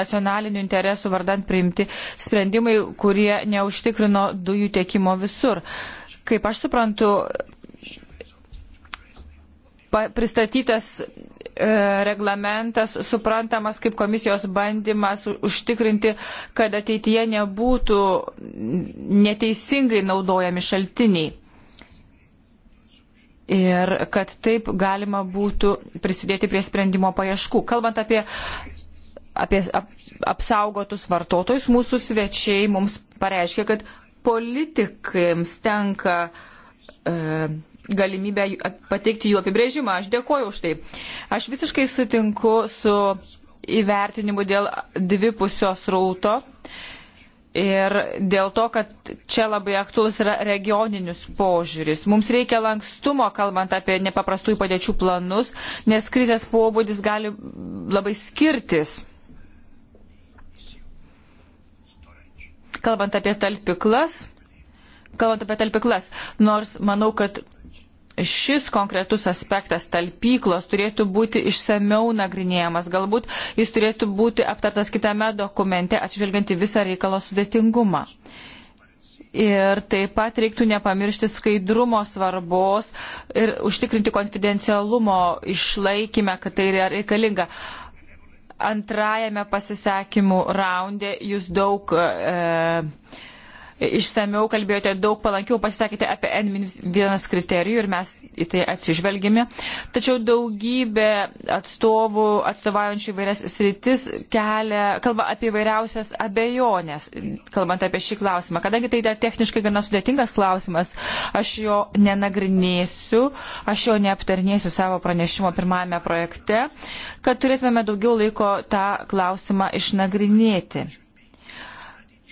nacionalinių interesų vardant priimti sprendimai, kurie neužtikrino dujų tiekimo visur. Kaip aš suprantu, pristatytas e, reglamentas suprantamas kaip komisijos bandymas užtikrinti, kad ateityje nebūtų neteisingai naudojami šaltiniai. Ir kad taip galima būtų prisidėti prie sprendimo paieškų. Kalbant apie, apie ap, apsaugotus vartotojus, mūsų svečiai mums pareiškia, kad politikams tenka e, galimybę pateikti jų apibrėžimą. Aš dėkoju už tai. Aš visiškai sutinku su įvertinimu dėl dvipusios rauto ir dėl to, kad čia labai aktuolus yra regioninis požiūris. Mums reikia lankstumo, kalbant apie nepaprastųjų padėčių planus, nes krizės pobūdis gali labai skirtis. Kalbant apie talpiklas, kalbant apie talpiklas, nors manau, kad šis konkretus aspektas talpyklos turėtų būti išsameu nagrinėjamas. Galbūt jis turėtų būti aptartas kitame dokumente, atsižvelgiant į visą reikalo sudėtingumą. Ir taip pat reiktų nepamiršti skaidrumo svarbos ir užtikrinti konfidencialumo išlaikymę, kad tai yra reikalinga. Antrajame pasisakymų raunde jūs daug. E, išsameu kalbėjote, daug palankiau pasisakėte apie N-1 kriterijų ir mes į tai atsižvelgėme. Tačiau daugybė atstovų atstovaujančių įvairias sritis kelia, kalba apie įvairiausias abejonės, kalbant apie šį klausimą. Kadangi tai yra techniškai gana sudėtingas klausimas, aš jo nenagrinėsiu, aš jo neaptarnėsiu savo pranešimo pirmajame projekte, kad turėtume daugiau laiko tą klausimą išnagrinėti.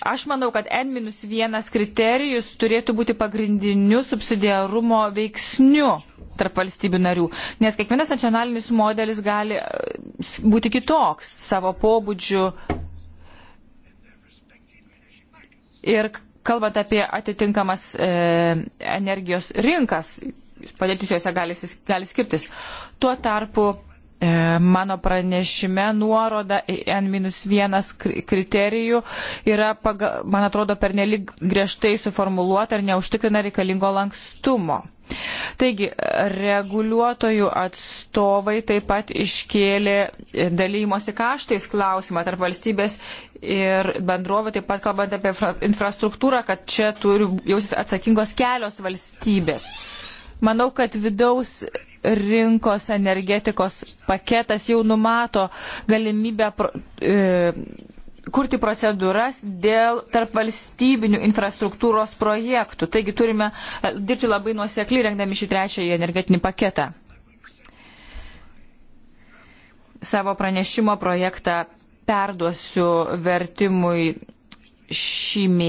Aš manau, kad N-1 kriterijus turėtų būti pagrindiniu subsidiarumo veiksniu tarp valstybių narių, nes kiekvienas nacionalinis modelis gali e, būti kitoks savo pobūdžiu. Ir kalbant apie atitinkamas e, energijos rinkas, padėtis juose gali, gali skirtis. Tuo tarpu E, mano pranešime nuoroda į N-1 kriterijų yra, pagal, man atrodo, pernelyg griežtai suformuluota ir neužtikrina reikalingo lankstumo. Taigi, reguliuotojų atstovai taip pat iškėlė e, dalymosi kaštais klausimą tarp valstybės ir bendrovė, taip pat kalbant apie infrastruktūrą, kad čia turi jausis atsakingos kelios valstybės. Manau, kad vidaus rinkos energetikos paketas jau numato galimybę pro, e, kurti procedūras dėl tarp valstybinių infrastruktūros projektų. Taigi turime e, dirbti labai nuosekliai, rengdami šį trečiąjį energetinį paketą. Savo pranešimo projektą perduosiu vertimui šį mėnesį.